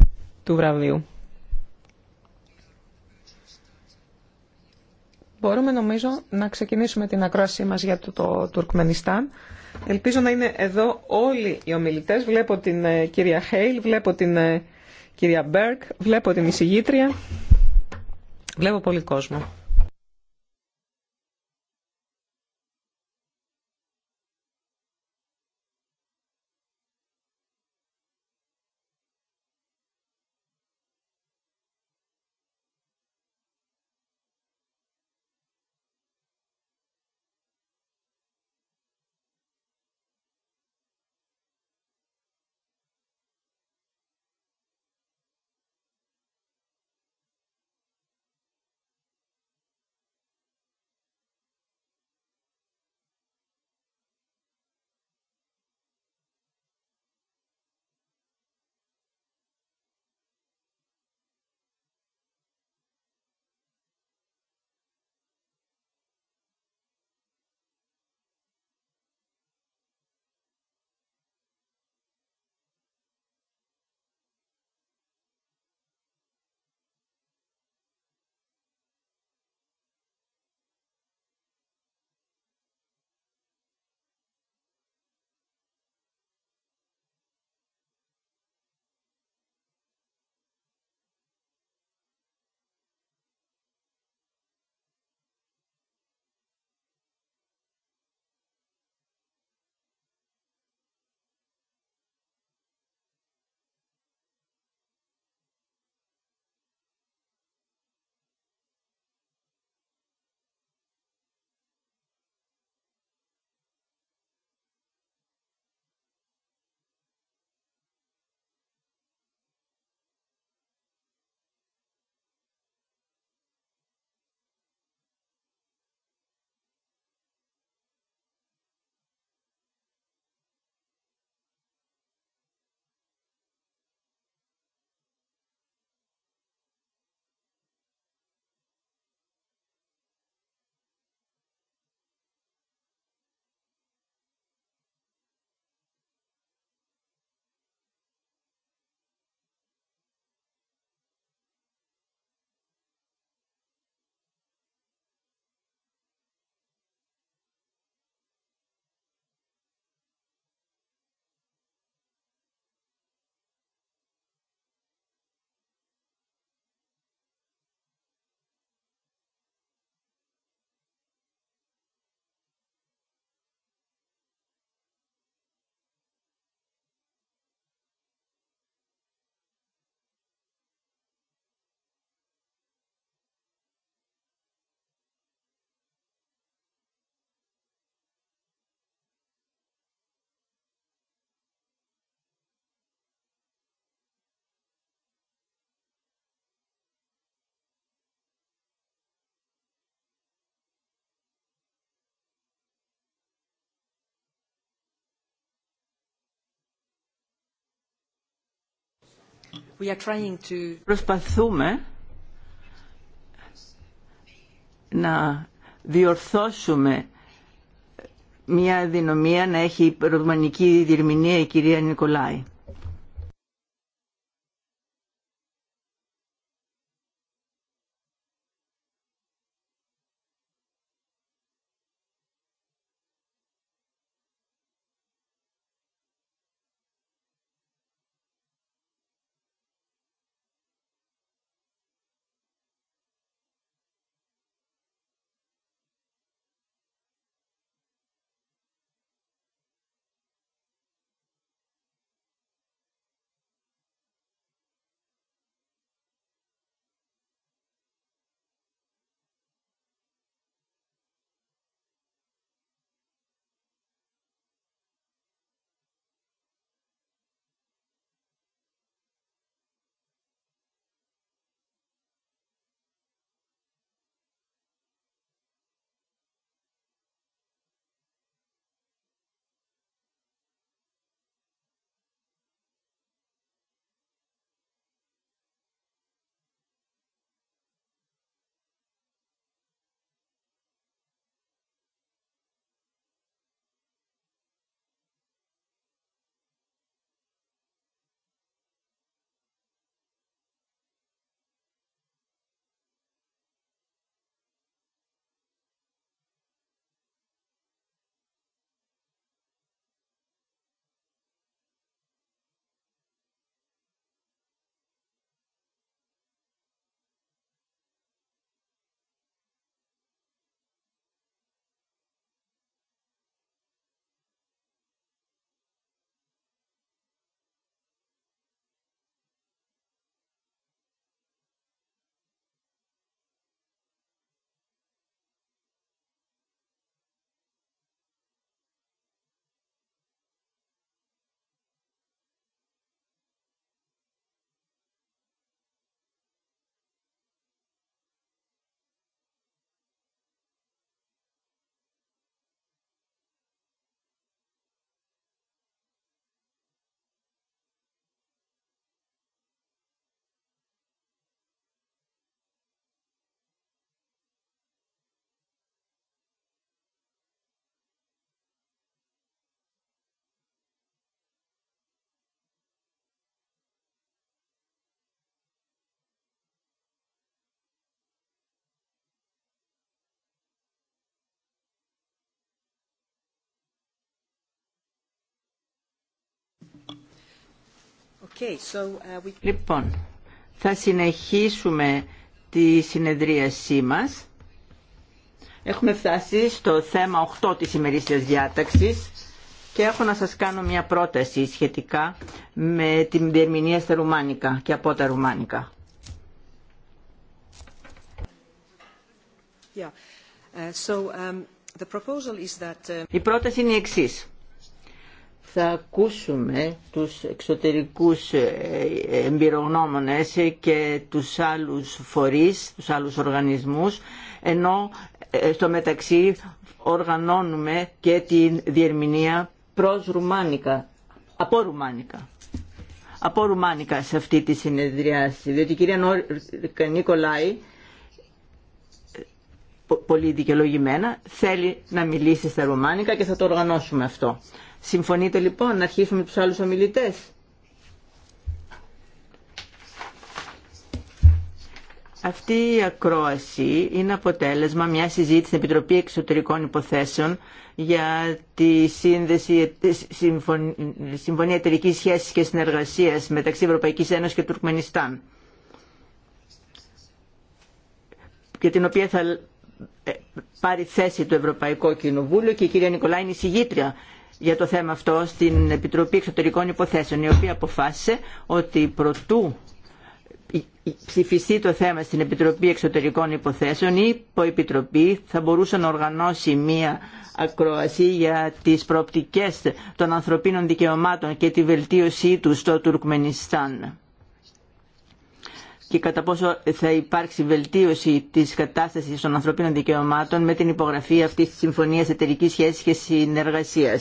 του βραβείου. Μπορούμε νομίζω να ξεκινήσουμε την ακρόασή μας για το, το Τουρκμενιστάν. Ελπίζω να είναι εδώ όλοι οι ομιλητές. Βλέπω την ε, κυρία Χέιλ, βλέπω την ε, κυρία Μπέρκ, βλέπω την εισηγήτρια, βλέπω πολύ κόσμο. Προσπαθούμε να διορθώσουμε μια δυναμία να έχει ρωμανική διερμηνία η κυρία Νικολάη. Uh, λοιπόν, θα συνεχίσουμε τη συνεδρίασή μας. Έχουμε φτάσει στο θέμα 8 της ημερήσιας διάταξης και έχω να σας κάνω μια πρόταση σχετικά με την διερμηνία στα Ρουμάνικα και από τα Ρουμάνικα. Uh, um, uh, η πρόταση είναι η εξής θα ακούσουμε τους εξωτερικούς ε, εμπειρογνώμονες και τους άλλους φορείς, τους άλλους οργανισμούς, ενώ ε, στο μεταξύ οργανώνουμε και την διερμηνία προς Ρουμάνικα, από Ρουμάνικα. Από Ρουμάνικα σε αυτή τη συνεδριάση, διότι η κυρία ε, Νικολάη πολύ δικαιολογημένα θέλει να μιλήσει στα Ρουμάνικα και θα το οργανώσουμε αυτό. Συμφωνείτε λοιπόν να αρχίσουμε τους άλλους ομιλητές. Αυτή η ακρόαση είναι αποτέλεσμα μια συζήτηση στην Επιτροπή Εξωτερικών Υποθέσεων για τη σύνδεση, συμφων... Συμφωνία εταιρική σχέση και συνεργασία μεταξύ Ευρωπαϊκή Ένωση και Τουρκμενιστάν για την οποία θα ε, πάρει θέση το Ευρωπαϊκό Κοινοβούλιο και η κυρία Νικολάη είναι η συγγήτρια για το θέμα αυτό στην Επιτροπή Εξωτερικών Υποθέσεων, η οποία αποφάσισε ότι προτού ψηφιστεί το θέμα στην Επιτροπή Εξωτερικών Υποθέσεων, η υποεπιτροπή θα μπορούσε να οργανώσει μία ακρόαση για τις προοπτικές των ανθρωπίνων δικαιωμάτων και τη βελτίωσή του στο Τουρκμενιστάν και κατά πόσο θα υπάρξει βελτίωση της κατάστασης των ανθρωπίνων δικαιωμάτων με την υπογραφή αυτή της συμφωνία εταιρική σχέση και συνεργασία.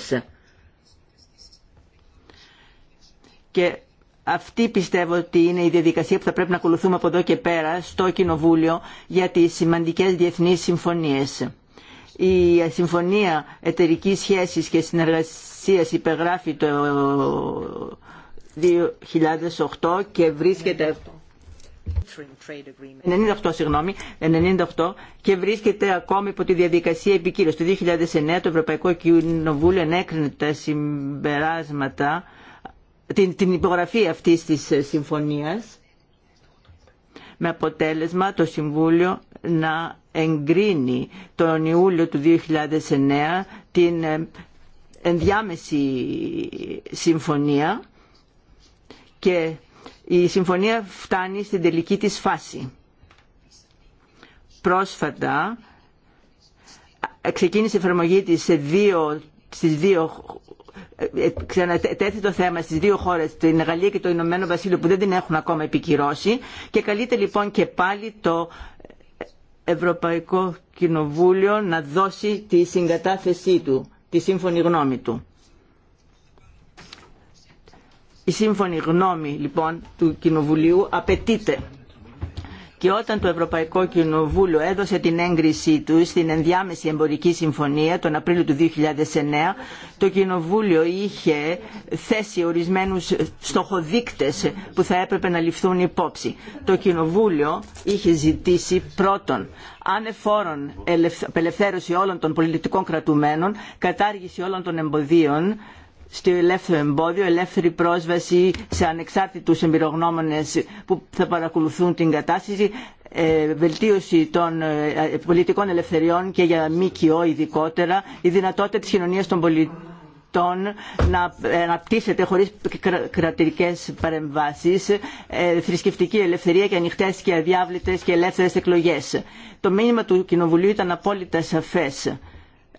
Και αυτή πιστεύω ότι είναι η διαδικασία που θα πρέπει να ακολουθούμε από εδώ και πέρα στο Κοινοβούλιο για τι σημαντικέ διεθνεί συμφωνίε. Η Συμφωνία εταιρική σχέση και συνεργασία υπεγράφει το 2008 και βρίσκεται 98, συγγνώμη, 98 και βρίσκεται ακόμη υπό τη διαδικασία επικύρωση. Το 2009 το Ευρωπαϊκό Κοινοβούλιο ενέκρινε τα συμπεράσματα, την, την υπογραφή αυτής της συμφωνίας με αποτέλεσμα το Συμβούλιο να εγκρίνει τον Ιούλιο του 2009 την ε, ενδιάμεση συμφωνία και η συμφωνία φτάνει στην τελική της φάση. Πρόσφατα ξεκίνησε η εφαρμογή της σε δύο, στις δύο ε, ξανατέθη το θέμα στις δύο χώρες, την Γαλλία και το Ηνωμένο Βασίλειο που δεν την έχουν ακόμα επικυρώσει και καλείται λοιπόν και πάλι το Ευρωπαϊκό Κοινοβούλιο να δώσει τη συγκατάθεσή του, τη σύμφωνη γνώμη του. Η σύμφωνη γνώμη λοιπόν του Κοινοβουλίου απαιτείται. Και όταν το Ευρωπαϊκό Κοινοβούλιο έδωσε την έγκρισή του στην ενδιάμεση εμπορική συμφωνία τον Απρίλιο του 2009, το Κοινοβούλιο είχε θέσει ορισμένους στοχοδείκτες που θα έπρεπε να ληφθούν υπόψη. Το Κοινοβούλιο είχε ζητήσει πρώτον ανεφόρον απελευθέρωση όλων των πολιτικών κρατουμένων, κατάργηση όλων των εμποδίων στο ελεύθερο εμπόδιο, ελεύθερη πρόσβαση σε ανεξάρτητους εμπειρογνώμονες που θα παρακολουθούν την κατάσταση, ε, βελτίωση των ε, πολιτικών ελευθεριών και για ΜΚΟ ειδικότερα, η δυνατότητα της κοινωνίας των πολιτών να αναπτύσσεται χωρίς κρατηρικές παρεμβάσεις ε, θρησκευτική ελευθερία και ανοιχτές και αδιάβλητες και ελεύθερες εκλογές. Το μήνυμα του Κοινοβουλίου ήταν απόλυτα σαφές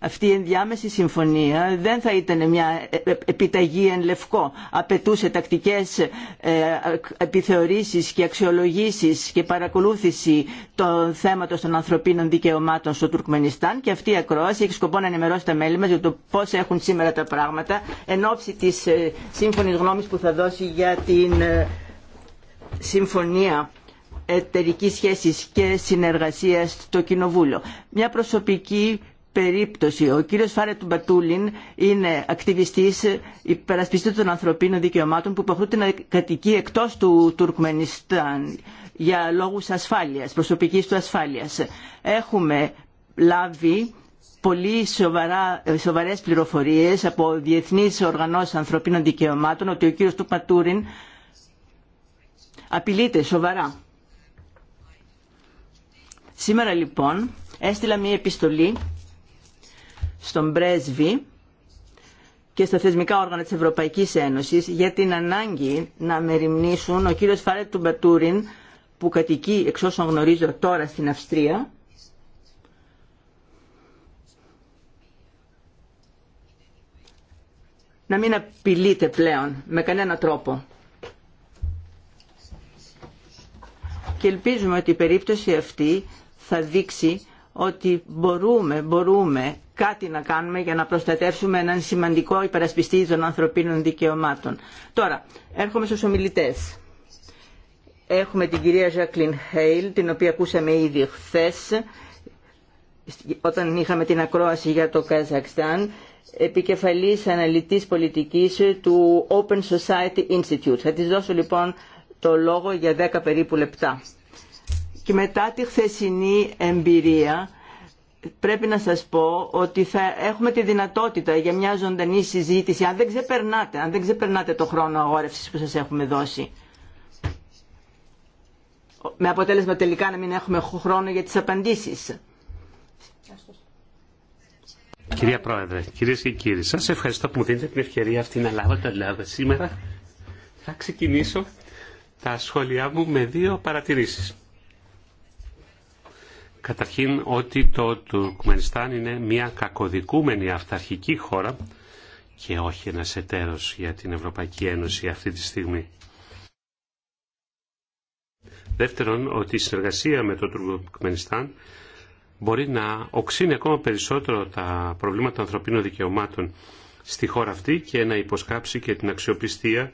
αυτή η ενδιάμεση συμφωνία δεν θα ήταν μια επιταγή εν λευκό. Απαιτούσε τακτικές ε, επιθεωρήσεις και αξιολογήσεις και παρακολούθηση των θέματος των ανθρωπίνων δικαιωμάτων στο Τουρκμενιστάν και αυτή η ακρόαση έχει σκοπό να ενημερώσει τα μέλη μας για το πώς έχουν σήμερα τα πράγματα εν ώψη της ε, σύμφωνης γνώμης που θα δώσει για την ε, συμφωνία εταιρική σχέσης και συνεργασίας στο Κοινοβούλιο. Μια προσωπική περίπτωση. Ο κύριος Φάρετ Μπατούλιν είναι ακτιβιστής υπερασπιστή των ανθρωπίνων δικαιωμάτων που υποχρεούνται να κατοικεί εκτός του Τουρκμενιστάν για λόγους ασφάλειας, προσωπικής του ασφάλειας. Έχουμε λάβει πολύ σοβαρέ ε, σοβαρές πληροφορίες από διεθνείς οργανώσεις ανθρωπίνων δικαιωμάτων ότι ο κύριο του απειλείται σοβαρά. Σήμερα λοιπόν έστειλα μια επιστολή στον πρέσβη και στα θεσμικά όργανα της Ευρωπαϊκής Ένωσης για την ανάγκη να μεριμνήσουν ο κύριος Φαρέτ Μπατούριν που κατοικεί εξ όσων γνωρίζω τώρα στην Αυστρία να μην απειλείται πλέον με κανένα τρόπο. Και ελπίζουμε ότι η περίπτωση αυτή θα δείξει ότι μπορούμε, μπορούμε κάτι να κάνουμε για να προστατεύσουμε έναν σημαντικό υπερασπιστή των ανθρωπίνων δικαιωμάτων. Τώρα, έρχομαι στους ομιλητές. Έχουμε την κυρία Ζακλίν Χέιλ, την οποία ακούσαμε ήδη χθε όταν είχαμε την ακρόαση για το Καζακστάν, επικεφαλής αναλυτής πολιτικής του Open Society Institute. Θα της δώσω λοιπόν το λόγο για 10 περίπου λεπτά και μετά τη χθεσινή εμπειρία πρέπει να σας πω ότι θα έχουμε τη δυνατότητα για μια ζωντανή συζήτηση αν δεν ξεπερνάτε, αν δεν ξεπερνάτε το χρόνο αγόρευσης που σας έχουμε δώσει με αποτέλεσμα τελικά να μην έχουμε χρόνο για τις απαντήσεις. Κυρία Πρόεδρε, κυρίε και κύριοι, σα ευχαριστώ που μου δίνετε την ευκαιρία αυτή να λάβω τα Ελλάδα. σήμερα. Θα ξεκινήσω τα σχόλιά μου με δύο παρατηρήσεις. Καταρχήν ότι το Τουρκμενιστάν είναι μια κακοδικούμενη αυταρχική χώρα και όχι ένας εταίρος για την Ευρωπαϊκή Ένωση αυτή τη στιγμή. Δεύτερον, ότι η συνεργασία με το Τουρκμενιστάν μπορεί να οξύνει ακόμα περισσότερο τα προβλήματα ανθρωπίνων δικαιωμάτων στη χώρα αυτή και να υποσκάψει και την αξιοπιστία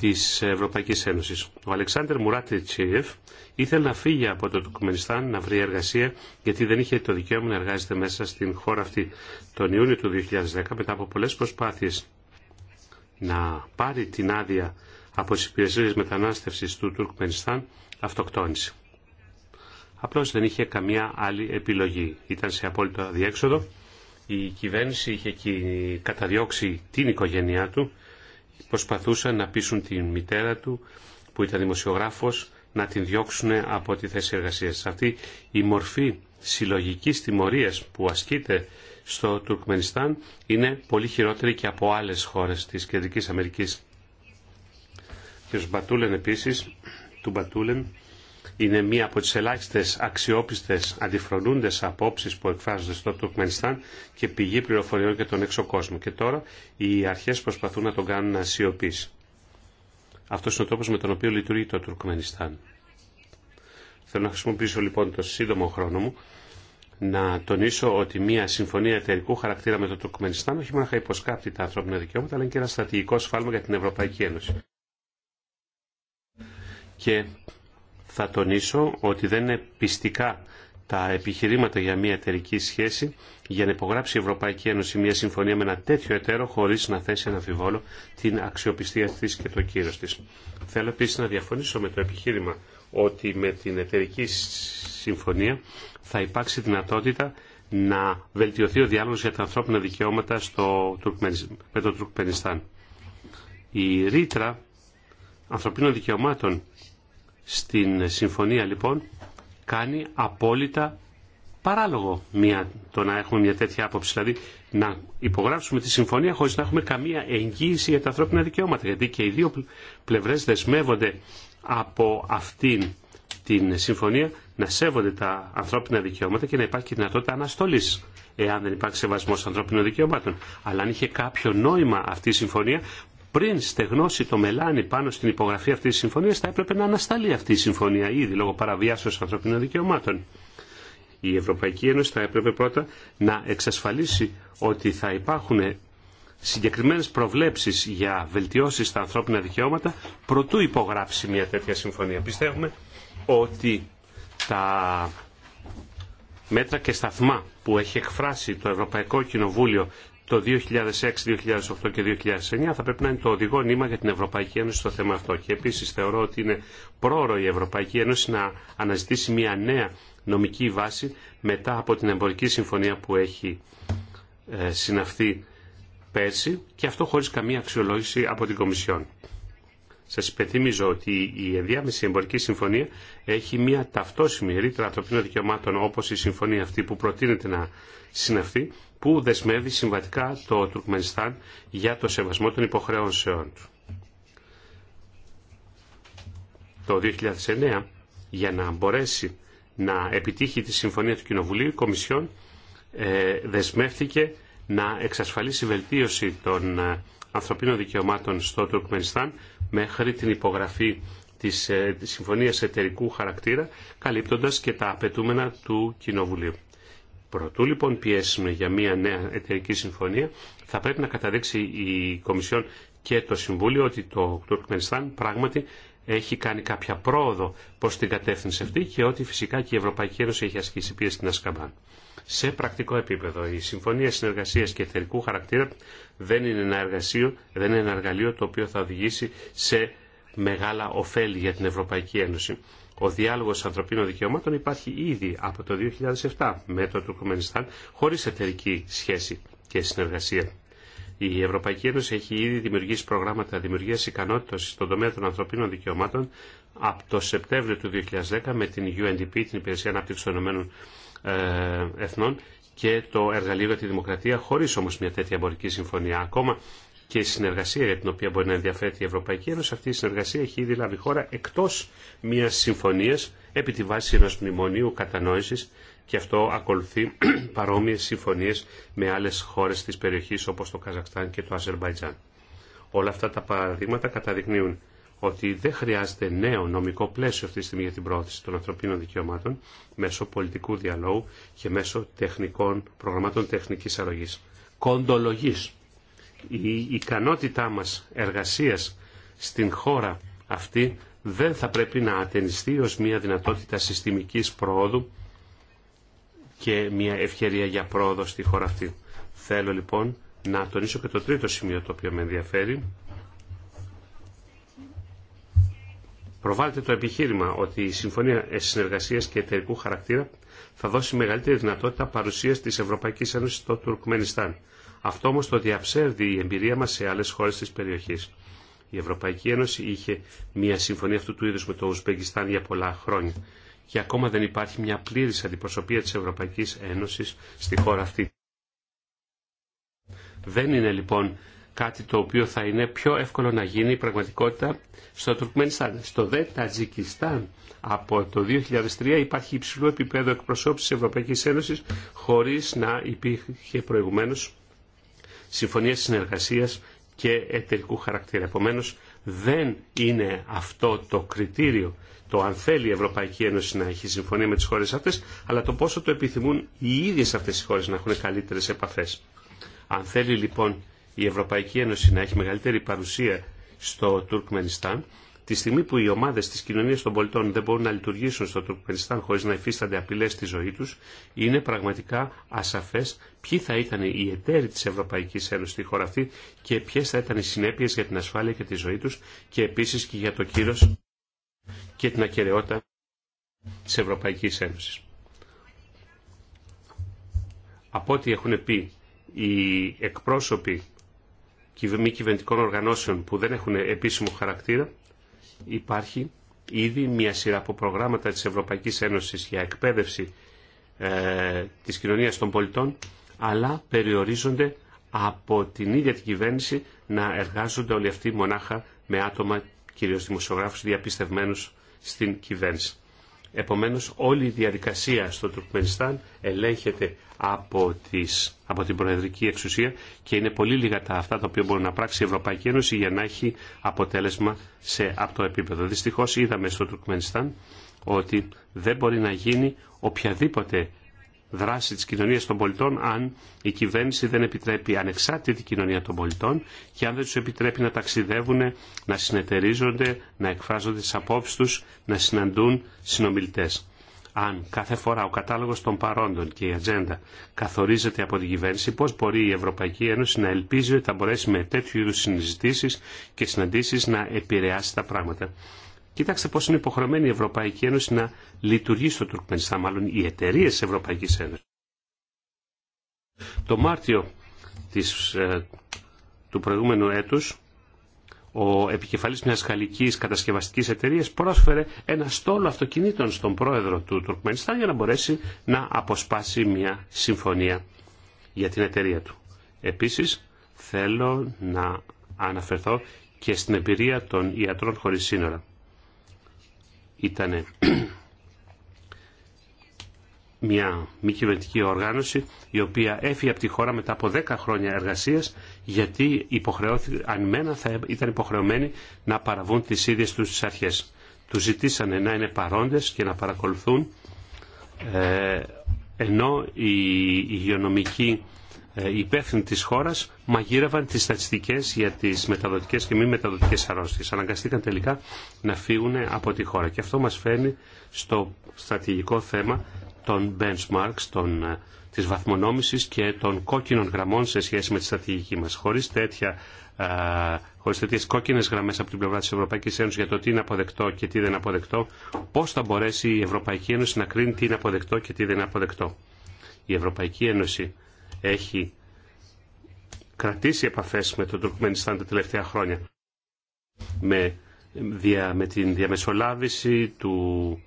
της Ευρωπαϊκής Ένωσης. Ο Αλεξάνδρ Μουράτη Τσίεφ ήθελε να φύγει από το Τουρκμενιστάν να βρει εργασία γιατί δεν είχε το δικαίωμα να εργάζεται μέσα στην χώρα αυτή. Τον Ιούνιο του 2010 μετά από πολλέ προσπάθειες να πάρει την άδεια από τι υπηρεσίες μετανάστευσης του Τουρκμενιστάν αυτοκτόνησε. Απλώς δεν είχε καμία άλλη επιλογή. Ήταν σε απόλυτο αδιέξοδο. Η κυβέρνηση είχε καταδιώξει την οικογένειά του προσπαθούσαν να πείσουν την μητέρα του που ήταν δημοσιογράφος να την διώξουν από τη θέση εργασίας. Αυτή η μορφή συλλογικής τιμωρίας που ασκείται στο Τουρκμενιστάν είναι πολύ χειρότερη και από άλλες χώρες της Κεντρικής Αμερικής. Ο Μπατούλεν επίσης, του Μπατούλεν, είναι μία από τις ελάχιστες αξιόπιστες αντιφρονούντες απόψεις που εκφράζονται στο Τουρκμενιστάν και πηγή πληροφοριών για τον έξω κόσμο. Και τώρα οι αρχές προσπαθούν να τον κάνουν να σιωπήσει. Αυτός είναι ο τρόπος με τον οποίο λειτουργεί το Τουρκμενιστάν. Θέλω να χρησιμοποιήσω λοιπόν το σύντομο χρόνο μου να τονίσω ότι μια συμφωνία εταιρικού χαρακτήρα με το Τουρκμενιστάν όχι μόνο θα υποσκάπτει τα ανθρώπινα δικαιώματα, αλλά είναι και ένα στρατηγικό σφάλμα για την Ευρωπαϊκή Ένωση. Και θα τονίσω ότι δεν είναι πιστικά τα επιχειρήματα για μια εταιρική σχέση για να υπογράψει η Ευρωπαϊκή Ένωση μια συμφωνία με ένα τέτοιο εταίρο χωρί να θέσει ένα αμφιβόλο την αξιοπιστία τη και το κύρο τη. Θέλω επίση να διαφωνήσω με το επιχείρημα ότι με την εταιρική συμφωνία θα υπάρξει δυνατότητα να βελτιωθεί ο διάλογο για τα ανθρώπινα δικαιώματα στο με το Τουρκμενιστάν. Η ρήτρα ανθρωπίνων δικαιωμάτων στην συμφωνία λοιπόν κάνει απόλυτα παράλογο μια, το να έχουμε μια τέτοια άποψη. Δηλαδή να υπογράψουμε τη συμφωνία χωρίς να έχουμε καμία εγγύηση για τα ανθρώπινα δικαιώματα. Γιατί και οι δύο πλευρές δεσμεύονται από αυτήν την συμφωνία να σέβονται τα ανθρώπινα δικαιώματα και να υπάρχει και δυνατότητα αναστολή εάν δεν υπάρχει σεβασμό ανθρώπινων δικαιωμάτων. Αλλά αν είχε κάποιο νόημα αυτή η συμφωνία, πριν στεγνώσει το μελάνι πάνω στην υπογραφή αυτή τη συμφωνία, θα έπρεπε να ανασταλεί αυτή η συμφωνία ήδη λόγω παραβιάσεω ανθρωπίνων δικαιωμάτων. Η Ευρωπαϊκή Ένωση θα έπρεπε πρώτα να εξασφαλίσει ότι θα υπάρχουν συγκεκριμένες προβλέψεις για βελτιώσεις στα ανθρώπινα δικαιώματα προτού υπογράψει μια τέτοια συμφωνία. Πιστεύουμε ότι τα μέτρα και σταθμά που έχει εκφράσει το Ευρωπαϊκό Κοινοβούλιο το 2006, 2008 και 2009 θα πρέπει να είναι το οδηγό νήμα για την Ευρωπαϊκή Ένωση στο θέμα αυτό. Και επίσης θεωρώ ότι είναι πρόωρο η Ευρωπαϊκή Ένωση να αναζητήσει μια νέα νομική βάση μετά από την εμπορική συμφωνία που έχει ε, συναυθεί πέρσι και αυτό χωρίς καμία αξιολόγηση από την Κομισιόν. Σας υπενθυμίζω ότι η ενδιάμεση εμπορική συμφωνία έχει μια ταυτόσημη ρήτρα ανθρωπίνων δικαιωμάτων όπως η συμφωνία αυτή που προτείνεται να συναυθεί που δεσμεύει συμβατικά το Τουρκμενιστάν για το σεβασμό των υποχρεώσεών του. Το 2009, για να μπορέσει να επιτύχει τη Συμφωνία του Κοινοβουλίου, η Κομισιόν ε, δεσμεύτηκε να εξασφαλίσει βελτίωση των ε, ανθρωπίνων δικαιωμάτων στο Τουρκμενιστάν μέχρι την υπογραφή ε, της Συμφωνίας Εταιρικού Χαρακτήρα, καλύπτοντας και τα απαιτούμενα του Κοινοβουλίου. Προτού λοιπόν πιέσουμε για μια νέα εταιρική συμφωνία, θα πρέπει να καταδείξει η Κομισιόν και το Συμβούλιο ότι το Τουρκμενιστάν πράγματι έχει κάνει κάποια πρόοδο προ την κατεύθυνση αυτή και ότι φυσικά και η Ευρωπαϊκή Ένωση έχει ασκήσει πίεση στην Ασκαμπάν. Σε πρακτικό επίπεδο, η Συμφωνία Συνεργασία και Εταιρικού Χαρακτήρα δεν είναι, ένα εργασίο, δεν είναι ένα εργαλείο το οποίο θα οδηγήσει σε μεγάλα ωφέλη για την Ευρωπαϊκή Ένωση. Ο διάλογος ανθρωπίνων δικαιωμάτων υπάρχει ήδη από το 2007 με το Τουρκουμενιστάν χωρίς εταιρική σχέση και συνεργασία. Η Ευρωπαϊκή Ένωση έχει ήδη δημιουργήσει προγράμματα δημιουργία ικανότητα στον τομέα των ανθρωπίνων δικαιωμάτων από το Σεπτέμβριο του 2010 με την UNDP, την Υπηρεσία Ανάπτυξη των Ηνωμένων ε, Εθνών και το Εργαλείο για τη Δημοκρατία, χωρί όμω μια τέτοια εμπορική συμφωνία. Ακόμα και η συνεργασία για την οποία μπορεί να ενδιαφέρεται η Ευρωπαϊκή Ένωση. Αυτή η συνεργασία έχει ήδη λάβει χώρα εκτό μια συμφωνία επί τη βάση ενό μνημονίου κατανόηση και αυτό ακολουθεί παρόμοιε συμφωνίε με άλλε χώρε τη περιοχή όπω το Καζακστάν και το Αζερβαϊτζάν. Όλα αυτά τα παραδείγματα καταδεικνύουν ότι δεν χρειάζεται νέο νομικό πλαίσιο αυτή τη στιγμή για την πρόθεση των ανθρωπίνων δικαιωμάτων μέσω πολιτικού διαλόγου και μέσω τεχνικών προγραμμάτων τεχνική αρρωγή. Κοντολογής η ικανότητά μας εργασίας στην χώρα αυτή δεν θα πρέπει να ατενιστεί ως μια δυνατότητα συστημικής προόδου και μια ευκαιρία για πρόοδο στη χώρα αυτή. Θέλω λοιπόν να τονίσω και το τρίτο σημείο το οποίο με ενδιαφέρει. Προβάλλεται το επιχείρημα ότι η Συμφωνία Συνεργασίας και Εταιρικού Χαρακτήρα θα δώσει μεγαλύτερη δυνατότητα παρουσίας της Ευρωπαϊκής Ένωσης στο Τουρκμενιστάν. Αυτό όμως το διαψεύδει η εμπειρία μας σε άλλες χώρες της περιοχής. Η Ευρωπαϊκή Ένωση είχε μια συμφωνία αυτού του είδους με το Ουσμπεκιστάν για πολλά χρόνια και ακόμα δεν υπάρχει μια πλήρης αντιπροσωπεία της Ευρωπαϊκής Ένωσης στη χώρα αυτή. Δεν είναι λοιπόν κάτι το οποίο θα είναι πιο εύκολο να γίνει η πραγματικότητα στο Τουρκμενιστάν. Στο δε Τατζικιστάν από το 2003 υπάρχει υψηλό επίπεδο εκπροσώπησης της Ευρωπαϊκής Ένωσης χωρίς να υπήρχε προηγουμένω συμφωνίες συνεργασίας και εταιρικού χαρακτήρα. Επομένω, δεν είναι αυτό το κριτήριο το αν θέλει η Ευρωπαϊκή Ένωση να έχει συμφωνία με τις χώρες αυτές, αλλά το πόσο το επιθυμούν οι ίδιες αυτές οι χώρες να έχουν καλύτερες επαφές. Αν θέλει λοιπόν η Ευρωπαϊκή Ένωση να έχει μεγαλύτερη παρουσία στο Τουρκμενιστάν, Τη στιγμή που οι ομάδε τη κοινωνία των πολιτών δεν μπορούν να λειτουργήσουν στο Τουρκμενιστάν χωρί να υφίστανται απειλέ στη ζωή του, είναι πραγματικά ασαφέ ποιοι θα ήταν οι εταίροι τη Ευρωπαϊκή Ένωση στη χώρα αυτή και ποιε θα ήταν οι συνέπειε για την ασφάλεια και τη ζωή του και επίση και για το κύρο και την ακαιρεότητα τη Ευρωπαϊκή Ένωση. Από ό,τι έχουν πει οι εκπρόσωποι μη κυβερνητικών οργανώσεων που δεν έχουν επίσημο χαρακτήρα, υπάρχει ήδη μια σειρά από προγράμματα της Ευρωπαϊκής Ένωσης για εκπαίδευση ε, της κοινωνίας των πολιτών, αλλά περιορίζονται από την ίδια την κυβέρνηση να εργάζονται όλοι αυτοί μονάχα με άτομα, κυρίως δημοσιογράφους, διαπιστευμένους στην κυβέρνηση. Επομένως όλη η διαδικασία στο Τουρκμενιστάν ελέγχεται από, τις, από την προεδρική εξουσία και είναι πολύ λίγα τα αυτά τα οποία μπορεί να πράξει η Ευρωπαϊκή Ένωση για να έχει αποτέλεσμα σε αυτό επίπεδο. Δυστυχώς είδαμε στο Τουρκμενιστάν ότι δεν μπορεί να γίνει οποιαδήποτε δράση της κοινωνίας των πολιτών αν η κυβέρνηση δεν επιτρέπει ανεξάρτητη κοινωνία των πολιτών και αν δεν τους επιτρέπει να ταξιδεύουν, να συνεταιρίζονται, να εκφράζονται τις απόψεις τους, να συναντούν συνομιλητές. Αν κάθε φορά ο κατάλογος των παρόντων και η ατζέντα καθορίζεται από την κυβέρνηση, πώς μπορεί η Ευρωπαϊκή Ένωση να ελπίζει ότι θα μπορέσει με τέτοιου είδους συζητήσεις και συναντήσεις να επηρεάσει τα πράγματα. Κοιτάξτε πώ είναι υποχρεωμένη η Ευρωπαϊκή Ένωση να λειτουργεί στο Τουρκμενιστάν, μάλλον οι εταιρείε τη Ευρωπαϊκής Ένωση. Το Μάρτιο της, ε, του προηγούμενου έτου, ο επικεφαλή μια γαλλική κατασκευαστική εταιρεία πρόσφερε ένα στόλο αυτοκινήτων στον πρόεδρο του Τουρκμενιστάν για να μπορέσει να αποσπάσει μια συμφωνία για την εταιρεία του. Επίση, θέλω να αναφερθώ και στην εμπειρία των ιατρών χωρί σύνορα ήταν μια μη κυβερνητική οργάνωση η οποία έφυγε από τη χώρα μετά από 10 χρόνια εργασίας γιατί ανημένα θα ήταν υποχρεωμένοι να παραβούν τις ίδιες τους τις αρχές. Τους ζητήσανε να είναι παρόντες και να παρακολουθούν ε, ενώ η υγειονομική ε, υπεύθυνοι της χώρας μαγείρευαν τις στατιστικές για τις μεταδοτικές και μη μεταδοτικές αρρώστιες. Αναγκαστήκαν τελικά να φύγουν από τη χώρα. Και αυτό μας φέρνει στο στρατηγικό θέμα των benchmarks, των, ε, της βαθμονόμησης και των κόκκινων γραμμών σε σχέση με τη στρατηγική μας. Χωρίς τέτοια ε, χωρίς τέτοιες κόκκινες γραμμές από την πλευρά της Ευρωπαϊκής Ένωσης για το τι είναι αποδεκτό και τι δεν είναι αποδεκτό, πώς θα μπορέσει η Ευρωπαϊκή Ένωση να κρίνει τι είναι αποδεκτό και τι δεν είναι αποδεκτό. Η Ευρωπαϊκή Ένωση έχει κρατήσει επαφές με τον Τουρκμενιστάν τα τελευταία χρόνια. Με, δια, με την διαμεσολάβηση του,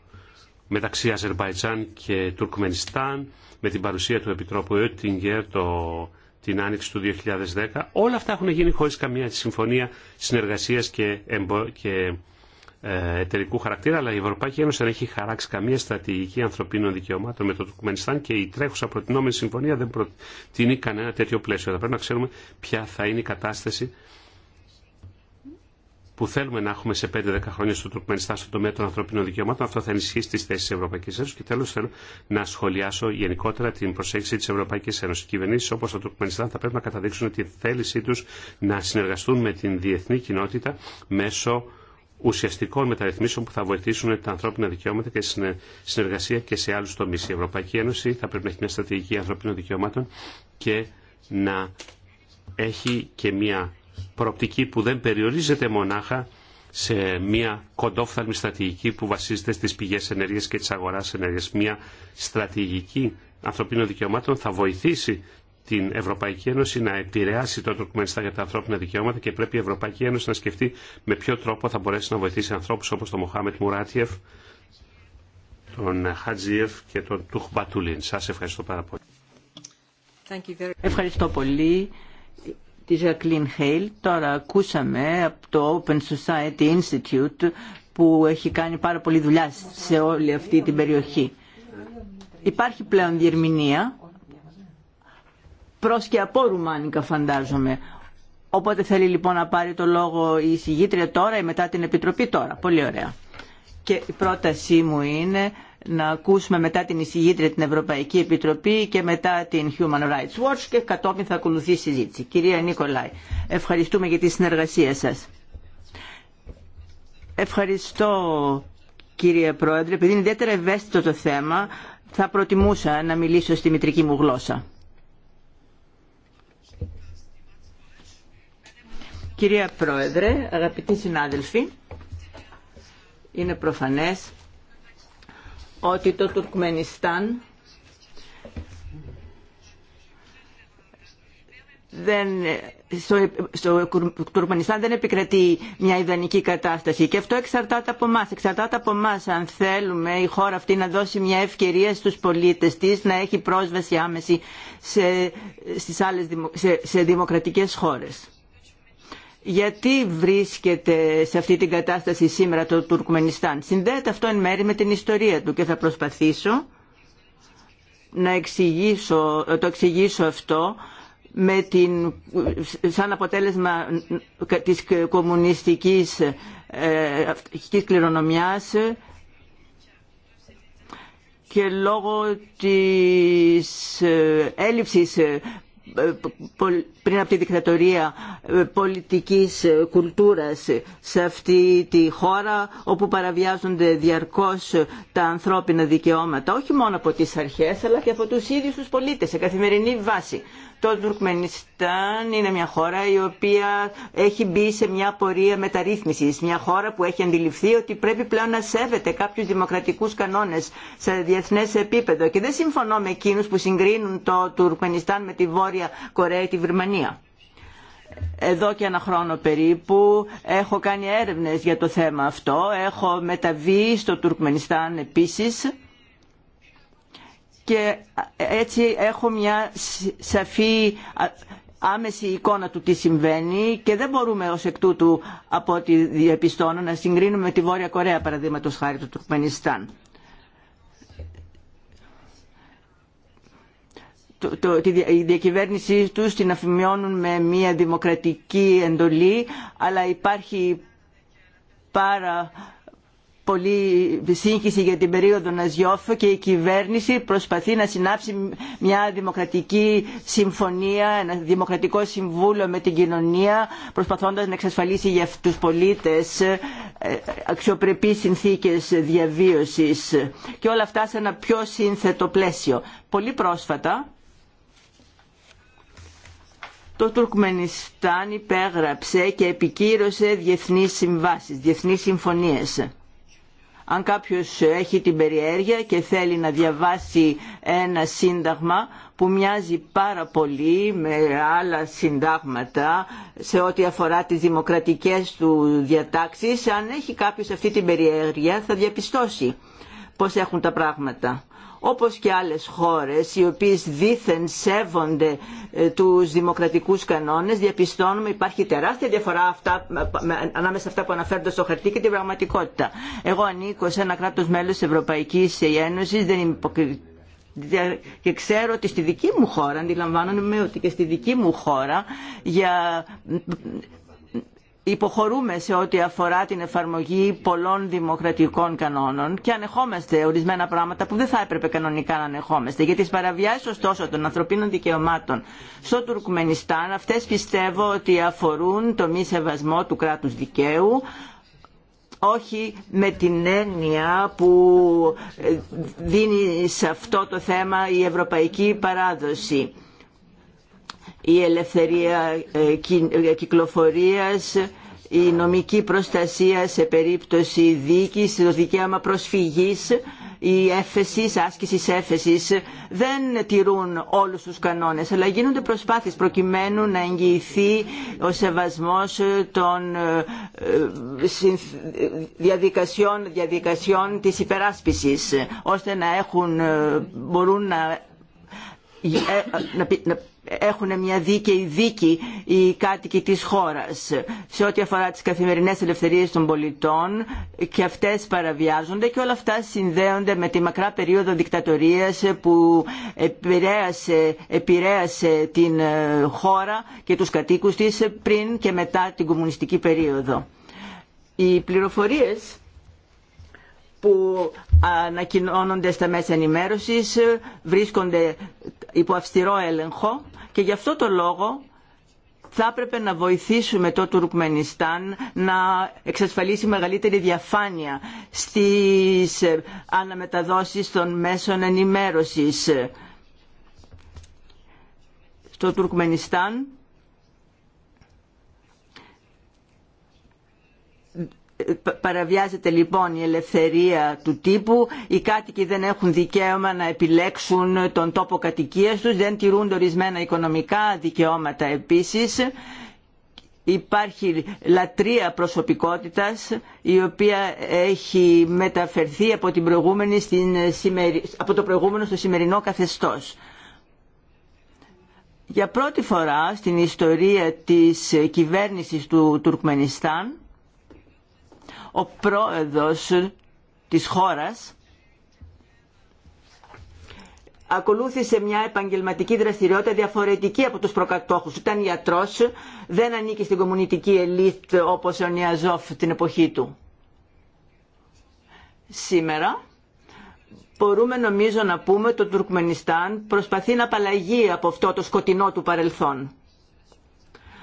μεταξύ Αζερβαϊτζάν και Τουρκμενιστάν, με την παρουσία του Επιτρόπου Οτιγκέρ το, την άνοιξη του 2010. Όλα αυτά έχουν γίνει χωρίς καμία συμφωνία συνεργασίας και, και ε, εταιρικού χαρακτήρα, αλλά η Ευρωπαϊκή Ένωση δεν έχει χαράξει καμία στρατηγική ανθρωπίνων δικαιωμάτων με το Τουρκμενιστάν και η τρέχουσα προτινόμενη συμφωνία δεν προτείνει κανένα τέτοιο πλαίσιο. Θα πρέπει να ξέρουμε ποια θα είναι η κατάσταση που θέλουμε να έχουμε σε 5-10 χρόνια στο Τουρκμενιστάν στον τομέα των ανθρωπίνων δικαιωμάτων. Αυτό θα ενισχύσει τι θέσει τη Ευρωπαϊκή Ένωση. Και τέλο, θέλω να σχολιάσω γενικότερα την προσέγγιση τη Ευρωπαϊκή Ένωση. Οι κυβερνήσει όπω το Τουρκμενιστάν θα πρέπει να καταδείξουν τη θέλησή του να συνεργαστούν με την διεθνή κοινότητα μέσω ουσιαστικών μεταρρυθμίσεων που θα βοηθήσουν τα ανθρώπινα δικαιώματα και συνεργασία και σε άλλου τομεί. Η Ευρωπαϊκή Ένωση θα πρέπει να έχει μια στρατηγική ανθρωπίνων δικαιωμάτων και να έχει και μια προοπτική που δεν περιορίζεται μονάχα σε μια κοντόφθαλμη στρατηγική που βασίζεται στις πηγές ενέργειας και τις αγοράς ενέργειας. Μια στρατηγική ανθρωπίνων δικαιωμάτων θα βοηθήσει την Ευρωπαϊκή Ένωση να επηρεάσει το Τουρκμενιστάν για τα ανθρώπινα δικαιώματα και πρέπει η Ευρωπαϊκή Ένωση να σκεφτεί με ποιο τρόπο θα μπορέσει να βοηθήσει ανθρώπους όπως τον Μοχάμετ Μουράτιεφ, τον Χατζίεφ και τον Τουχ Μπατούλιν. Σας ευχαριστώ πάρα πολύ. Ευχαριστώ πολύ τη Jacqueline Χέιλ. Τώρα ακούσαμε από το Open Society Institute που έχει κάνει πάρα πολλή δουλειά σε όλη αυτή την περιοχή. Υπάρχει πλέον διερμηνία προς και από Ρουμάνικα φαντάζομαι. Οπότε θέλει λοιπόν να πάρει το λόγο η συγγήτρια τώρα ή μετά την Επιτροπή τώρα. Πολύ ωραία. Και η πρότασή μου είναι να ακούσουμε μετά την εισηγήτρια την Ευρωπαϊκή Επιτροπή και μετά την Human Rights Watch και κατόπιν θα ακολουθεί η συζήτηση. Κυρία Νίκολάη, ευχαριστούμε για τη συνεργασία σας. Ευχαριστώ κύριε Πρόεδρε, επειδή είναι ιδιαίτερα ευαίσθητο το θέμα, θα προτιμούσα να μιλήσω στη μητρική μου γλώσσα. Κυρία Πρόεδρε, αγαπητοί συνάδελφοι, είναι προφανές ότι το Τουρκμενιστάν δεν, στο, στο Τουρκμενιστάν δεν επικρατεί μια ιδανική κατάσταση και αυτό εξαρτάται από εμά. Εξαρτάται από εμά αν θέλουμε η χώρα αυτή να δώσει μια ευκαιρία στους πολίτες της να έχει πρόσβαση άμεση σε, στις άλλες, σε δημοκρατικές χώρες γιατί βρίσκεται σε αυτή την κατάσταση σήμερα το Τουρκμενιστάν. Συνδέεται αυτό εν μέρη με την ιστορία του και θα προσπαθήσω να εξηγήσω, το εξηγήσω αυτό με την, σαν αποτέλεσμα της κομμουνιστικής ε, κληρονομιάς και λόγω της ε, έλλειψης πριν από τη δικτατορία ε, πολιτικής ε, κουλτούρας ε, σε αυτή τη χώρα όπου παραβιάζονται διαρκώς τα ανθρώπινα δικαιώματα όχι μόνο από τις αρχές αλλά και από τους ίδιους τους πολίτες σε καθημερινή βάση. Το Τουρκμενιστάν είναι μια χώρα η οποία έχει μπει σε μια πορεία μεταρρύθμισης. Μια χώρα που έχει αντιληφθεί ότι πρέπει πλέον να σέβεται κάποιου δημοκρατικούς κανόνες σε διεθνές επίπεδο. Και δεν συμφωνώ με εκείνου που συγκρίνουν το Τουρκμενιστάν με τη Βόρεια Κορέα ή τη Βερμανία. Εδώ και ένα χρόνο περίπου έχω κάνει έρευνες για το θέμα αυτό. Έχω μεταβεί στο Τουρκμενιστάν επίσης και έτσι έχω μια σαφή άμεση εικόνα του τι συμβαίνει και δεν μπορούμε ως εκ τούτου από ό,τι διαπιστώνω να συγκρίνουμε τη Βόρεια Κορέα παραδείγματο χάρη του Τουρκμενιστάν. Το, τη, η διακυβέρνησή τους την αφημιώνουν με μια δημοκρατική εντολή αλλά υπάρχει πάρα πολύ σύγχυση για την περίοδο Ναζιόφ και η κυβέρνηση προσπαθεί να συνάψει μια δημοκρατική συμφωνία, ένα δημοκρατικό συμβούλιο με την κοινωνία προσπαθώντας να εξασφαλίσει για τους πολίτες ε, αξιοπρεπείς συνθήκες διαβίωσης και όλα αυτά σε ένα πιο σύνθετο πλαίσιο. Πολύ πρόσφατα το Τουρκμενιστάν υπέγραψε και επικύρωσε διεθνείς συμβάσεις, διεθνείς συμφωνίες αν κάποιος έχει την περιέργεια και θέλει να διαβάσει ένα σύνταγμα που μοιάζει πάρα πολύ με άλλα συντάγματα σε ό,τι αφορά τις δημοκρατικές του διατάξεις, αν έχει κάποιος αυτή την περιέργεια θα διαπιστώσει πώς έχουν τα πράγματα όπως και άλλες χώρες οι οποίες δήθεν σέβονται ε, τους δημοκρατικούς κανόνες διαπιστώνουμε υπάρχει τεράστια διαφορά αυτά, ε, ανάμεσα αυτά που αναφέρονται στο χαρτί και την πραγματικότητα. Εγώ ανήκω σε ένα κράτος μέλος της Ευρωπαϊκής Ένωσης, δεν και ξέρω ότι στη δική μου χώρα, αντιλαμβάνομαι ότι και στη δική μου χώρα για υποχωρούμε σε ό,τι αφορά την εφαρμογή πολλών δημοκρατικών κανόνων και ανεχόμαστε ορισμένα πράγματα που δεν θα έπρεπε κανονικά να ανεχόμαστε. Για τις παραβιάσεις ωστόσο των ανθρωπίνων δικαιωμάτων στο Τουρκμενιστάν αυτές πιστεύω ότι αφορούν το μη σεβασμό του κράτους δικαίου όχι με την έννοια που ε, δίνει σε αυτό το θέμα η ευρωπαϊκή παράδοση η ελευθερία ε, ε, κυκλοφορίας, η νομική προστασία σε περίπτωση δίκης, το δικαίωμα προσφυγής, η έφεση, άσκηση έφεση δεν τηρούν όλους τους κανόνες, αλλά γίνονται προσπάθειες προκειμένου να εγγυηθεί ο σεβασμός των ε, διαδικασιών, διαδικασιών της υπεράσπισης, ώστε να έχουν, μπορούν να, να, να έχουν μια δίκαιη δίκη οι κάτοικοι της χώρας σε ό,τι αφορά τις καθημερινές ελευθερίες των πολιτών και αυτές παραβιάζονται και όλα αυτά συνδέονται με τη μακρά περίοδο δικτατορίας που επηρέασε, επηρέασε την ε, χώρα και τους κατοίκους της πριν και μετά την κομμουνιστική περίοδο. Οι πληροφορίες που ανακοινώνονται στα μέσα ενημέρωσης βρίσκονται υπό αυστηρό έλεγχο και γι' αυτό το λόγο θα έπρεπε να βοηθήσουμε το Τουρκμενιστάν να εξασφαλίσει μεγαλύτερη διαφάνεια στις ε, αναμεταδόσεις των μέσων ενημέρωσης. Στο Τουρκμενιστάν παραβιάζεται λοιπόν η ελευθερία του τύπου, οι κάτοικοι δεν έχουν δικαίωμα να επιλέξουν τον τόπο κατοικίας τους, δεν τηρούν ορισμένα οικονομικά δικαιώματα επίσης. Υπάρχει λατρεία προσωπικότητας η οποία έχει μεταφερθεί από, προηγούμενη από το προηγούμενο στο σημερινό καθεστώς. Για πρώτη φορά στην ιστορία της κυβέρνησης του Τουρκμενιστάν ο πρόεδρος της χώρας ακολούθησε μια επαγγελματική δραστηριότητα διαφορετική από τους προκατόχους. Ήταν ιατρός, δεν ανήκει στην κομμουνιστική ελίτ όπως ο Νιαζόφ την εποχή του. Σήμερα μπορούμε νομίζω να πούμε το Τουρκμενιστάν προσπαθεί να απαλλαγεί από αυτό το σκοτεινό του παρελθόν.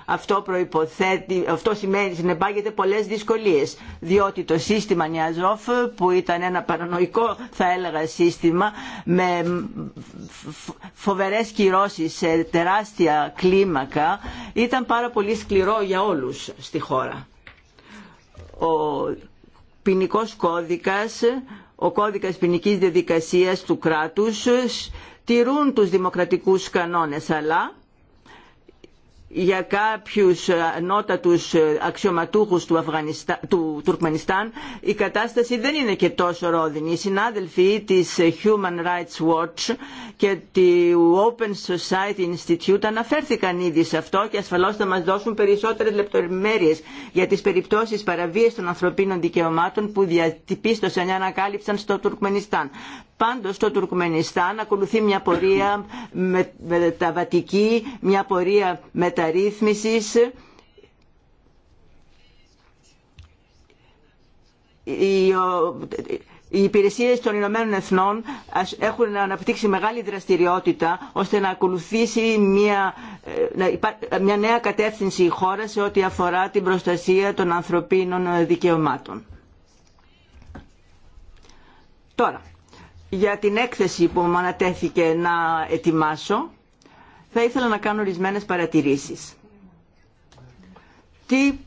Αυτό, προϋποθέτει, αυτό σημαίνει, συνεπάγεται πολλές δυσκολίες, διότι το σύστημα Νιαζόφ που ήταν ένα παρανοϊκό θα έλεγα σύστημα με φοβερές κυρώσεις σε τεράστια κλίμακα ήταν πάρα πολύ σκληρό για όλους στη χώρα. Ο ποινικό κώδικας, ο κώδικας ποινική διαδικασίας του κράτους τηρούν τους δημοκρατικούς κανόνες αλλά για κάποιους ανώτατους αξιωματούχους του, Αφγανιστα... του Τουρκμενιστάν η κατάσταση δεν είναι και τόσο ρόδινη. Οι συνάδελφοι της Human Rights Watch και του Open Society Institute αναφέρθηκαν ήδη σε αυτό και ασφαλώς θα μας δώσουν περισσότερες λεπτομέρειες για τις περιπτώσεις παραβίας των ανθρωπίνων δικαιωμάτων που διατυπίστωσαν και ανακάλυψαν στο Τουρκμενιστάν. Πάντω το Τουρκμενιστάν ακολουθεί μια πορεία μεταβατική, μια πορεία μετα μεταρρύθμισης οι υπηρεσίες των Ηνωμένων Εθνών έχουν αναπτύξει μεγάλη δραστηριότητα ώστε να ακολουθήσει μια, μια νέα κατεύθυνση η χώρα σε ό,τι αφορά την προστασία των ανθρωπίνων δικαιωμάτων. Τώρα, για την έκθεση που μου ανατέθηκε να ετοιμάσω, θα ήθελα να κάνω ορισμένε παρατηρήσεις. Τι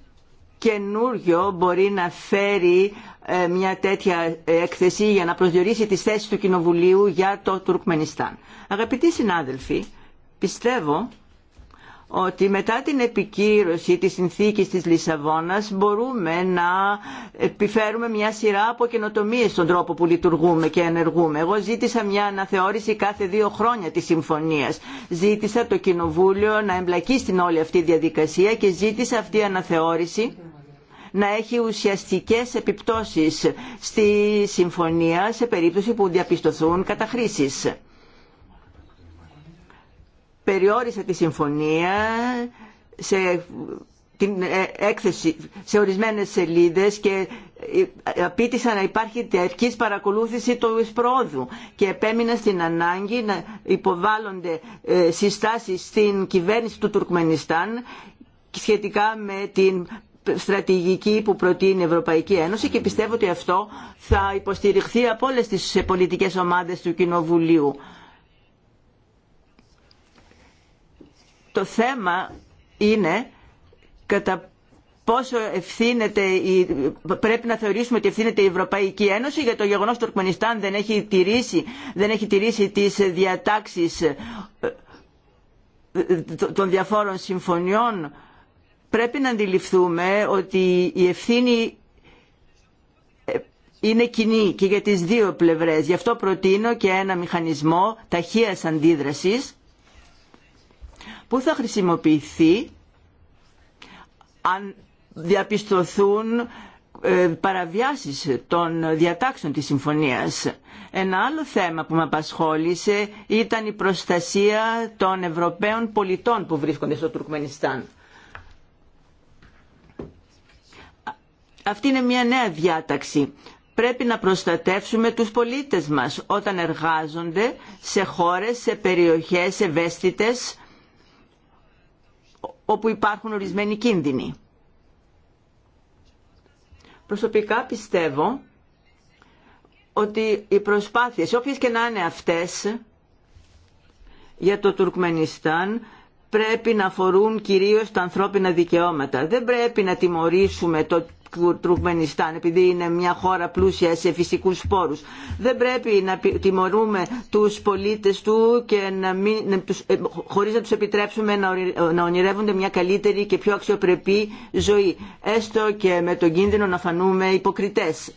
καινούριο μπορεί να φέρει ε, μια τέτοια ε, έκθεση για να προσδιορίσει τις θέσεις του Κοινοβουλίου για το Τουρκμενιστάν. Αγαπητοί συνάδελφοι, πιστεύω ότι μετά την επικύρωση της συνθήκης της Λισαβόνας μπορούμε να επιφέρουμε μια σειρά από καινοτομίες στον τρόπο που λειτουργούμε και ενεργούμε. Εγώ ζήτησα μια αναθεώρηση κάθε δύο χρόνια της συμφωνίας. Ζήτησα το Κοινοβούλιο να εμπλακεί στην όλη αυτή διαδικασία και ζήτησα αυτή η αναθεώρηση να έχει ουσιαστικές επιπτώσεις στη συμφωνία σε περίπτωση που διαπιστωθούν καταχρήσεις περιόρισε τη συμφωνία σε την ε, έκθεση σε ορισμένες σελίδες και ε, απίτησα να υπάρχει τερκής παρακολούθηση του εισπρόδου και επέμεινα στην ανάγκη να υποβάλλονται ε, συστάσεις στην κυβέρνηση του Τουρκμενιστάν σχετικά με την στρατηγική που προτείνει η Ευρωπαϊκή Ένωση και πιστεύω ότι αυτό θα υποστηριχθεί από όλες τις πολιτικές ομάδες του Κοινοβουλίου. Το θέμα είναι κατά πόσο ευθύνεται, πρέπει να θεωρήσουμε ότι ευθύνεται η Ευρωπαϊκή Ένωση για το γεγονός ότι ο Τουρκμενιστάν δεν έχει τηρήσει, δεν έχει τηρήσει τις διατάξεις ε, των διαφόρων συμφωνιών. Πρέπει να αντιληφθούμε ότι η ευθύνη ε, είναι κοινή και για τις δύο πλευρές. Γι' αυτό προτείνω και ένα μηχανισμό ταχείας αντίδρασης που θα χρησιμοποιηθεί αν διαπιστωθούν ε, παραβιάσεις των διατάξεων της συμφωνίας. Ένα άλλο θέμα που με απασχόλησε ήταν η προστασία των Ευρωπαίων πολιτών που βρίσκονται στο Τουρκμενιστάν. Αυτή είναι μια νέα διάταξη. Πρέπει να προστατεύσουμε τους πολίτες μας όταν εργάζονται σε χώρες, σε περιοχές ευαίσθητες όπου υπάρχουν ορισμένοι κίνδυνοι. Προσωπικά πιστεύω ότι οι προσπάθειες, όποιες και να είναι αυτές, για το Τουρκμενιστάν πρέπει να αφορούν κυρίως τα ανθρώπινα δικαιώματα. Δεν πρέπει να τιμωρήσουμε το του Τουρκμενιστάν επειδή είναι μια χώρα πλούσια σε φυσικούς σπόρους. Δεν πρέπει να τιμωρούμε τους πολίτες του και να να τους, ε, χωρίς να τους επιτρέψουμε να ονειρεύονται μια καλύτερη και πιο αξιοπρεπή ζωή έστω και με τον κίνδυνο να φανούμε υποκριτές.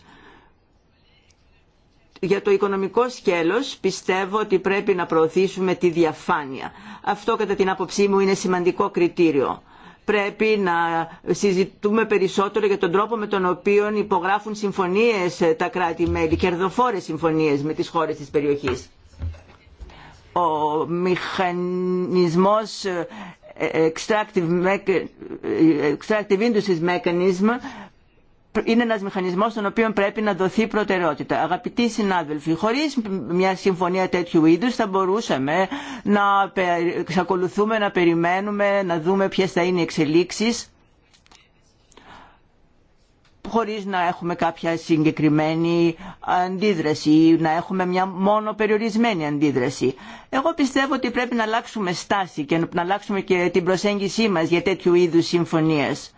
Για το οικονομικό σκέλος πιστεύω ότι πρέπει να προωθήσουμε τη διαφάνεια. Αυτό κατά την άποψή μου είναι σημαντικό κριτήριο πρέπει να συζητούμε περισσότερο για τον τρόπο με τον οποίο υπογράφουν συμφωνίες τα κράτη-μέλη, κερδοφόρες συμφωνίες με τις χώρες της περιοχής. Ο μηχανισμός ε, ε, ε, Extractive Industries Mechanism είναι ένας μηχανισμός στον οποίο πρέπει να δοθεί προτεραιότητα. Αγαπητοί συνάδελφοι, χωρίς μια συμφωνία τέτοιου είδους θα μπορούσαμε να εξακολουθούμε να περιμένουμε, να δούμε ποιες θα είναι οι εξελίξεις χωρίς να έχουμε κάποια συγκεκριμένη αντίδραση ή να έχουμε μια μόνο περιορισμένη αντίδραση. Εγώ πιστεύω ότι πρέπει να αλλάξουμε στάση και να αλλάξουμε και την προσέγγιση μας για τέτοιου είδους συμφωνίες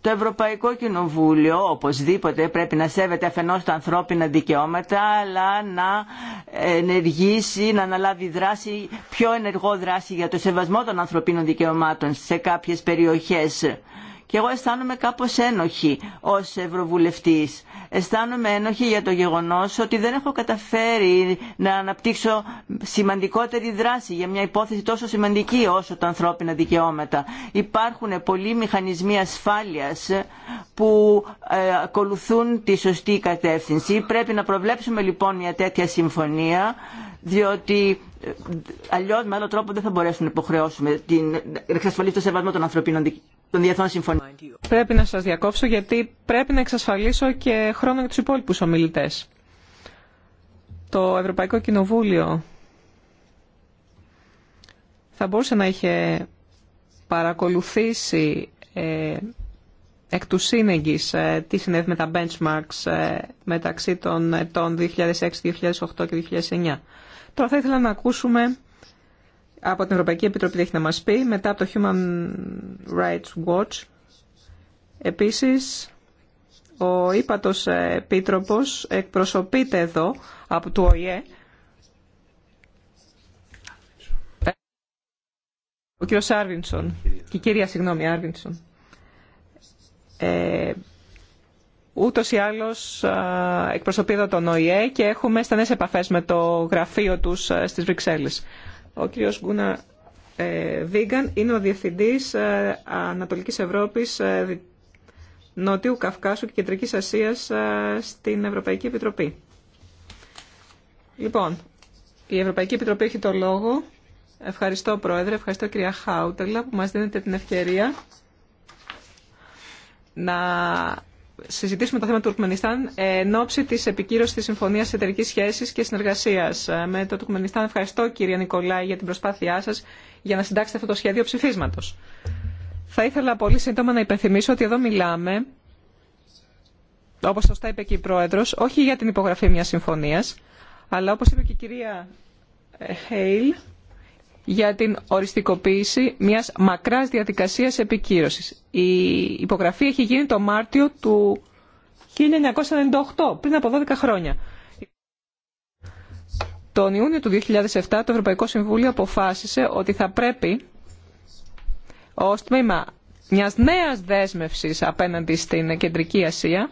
το Ευρωπαϊκό Κοινοβούλιο οπωσδήποτε πρέπει να σέβεται αφενός τα ανθρώπινα δικαιώματα αλλά να ενεργήσει, να αναλάβει δράση, πιο ενεργό δράση για το σεβασμό των ανθρωπίνων δικαιωμάτων σε κάποιες περιοχές και εγώ αισθάνομαι κάπως ένοχη ως Ευρωβουλευτής. Αισθάνομαι ένοχη για το γεγονός ότι δεν έχω καταφέρει να αναπτύξω σημαντικότερη δράση για μια υπόθεση τόσο σημαντική όσο τα ανθρώπινα δικαιώματα. Υπάρχουν πολλοί μηχανισμοί ασφάλειας που ε, ακολουθούν τη σωστή κατεύθυνση. Πρέπει να προβλέψουμε λοιπόν μια τέτοια συμφωνία διότι ε, αλλιώς με άλλο τρόπο δεν θα μπορέσουμε να υποχρεώσουμε την, να το σεβασμό των ανθρωπίνων Πρέπει να σας διακόψω γιατί πρέπει να εξασφαλίσω και χρόνο για τους υπόλοιπους ομιλητές. Το Ευρωπαϊκό Κοινοβούλιο θα μπορούσε να είχε παρακολουθήσει ε, εκ του σύνεγγυς ε, τι συνέβη με τα benchmarks ε, μεταξύ των ετών 2006, 2008 και 2009. Τώρα θα ήθελα να ακούσουμε από την Ευρωπαϊκή Επιτροπή έχει να μας πει, μετά από το Human Rights Watch. Επίσης, ο Ήπατος Επίτροπος εκπροσωπείται εδώ από το ΟΗΕ. Ο κύριος Άρβινσον, και η κυρία, συγγνώμη, Άρβινσον. Ε, ούτως ή άλλως εκπροσωπεί εδώ τον ΟΗΕ και έχουμε στενές επαφές με το γραφείο τους στις Βρυξέλλες. Ο κύριος Γκούνα ε, Βίγκαν είναι ο Διευθυντής ε, Ανατολικής Ευρώπης, ε, Νότιου Καυκάσου και Κεντρικής Ασίας στην Ευρωπαϊκή Επιτροπή. Λοιπόν, η Ευρωπαϊκή Επιτροπή έχει το λόγο. Ευχαριστώ Πρόεδρε, ευχαριστώ κυρία Χάουτελα που μας δίνετε την ευκαιρία να συζητήσουμε το θέμα του Τουρκμενιστάν ε, εν ώψη τη επικύρωση τη Συμφωνία Εταιρική Σχέση και Συνεργασία ε, με το Τουρκμενιστάν. Ευχαριστώ, κύριε Νικολάη, για την προσπάθειά σα για να συντάξετε αυτό το σχέδιο ψηφίσματο. Θα ήθελα πολύ σύντομα να υπενθυμίσω ότι εδώ μιλάμε, όπω σωστά είπε και η Πρόεδρο, όχι για την υπογραφή μια συμφωνία, αλλά όπω είπε και η κυρία ε, Χέιλ, για την οριστικοποίηση μιας μακράς διαδικασίας επικύρωσης. Η υπογραφή έχει γίνει το Μάρτιο του 1998, πριν από 12 χρόνια. Τον Ιούνιο του 2007 το Ευρωπαϊκό Συμβούλιο αποφάσισε ότι θα πρέπει ω τμήμα μιας νέας δέσμευσης απέναντι στην Κεντρική Ασία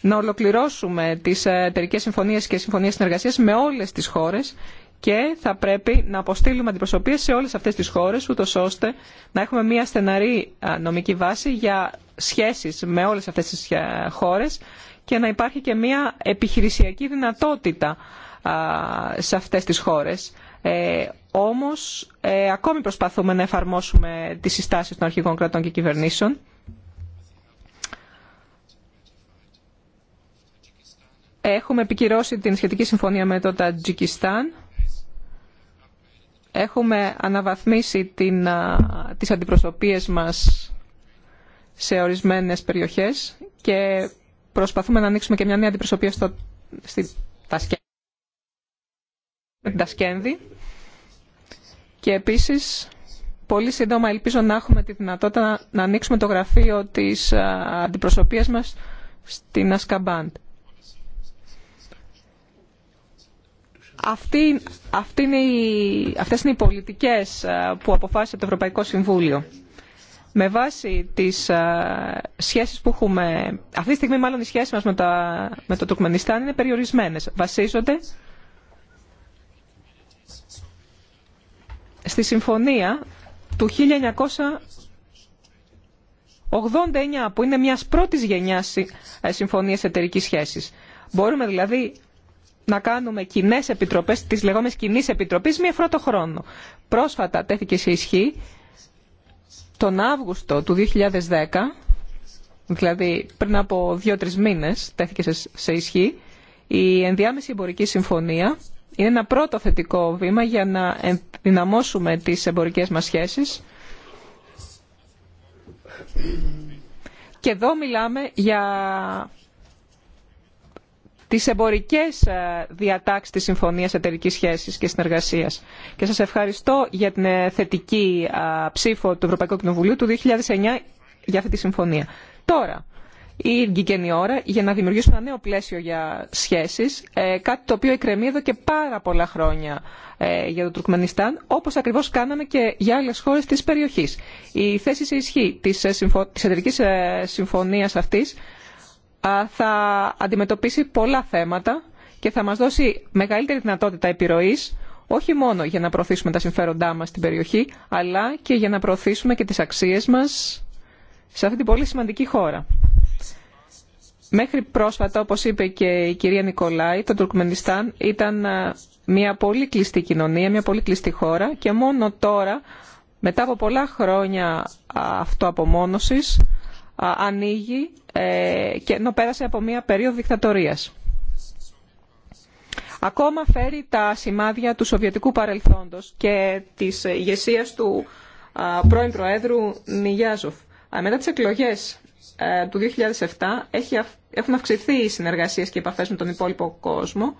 να ολοκληρώσουμε τις εταιρικέ συμφωνίες και συμφωνίες συνεργασίας με όλες τις χώρες και θα πρέπει να αποστείλουμε αντιπροσωπείες σε όλες αυτές τις χώρες, ούτως ώστε να έχουμε μια στεναρή νομική βάση για σχέσεις με όλες αυτές τις χώρες και να υπάρχει και μια επιχειρησιακή δυνατότητα σε αυτές τις χώρες. Ε, όμως, ε, ακόμη προσπαθούμε να εφαρμόσουμε τις συστάσεις των αρχικών κρατών και κυβερνήσεων. Έχουμε επικυρώσει την σχετική συμφωνία με το Τατζικιστάν Έχουμε αναβαθμίσει την, τις αντιπροσωπείες μας σε ορισμένες περιοχές και προσπαθούμε να ανοίξουμε και μια νέα αντιπροσωπεία στο, στη Τασκένδη. Και επίσης, πολύ σύντομα ελπίζω να έχουμε τη δυνατότητα να ανοίξουμε το γραφείο της αντιπροσωπείας μας στην Ασκαμπάντ. Αυτή, είναι αυτές είναι οι πολιτικές ε, που αποφάσισε το Ευρωπαϊκό Συμβούλιο. Με βάση τις ε, σχέσεις που έχουμε... Αυτή τη στιγμή μάλλον οι σχέσεις μας με, τα, με το Τουρκμενιστάν είναι περιορισμένες. Βασίζονται στη συμφωνία του 1989 που είναι μιας πρώτης γενιάς ε, συμφωνίας εταιρικής σχέσης. Μπορούμε δηλαδή να κάνουμε κοινέ επιτροπέ, τι λεγόμενε κοινή επιτροπή, μία φορά το χρόνο. Πρόσφατα τέθηκε σε ισχύ τον Αύγουστο του 2010, δηλαδή πριν από δύο-τρει μήνε τέθηκε σε ισχύ, η ενδιάμεση εμπορική συμφωνία είναι ένα πρώτο θετικό βήμα για να ενδυναμώσουμε τις εμπορικές μας σχέσεις. Και εδώ μιλάμε για τις εμπορικές ε, διατάξεις της Συμφωνίας Εταιρικής Σχέσης και Συνεργασίας. Και σας ευχαριστώ για την ε, θετική ψήφο του Ευρωπαϊκού Κοινοβουλίου του 2009 για αυτή τη συμφωνία. Τώρα, η καινή ώρα για να δημιουργήσουμε ένα νέο πλαίσιο για σχέσεις, ε, κάτι το οποίο εκκρεμεί εδώ και πάρα πολλά χρόνια για το Τουρκμενιστάν, όπως ακριβώς κάναμε και για άλλες χώρες της περιοχής. Η θέση σε ισχύ της εταιρικής συμφωνίας αυτής θα αντιμετωπίσει πολλά θέματα και θα μας δώσει μεγαλύτερη δυνατότητα επιρροής όχι μόνο για να προωθήσουμε τα συμφέροντά μας στην περιοχή αλλά και για να προωθήσουμε και τις αξίες μας σε αυτή την πολύ σημαντική χώρα. Μέχρι πρόσφατα, όπως είπε και η κυρία Νικολάη, το Τουρκμενιστάν ήταν μια πολύ κλειστή κοινωνία, μια πολύ κλειστή χώρα και μόνο τώρα, μετά από πολλά χρόνια αυτοαπομόνωσης, ανοίγει ε, και ενώ πέρασε από μια περίοδο δικτατορίας. Ακόμα φέρει τα σημάδια του σοβιετικού παρελθόντος και της ηγεσία του πρώην Προέδρου Νιγιάζοφ. Μετά τις εκλογές ε, του 2007 έχουν αυξηθεί οι συνεργασίες και οι επαφές με τον υπόλοιπο κόσμο.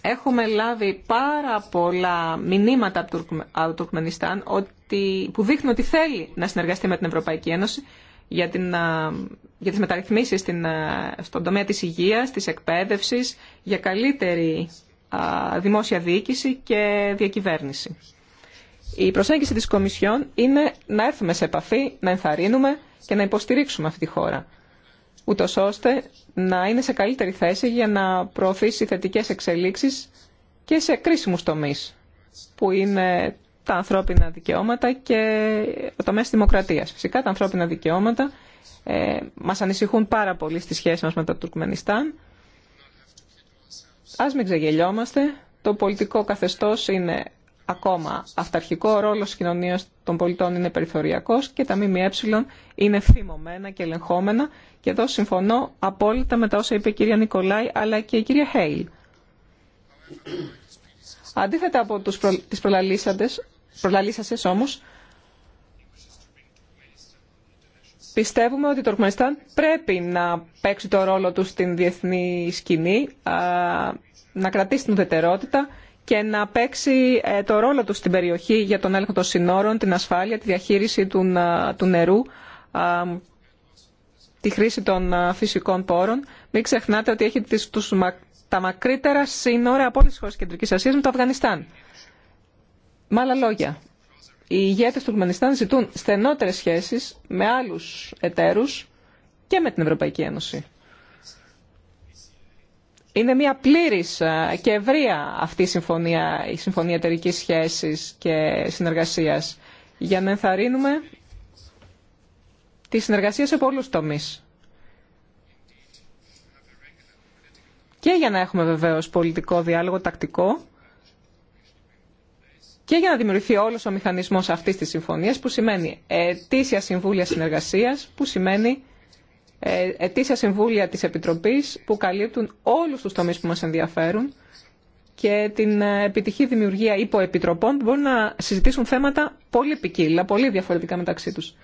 Έχουμε λάβει πάρα πολλά μηνύματα από το Τουρκμενιστάν ότι που δείχνει ότι θέλει να συνεργαστεί με την Ευρωπαϊκή Ένωση για, την, για τις μεταρρυθμίσεις στην, στον τομέα της υγείας, της εκπαίδευσης, για καλύτερη δημόσια διοίκηση και διακυβέρνηση. Η προσέγγιση της Κομισιόν είναι να έρθουμε σε επαφή, να ενθαρρύνουμε και να υποστηρίξουμε αυτή τη χώρα, ούτως ώστε να είναι σε καλύτερη θέση για να προωθήσει θετικές εξελίξεις και σε κρίσιμους τομείς, που είναι τα ανθρώπινα δικαιώματα και το μέσο δημοκρατίας. Φυσικά τα ανθρώπινα δικαιώματα ε, μας ανησυχούν πάρα πολύ στη σχέση μας με το Τουρκμενιστάν. Ας μην ξεγελιόμαστε. Το πολιτικό καθεστώς είναι ακόμα αυταρχικό. Ο ρόλος της κοινωνίας των πολιτών είναι περιθωριακός και τα ΜΜΕ είναι θυμωμένα και ελεγχόμενα. Και εδώ συμφωνώ απόλυτα με τα όσα είπε η κυρία Νικολάη αλλά και η κυρία Χέιλ. Αντίθετα από τους προ... τις προλαλήσαντες, προλαλήσασες όμως, πιστεύουμε ότι το Τουρκμενιστάν πρέπει να παίξει το ρόλο του στην διεθνή σκηνή, να κρατήσει την ουδετερότητα και να παίξει ε, το ρόλο του στην περιοχή για τον έλεγχο των συνόρων, την ασφάλεια, τη διαχείριση του νερού, τη χρήση των φυσικών πόρων. Μην ξεχνάτε ότι έχει τους, τα μακρύτερα σύνορα από όλες τις χώρες της Κεντρικής Ασίας με το Αφγανιστάν. Με άλλα λόγια, οι ηγέτες του Τουρκμενιστάν ζητούν στενότερες σχέσεις με άλλους εταίρους και με την Ευρωπαϊκή Ένωση. Είναι μια πλήρης ε, και ευρεία αυτή η συμφωνία, η συμφωνία εταιρικής σχέσης και συνεργασίας για να ενθαρρύνουμε τη συνεργασία σε πολλούς τομείς. Και για να έχουμε βεβαίως πολιτικό διάλογο τακτικό και για να δημιουργηθεί όλος ο μηχανισμός αυτής της συμφωνίας που σημαίνει ετήσια συμβούλια συνεργασίας, που σημαίνει ε, ετήσια συμβούλια της Επιτροπής που καλύπτουν όλους τους τομείς που μας ενδιαφέρουν και την ε, επιτυχή δημιουργία υποεπιτροπών που μπορούν να συζητήσουν θέματα πολύ ποικίλα, πολύ διαφορετικά μεταξύ τους.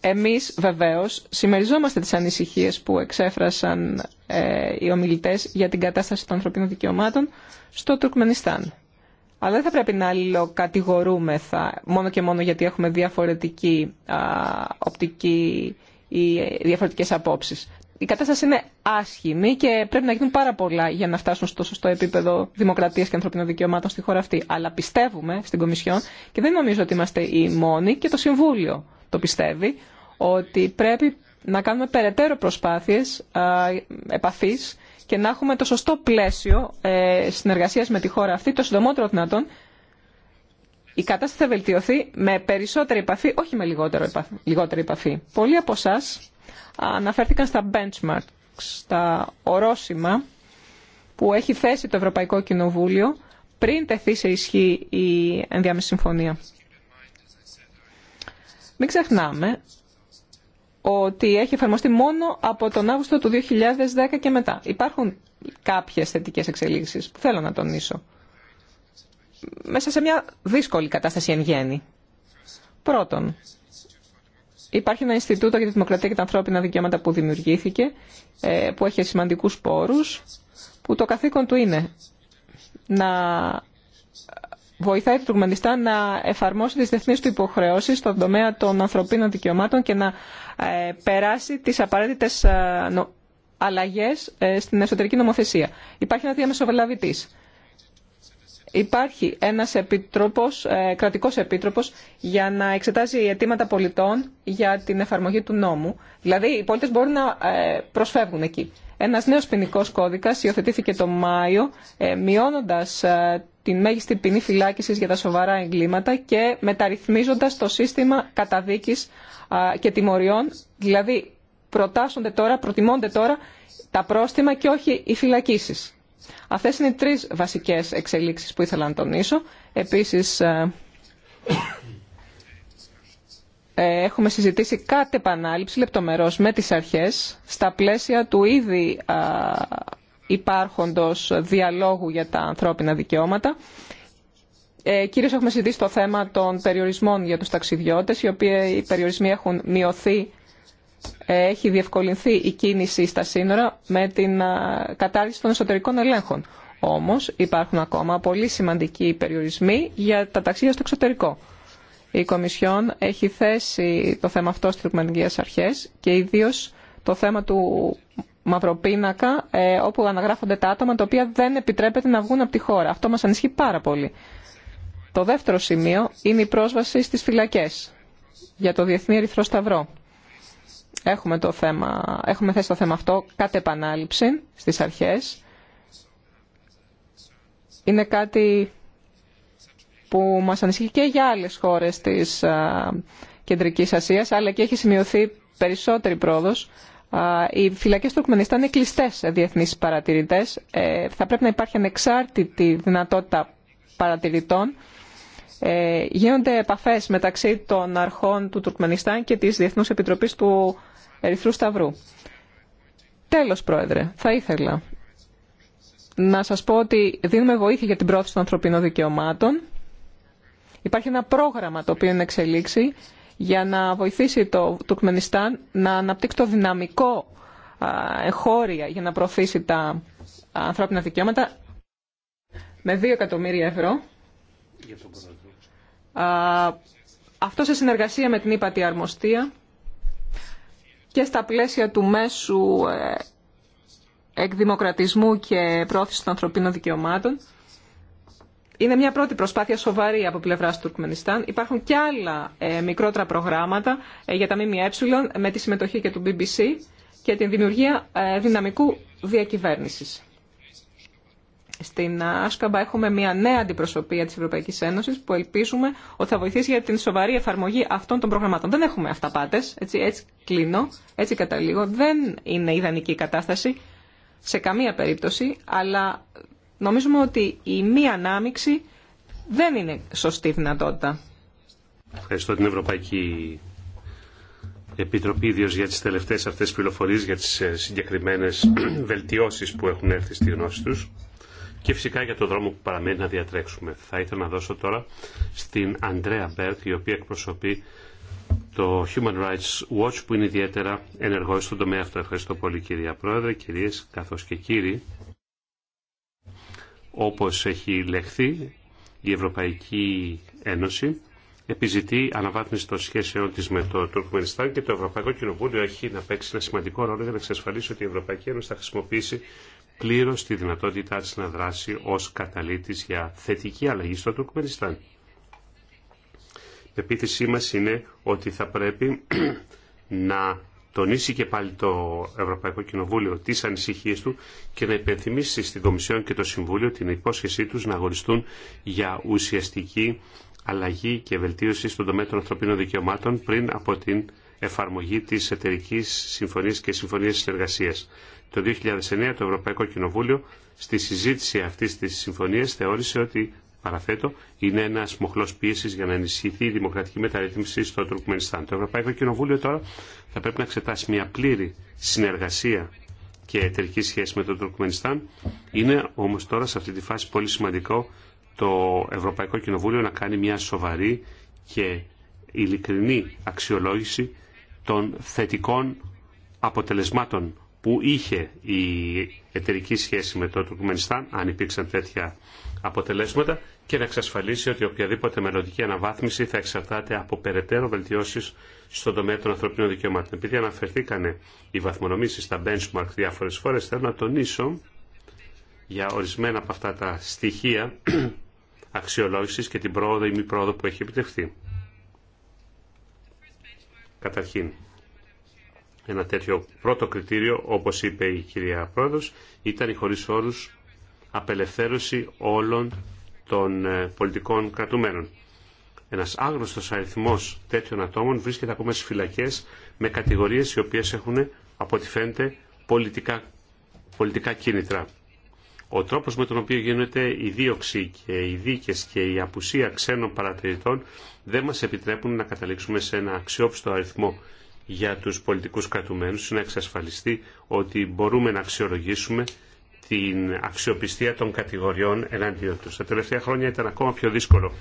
Εμείς βεβαίως συμμεριζόμαστε τις ανησυχίες που εξέφρασαν ε, οι ομιλητές για την κατάσταση των ανθρωπίνων δικαιωμάτων στο Τουρκμενιστάν. Αλλά δεν θα πρέπει να αλληλοκατηγορούμεθα μόνο και μόνο γιατί έχουμε διαφορετική οπτική ή διαφορετικές απόψεις. Η κατάσταση είναι άσχημη και πρέπει να γίνουν πάρα πολλά για να φτάσουν στο σωστό επίπεδο δημοκρατίας και ανθρωπίνων δικαιωμάτων στη χώρα αυτή. Αλλά πιστεύουμε στην Κομισιόν και δεν νομίζω ότι είμαστε οι μόνοι και το Συμβούλιο το πιστεύει ότι πρέπει να κάνουμε περαιτέρω προσπάθειες α, επαφής και να έχουμε το σωστό πλαίσιο ε, συνεργασίας με τη χώρα αυτή το συντομότερο δυνατόν. Η κατάσταση θα βελτιωθεί με περισσότερη επαφή, όχι με λιγότερο λιγότερη επαφή. Πολλοί από εσά αναφέρθηκαν στα benchmarks, στα ορόσημα που έχει θέσει το Ευρωπαϊκό Κοινοβούλιο πριν τεθεί σε ισχύ η ενδιάμεση συμφωνία. Μην ξεχνάμε ότι έχει εφαρμοστεί μόνο από τον Αύγουστο του 2010 και μετά. Υπάρχουν κάποιες θετικές εξελίξεις που θέλω να τονίσω. Μέσα σε μια δύσκολη κατάσταση εν γέννη. Πρώτον, υπάρχει ένα Ινστιτούτο για τη Δημοκρατία και τα Ανθρώπινα Δικαιώματα που δημιουργήθηκε, ε, που έχει σημαντικούς πόρους, που το καθήκον του είναι να βοηθάει το Τουρκμενιστάν να εφαρμόσει τις διεθνείς του υποχρεώσεις στον τομέα των ανθρωπίνων δικαιωμάτων και να ε, περάσει τις απαραίτητες ε, αλλαγές ε, στην εσωτερική νομοθεσία. Υπάρχει ένα διαμεσοβελαβητής. Υπάρχει ένας επίτροπος, κρατικός επίτροπος για να εξετάζει αιτήματα πολιτών για την εφαρμογή του νόμου. Δηλαδή οι πολίτες μπορούν να προσφεύγουν εκεί. Ένας νέος ποινικό κώδικας υιοθετήθηκε το Μάιο, ε, μειώνοντας ε, την μέγιστη ποινή φυλάκισης για τα σοβαρά εγκλήματα και μεταρρυθμίζοντας το σύστημα καταδίκης και τιμωριών, δηλαδή προτάσσονται τώρα, προτιμώνται τώρα τα πρόστιμα και όχι οι φυλακίσει. Αυτέ είναι οι τρεις βασικές εξελίξεις που ήθελα να τονίσω. Επίσης, ε, ε, έχουμε συζητήσει κάτι επανάληψη λεπτομερώς με τις αρχές στα πλαίσια του ήδη υπάρχοντος διαλόγου για τα ανθρώπινα δικαιώματα. Ε, κυρίως έχουμε συζητήσει το θέμα των περιορισμών για τους ταξιδιώτες, οι οποίοι οι περιορισμοί έχουν μειωθεί, ε, έχει διευκολυνθεί η κίνηση στα σύνορα με την κατάρτιση των εσωτερικών ελέγχων. Όμως υπάρχουν ακόμα πολύ σημαντικοί περιορισμοί για τα ταξίδια στο εξωτερικό. Η Κομισιόν έχει θέσει το θέμα αυτό στις Τουρκμενικές Αρχές και ιδίως το θέμα του μαυροπίνακα ε, όπου αναγράφονται τα άτομα τα οποία δεν επιτρέπεται να βγουν από τη χώρα. Αυτό μας ανισχύει πάρα πολύ. Το δεύτερο σημείο είναι η πρόσβαση στις φυλακές για το Διεθνή Ερυθρό Σταυρό. Έχουμε, το θέμα, έχουμε θέσει το θέμα αυτό κατ' επανάληψη στις αρχές. Είναι κάτι που μας ανησυχεί και για άλλες χώρες της Κεντρικής Ασίας, αλλά και έχει σημειωθεί περισσότερη πρόοδος. Οι φυλακές του Τουρκμενιστάν είναι κλειστές σε διεθνείς παρατηρητές. Ε, θα πρέπει να υπάρχει ανεξάρτητη δυνατότητα παρατηρητών. Ε, γίνονται επαφές μεταξύ των αρχών του Τουρκμενιστάν και της Διεθνούς Επιτροπής του Ερυθρού Σταυρού. Τέλος, Πρόεδρε, θα ήθελα να σας πω ότι δίνουμε βοήθεια για την πρόθεση των ανθρωπίνων δικαιωμάτων Υπάρχει ένα πρόγραμμα το οποίο είναι εξελίξει για να βοηθήσει το Τουρκμενιστάν να αναπτύξει το δυναμικό εγχώρια για να προωθήσει τα ανθρώπινα δικαιώματα με 2 εκατομμύρια ευρώ. Αυτό σε συνεργασία με την ύπατη αρμοστία και στα πλαίσια του μέσου ε, εκδημοκρατισμού και πρόθεση των ανθρωπίνων δικαιωμάτων είναι μια πρώτη προσπάθεια σοβαρή από πλευρά του Τουρκμενιστάν. Υπάρχουν και άλλα ε, μικρότερα προγράμματα ε, για τα ΜΜΕ με τη συμμετοχή και του BBC και την δημιουργία ε, δυναμικού διακυβέρνηση. Στην Άσκαμπα έχουμε μια νέα αντιπροσωπεία τη Ευρωπαϊκή Ένωση που ελπίζουμε ότι θα βοηθήσει για την σοβαρή εφαρμογή αυτών των προγραμμάτων. Δεν έχουμε αυταπάτε. έτσι, έτσι κλείνω, έτσι καταλήγω. Δεν είναι ιδανική η κατάσταση σε καμία περίπτωση, αλλά Νομίζουμε ότι η μη ανάμειξη δεν είναι σωστή δυνατότητα. Ευχαριστώ την Ευρωπαϊκή Επιτροπή, ιδίω για τι τελευταίε αυτέ πληροφορίε, για τι ε, συγκεκριμένε βελτιώσει που έχουν έρθει στη γνώση του και φυσικά για το δρόμο που παραμένει να διατρέξουμε. Θα ήθελα να δώσω τώρα στην Αντρέα Μπέρκ, η οποία εκπροσωπεί το Human Rights Watch, που είναι ιδιαίτερα ενεργό στον τομέα αυτό. Ευχαριστώ πολύ, κυρία Πρόεδρε, κυρίε καθώ και κύριοι. Όπως έχει λεχθεί, η Ευρωπαϊκή Ένωση επιζητεί αναβάθμιση των σχέσεών της με το Τουρκμενιστάν και το Ευρωπαϊκό Κοινοβούλιο έχει να παίξει ένα σημαντικό ρόλο για να εξασφαλίσει ότι η Ευρωπαϊκή Ένωση θα χρησιμοποιήσει πλήρως τη δυνατότητά της να δράσει ως καταλήτης για θετική αλλαγή στο Τουρκμενιστάν. Η πεποίθησή μα είναι ότι θα πρέπει να τονίσει και πάλι το Ευρωπαϊκό Κοινοβούλιο τις ανησυχίες του και να υπενθυμίσει στην Κομισιόν και το Συμβούλιο την υπόσχεσή τους να αγοριστούν για ουσιαστική αλλαγή και βελτίωση στον τομέα των ανθρωπίνων δικαιωμάτων πριν από την εφαρμογή της εταιρική συμφωνίας και συμφωνίας συνεργασίας. Το 2009 το Ευρωπαϊκό Κοινοβούλιο στη συζήτηση αυτής της συμφωνίας θεώρησε ότι παραθέτω, είναι ένα μοχλό πίεση για να ενισχυθεί η δημοκρατική μεταρρύθμιση στο Τουρκμενιστάν. Το Ευρωπαϊκό Κοινοβούλιο τώρα θα πρέπει να εξετάσει μια πλήρη συνεργασία και εταιρική σχέση με το Τουρκμενιστάν. Είναι όμω τώρα σε αυτή τη φάση πολύ σημαντικό το Ευρωπαϊκό Κοινοβούλιο να κάνει μια σοβαρή και ειλικρινή αξιολόγηση των θετικών αποτελεσμάτων που είχε η εταιρική σχέση με το Τουρκμενιστάν, αν υπήρξαν τέτοια αποτελέσματα και να εξασφαλίσει ότι οποιαδήποτε μελλοντική αναβάθμιση θα εξαρτάται από περαιτέρω βελτιώσει στον τομέα των ανθρωπίνων δικαιωμάτων. Επειδή αναφερθήκανε οι βαθμονομήσει στα benchmark διάφορε φορέ, θέλω να τονίσω για ορισμένα από αυτά τα στοιχεία αξιολόγησης και την πρόοδο ή μη πρόοδο που έχει επιτευχθεί. Καταρχήν, ένα τέτοιο πρώτο κριτήριο, όπως είπε η κυρία Πρόεδρος, ήταν η χωρίς όρους χωρις όρου όλων των ε, πολιτικών κρατουμένων. Ένας άγνωστο αριθμός τέτοιων ατόμων βρίσκεται ακόμα στις φυλακές με κατηγορίες οι οποίες έχουν, από ό,τι φαίνεται, πολιτικά, πολιτικά κίνητρα. Ο τρόπος με τον οποίο γίνεται η δίωξη και οι δίκες και η απουσία ξένων παρατηρητών δεν μας επιτρέπουν να καταλήξουμε σε ένα αξιόπιστο αριθμό για τους πολιτικούς κρατουμένους, να εξασφαλιστεί ότι μπορούμε να αξιολογήσουμε την αξιοπιστία των κατηγοριών εναντίον του. Τα τελευταία χρόνια ήταν ακόμα πιο δύσκολο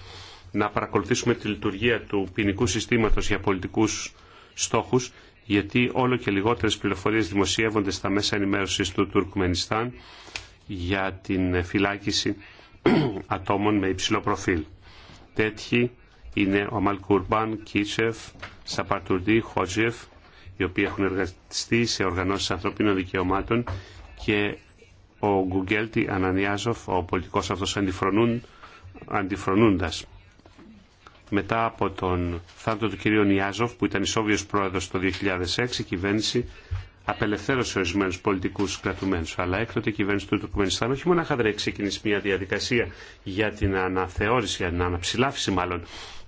να παρακολουθήσουμε τη λειτουργία του ποινικού συστήματος για πολιτικούς στόχους, γιατί όλο και λιγότερες πληροφορίες δημοσιεύονται στα μέσα ενημέρωσης του Τουρκμενιστάν για την φυλάκιση ατόμων με υψηλό προφίλ. Τέτοιοι είναι ο Μαλκουρμπάν, Κίτσεφ, Σαπαρτουρντή, Χότζεφ, οι οποίοι έχουν εργαστεί σε οργανώσεις ανθρωπίνων δικαιωμάτων και ο Γκουγκέλτη Ανανιάζοφ, ο πολιτικός αυτός αντιφρονούν, αντιφρονούντας. Μετά από τον θάνατο του κυρίου Νιάζοφ, που ήταν Ισόβιος πρόεδρος το 2006, η κυβέρνηση απελευθέρωσε ορισμένου πολιτικού κρατουμένου. Αλλά έκτοτε η κυβέρνηση του Τουρκμενιστάν όχι μόνο είχε ξεκινήσει μια διαδικασία για την αναθεώρηση, για την αναψηλάφιση μάλλον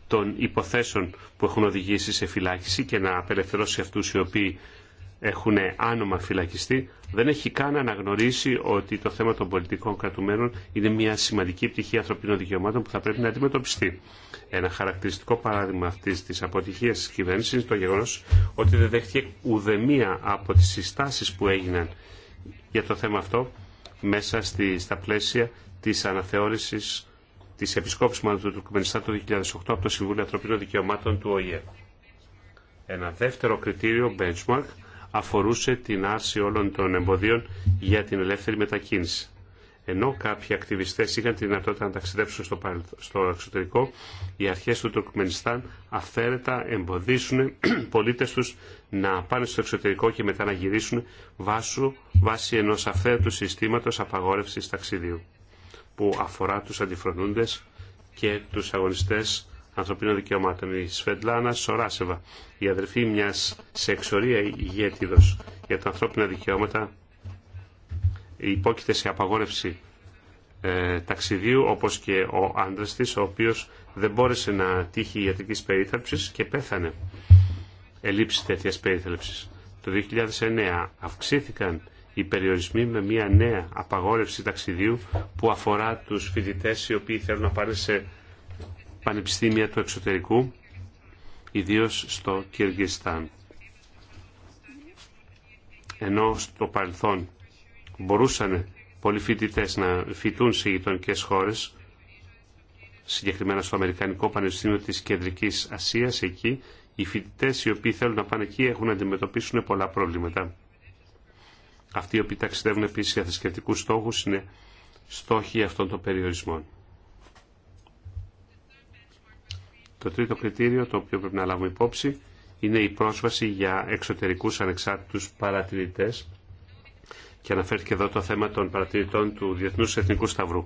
των υποθέσεων που έχουν οδηγήσει σε φυλάκιση και να απελευθερώσει αυτού οι οποίοι έχουν άνομα φυλακιστεί, δεν έχει καν αναγνωρίσει ότι το θέμα των πολιτικών κρατουμένων είναι μια σημαντική πτυχή ανθρωπίνων δικαιωμάτων που θα πρέπει να αντιμετωπιστεί. Ένα χαρακτηριστικό παράδειγμα αυτή τη αποτυχία τη κυβέρνηση είναι το γεγονό ότι δεν δέχτηκε ουδεμία από τι συστάσει που έγιναν για το θέμα αυτό μέσα στη, στα πλαίσια τη αναθεώρηση τη επισκόπηση μάλλον του Τουρκμενιστάν το 2008 από το Συμβούλιο Ανθρωπίνων Δικαιωμάτων του ΟΗΕ. Ένα δεύτερο κριτήριο, benchmark, αφορούσε την άρση όλων των εμποδίων για την ελεύθερη μετακίνηση. Ενώ κάποιοι ακτιβιστές είχαν τη δυνατότητα να ταξιδέψουν στο εξωτερικό, οι αρχές του Τουρκμενιστάν αυθαίρετα εμποδίσουν πολίτες τους να πάνε στο εξωτερικό και μετά να γυρίσουν βάσου, βάσει ενός αυθαίρετου συστήματος απαγόρευσης ταξιδίου που αφορά τους αντιφρονούντες και τους αγωνιστές ανθρωπίνων δικαιωμάτων, η Σφεντλάνα Σοράσεβα, η αδερφή μιας εξορία ηγέτηδο για τα ανθρώπινα δικαιώματα, υπόκειται σε απαγόρευση ε, ταξιδίου, όπως και ο άντρα τη, ο οποίο δεν μπόρεσε να τύχει ιατρική περίθαλψη και πέθανε. Ελήψη τέτοια περίθαλψη. Το 2009 αυξήθηκαν οι περιορισμοί με μια νέα απαγόρευση ταξιδίου που αφορά τους φοιτητές οι οποίοι θέλουν να πάνε σε πανεπιστήμια του εξωτερικού, ιδίως στο Κυργιστάν. Ενώ στο παρελθόν μπορούσαν πολλοί φοιτητέ να φοιτούν σε γειτονικέ χώρε συγκεκριμένα στο Αμερικανικό Πανεπιστήμιο της Κεντρικής Ασίας, εκεί οι φοιτητέ οι οποίοι θέλουν να πάνε εκεί έχουν να αντιμετωπίσουν πολλά προβλήματα. Αυτοί οι οποίοι ταξιδεύουν επίση για θρησκευτικού στόχου είναι στόχοι αυτών των περιορισμών. Το τρίτο κριτήριο το οποίο πρέπει να λάβουμε υπόψη είναι η πρόσβαση για εξωτερικούς ανεξάρτητους παρατηρητές και αναφέρθηκε εδώ το θέμα των παρατηρητών του Διεθνούς Εθνικού Σταυρού.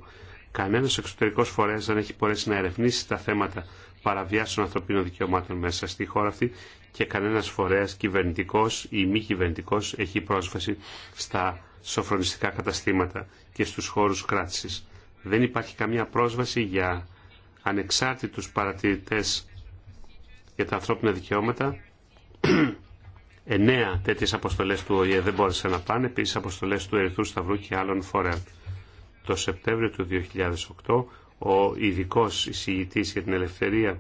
Κανένας εξωτερικός φορέας δεν έχει μπορέσει να ερευνήσει τα θέματα παραβιάσεων ανθρωπίνων δικαιωμάτων μέσα στη χώρα αυτή και κανένας φορέας κυβερνητικός ή μη κυβερνητικός έχει πρόσβαση στα σοφρονιστικά καταστήματα και στους χώρους κράτηση Δεν υπάρχει καμία πρόσβαση για ανεξάρτητους παρατηρητές για τα ανθρώπινα δικαιώματα. Εννέα τέτοιες αποστολές του ΟΗΕ δεν μπόρεσαν να πάνε, επίσης αποστολές του Ερυθρού Σταυρού και άλλων φορέων. Το Σεπτέμβριο του 2008 ο ειδικό εισηγητής για την ελευθερία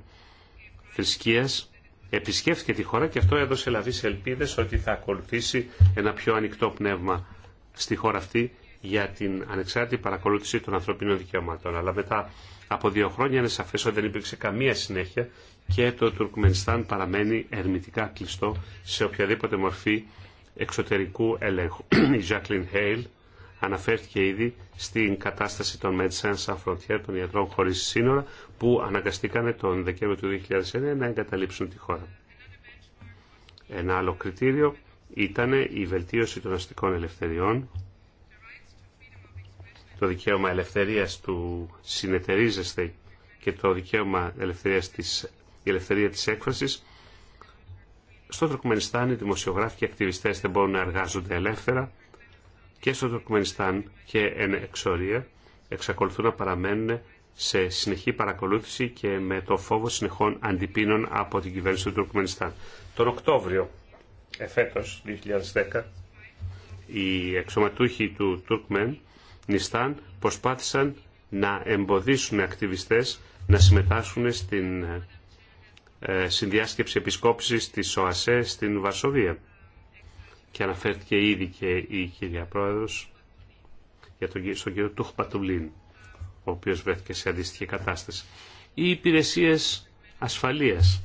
θρησκείας επισκέφθηκε τη χώρα και αυτό έδωσε λαβή σε ελπίδες ότι θα ακολουθήσει ένα πιο ανοιχτό πνεύμα στη χώρα αυτή για την ανεξάρτητη παρακολούθηση των ανθρωπίνων δικαιωμάτων. Αλλά μετά από δύο χρόνια είναι σαφές ότι δεν υπήρξε καμία συνέχεια και το Τουρκμενιστάν παραμένει ερμητικά κλειστό σε οποιαδήποτε μορφή εξωτερικού ελέγχου. Η Jacqueline Hale αναφέρθηκε ήδη στην κατάσταση των Medicine Sans Frontier, των ιατρών χωρίς σύνορα, που αναγκαστήκανε τον Δεκέμβριο του 2009 να εγκαταλείψουν τη χώρα. Ένα άλλο κριτήριο ήταν η βελτίωση των αστικών ελευθεριών το δικαίωμα ελευθερίας του συνεταιρίζεσθε και το δικαίωμα ελευθερίας της, η ελευθερία της έκφρασης, στο Τουρκμενιστάν οι δημοσιογράφοι και οι ακτιβιστές δεν μπορούν να εργάζονται ελεύθερα και στο Τουρκμενιστάν και εν εξορία εξακολουθούν να παραμένουν σε συνεχή παρακολούθηση και με το φόβο συνεχών αντιπίνων από την κυβέρνηση του Τουρκμενιστάν. Τον Οκτώβριο εφέτος 2010 οι εξωματούχοι του Τουρκμεν Νιστάν προσπάθησαν να εμποδίσουν ακτιβιστές να συμμετάσχουν στην ε, συνδιάσκεψη επισκόπησης της ΟΑΣΕ στην Βαρσοβία. Και αναφέρθηκε ήδη και η κυρία Πρόεδρος για τον, στον κύριο Τούχ Πατουλίν, ο οποίος βρέθηκε σε αντίστοιχη κατάσταση. Οι υπηρεσίες ασφαλείας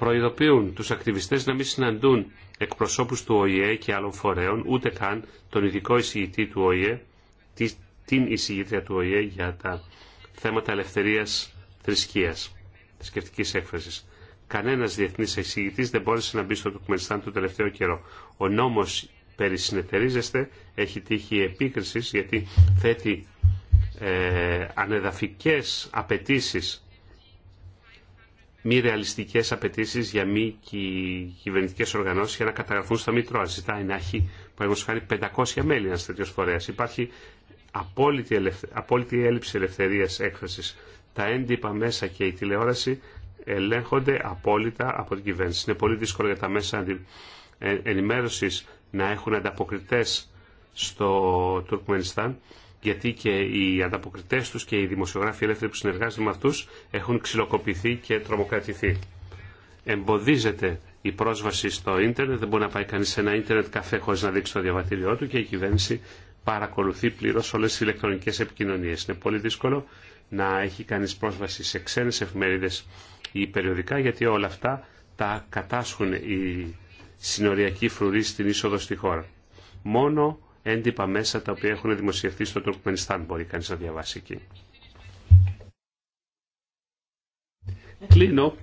προειδοποιούν τους ακτιβιστές να μην συναντούν εκπροσώπους του ΟΗΕ και άλλων φορέων, ούτε καν τον ειδικό εισηγητή του ΟΗΕ, την εισηγήτρια του ΟΗΕ για τα θέματα ελευθερίας θρησκείας, θρησκευτική έκφρασης. Κανένας διεθνής εισηγητής δεν μπόρεσε να μπει στο Τουρκμενιστάν το τελευταίο καιρό. Ο νόμος περί συνεταιρίζεστε έχει τύχει επίκρισης γιατί θέτει ε, ανεδαφικές απαιτήσει μη ρεαλιστικέ απαιτήσει για μη κυβερνητικέ οργανώσει για να καταγραφούν στα Μητρώα. Ζητάει να έχει, παραδείγματο 500 μέλη ένα τέτοιο φορέα. Υπάρχει απόλυτη, απόλυτη έλλειψη ελευθερία έκφραση. Τα έντυπα μέσα και η τηλεόραση ελέγχονται απόλυτα από την κυβέρνηση. Είναι πολύ δύσκολο για τα μέσα ε, ενημέρωση να έχουν ανταποκριτέ στο Τουρκμενιστάν γιατί και οι ανταποκριτές τους και οι δημοσιογράφοι ελεύθεροι που συνεργάζονται με αυτούς έχουν ξυλοκοπηθεί και τρομοκρατηθεί. Εμποδίζεται η πρόσβαση στο ίντερνετ, δεν μπορεί να πάει κανείς σε ένα ίντερνετ καφέ χωρίς να δείξει το διαβατήριό του και η κυβέρνηση παρακολουθεί πλήρω όλες τις ηλεκτρονικές επικοινωνίες. Είναι πολύ δύσκολο να έχει κανείς πρόσβαση σε ξένες εφημερίδες ή περιοδικά γιατί όλα αυτά τα κατάσχουν οι συνοριακοί φρουροί στην είσοδο στη χώρα. Μόνο έντυπα μέσα τα οποία έχουν δημοσιευτεί στο Τουρκμενιστάν. Μπορεί κανείς να διαβάσει εκεί. Κλείνω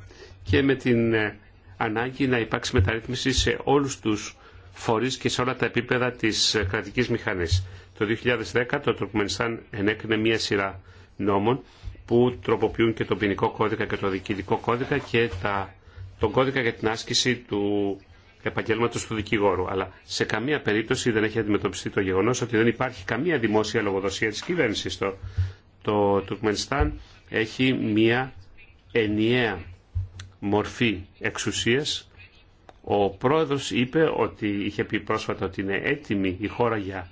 και με την ε, ανάγκη να υπάρξει μεταρρύθμιση σε όλους τους φορείς και σε όλα τα επίπεδα της ε, κρατικής μηχανής. Το 2010 το Τουρκμενιστάν ενέκρινε μία σειρά νόμων που τροποποιούν και τον ποινικό κώδικα και τον διοικητικό κώδικα και τα, τον κώδικα για την άσκηση του Επαγγελματό του δικηγόρου. Αλλά σε καμία περίπτωση δεν έχει αντιμετωπιστεί το γεγονός ότι δεν υπάρχει καμία δημόσια λογοδοσία τη κυβέρνηση. το Τουρκμενιστάν έχει μία ενιαία μορφή εξουσία. Ο πρόεδρος είπε ότι είχε πει πρόσφατα ότι είναι έτοιμη η χώρα για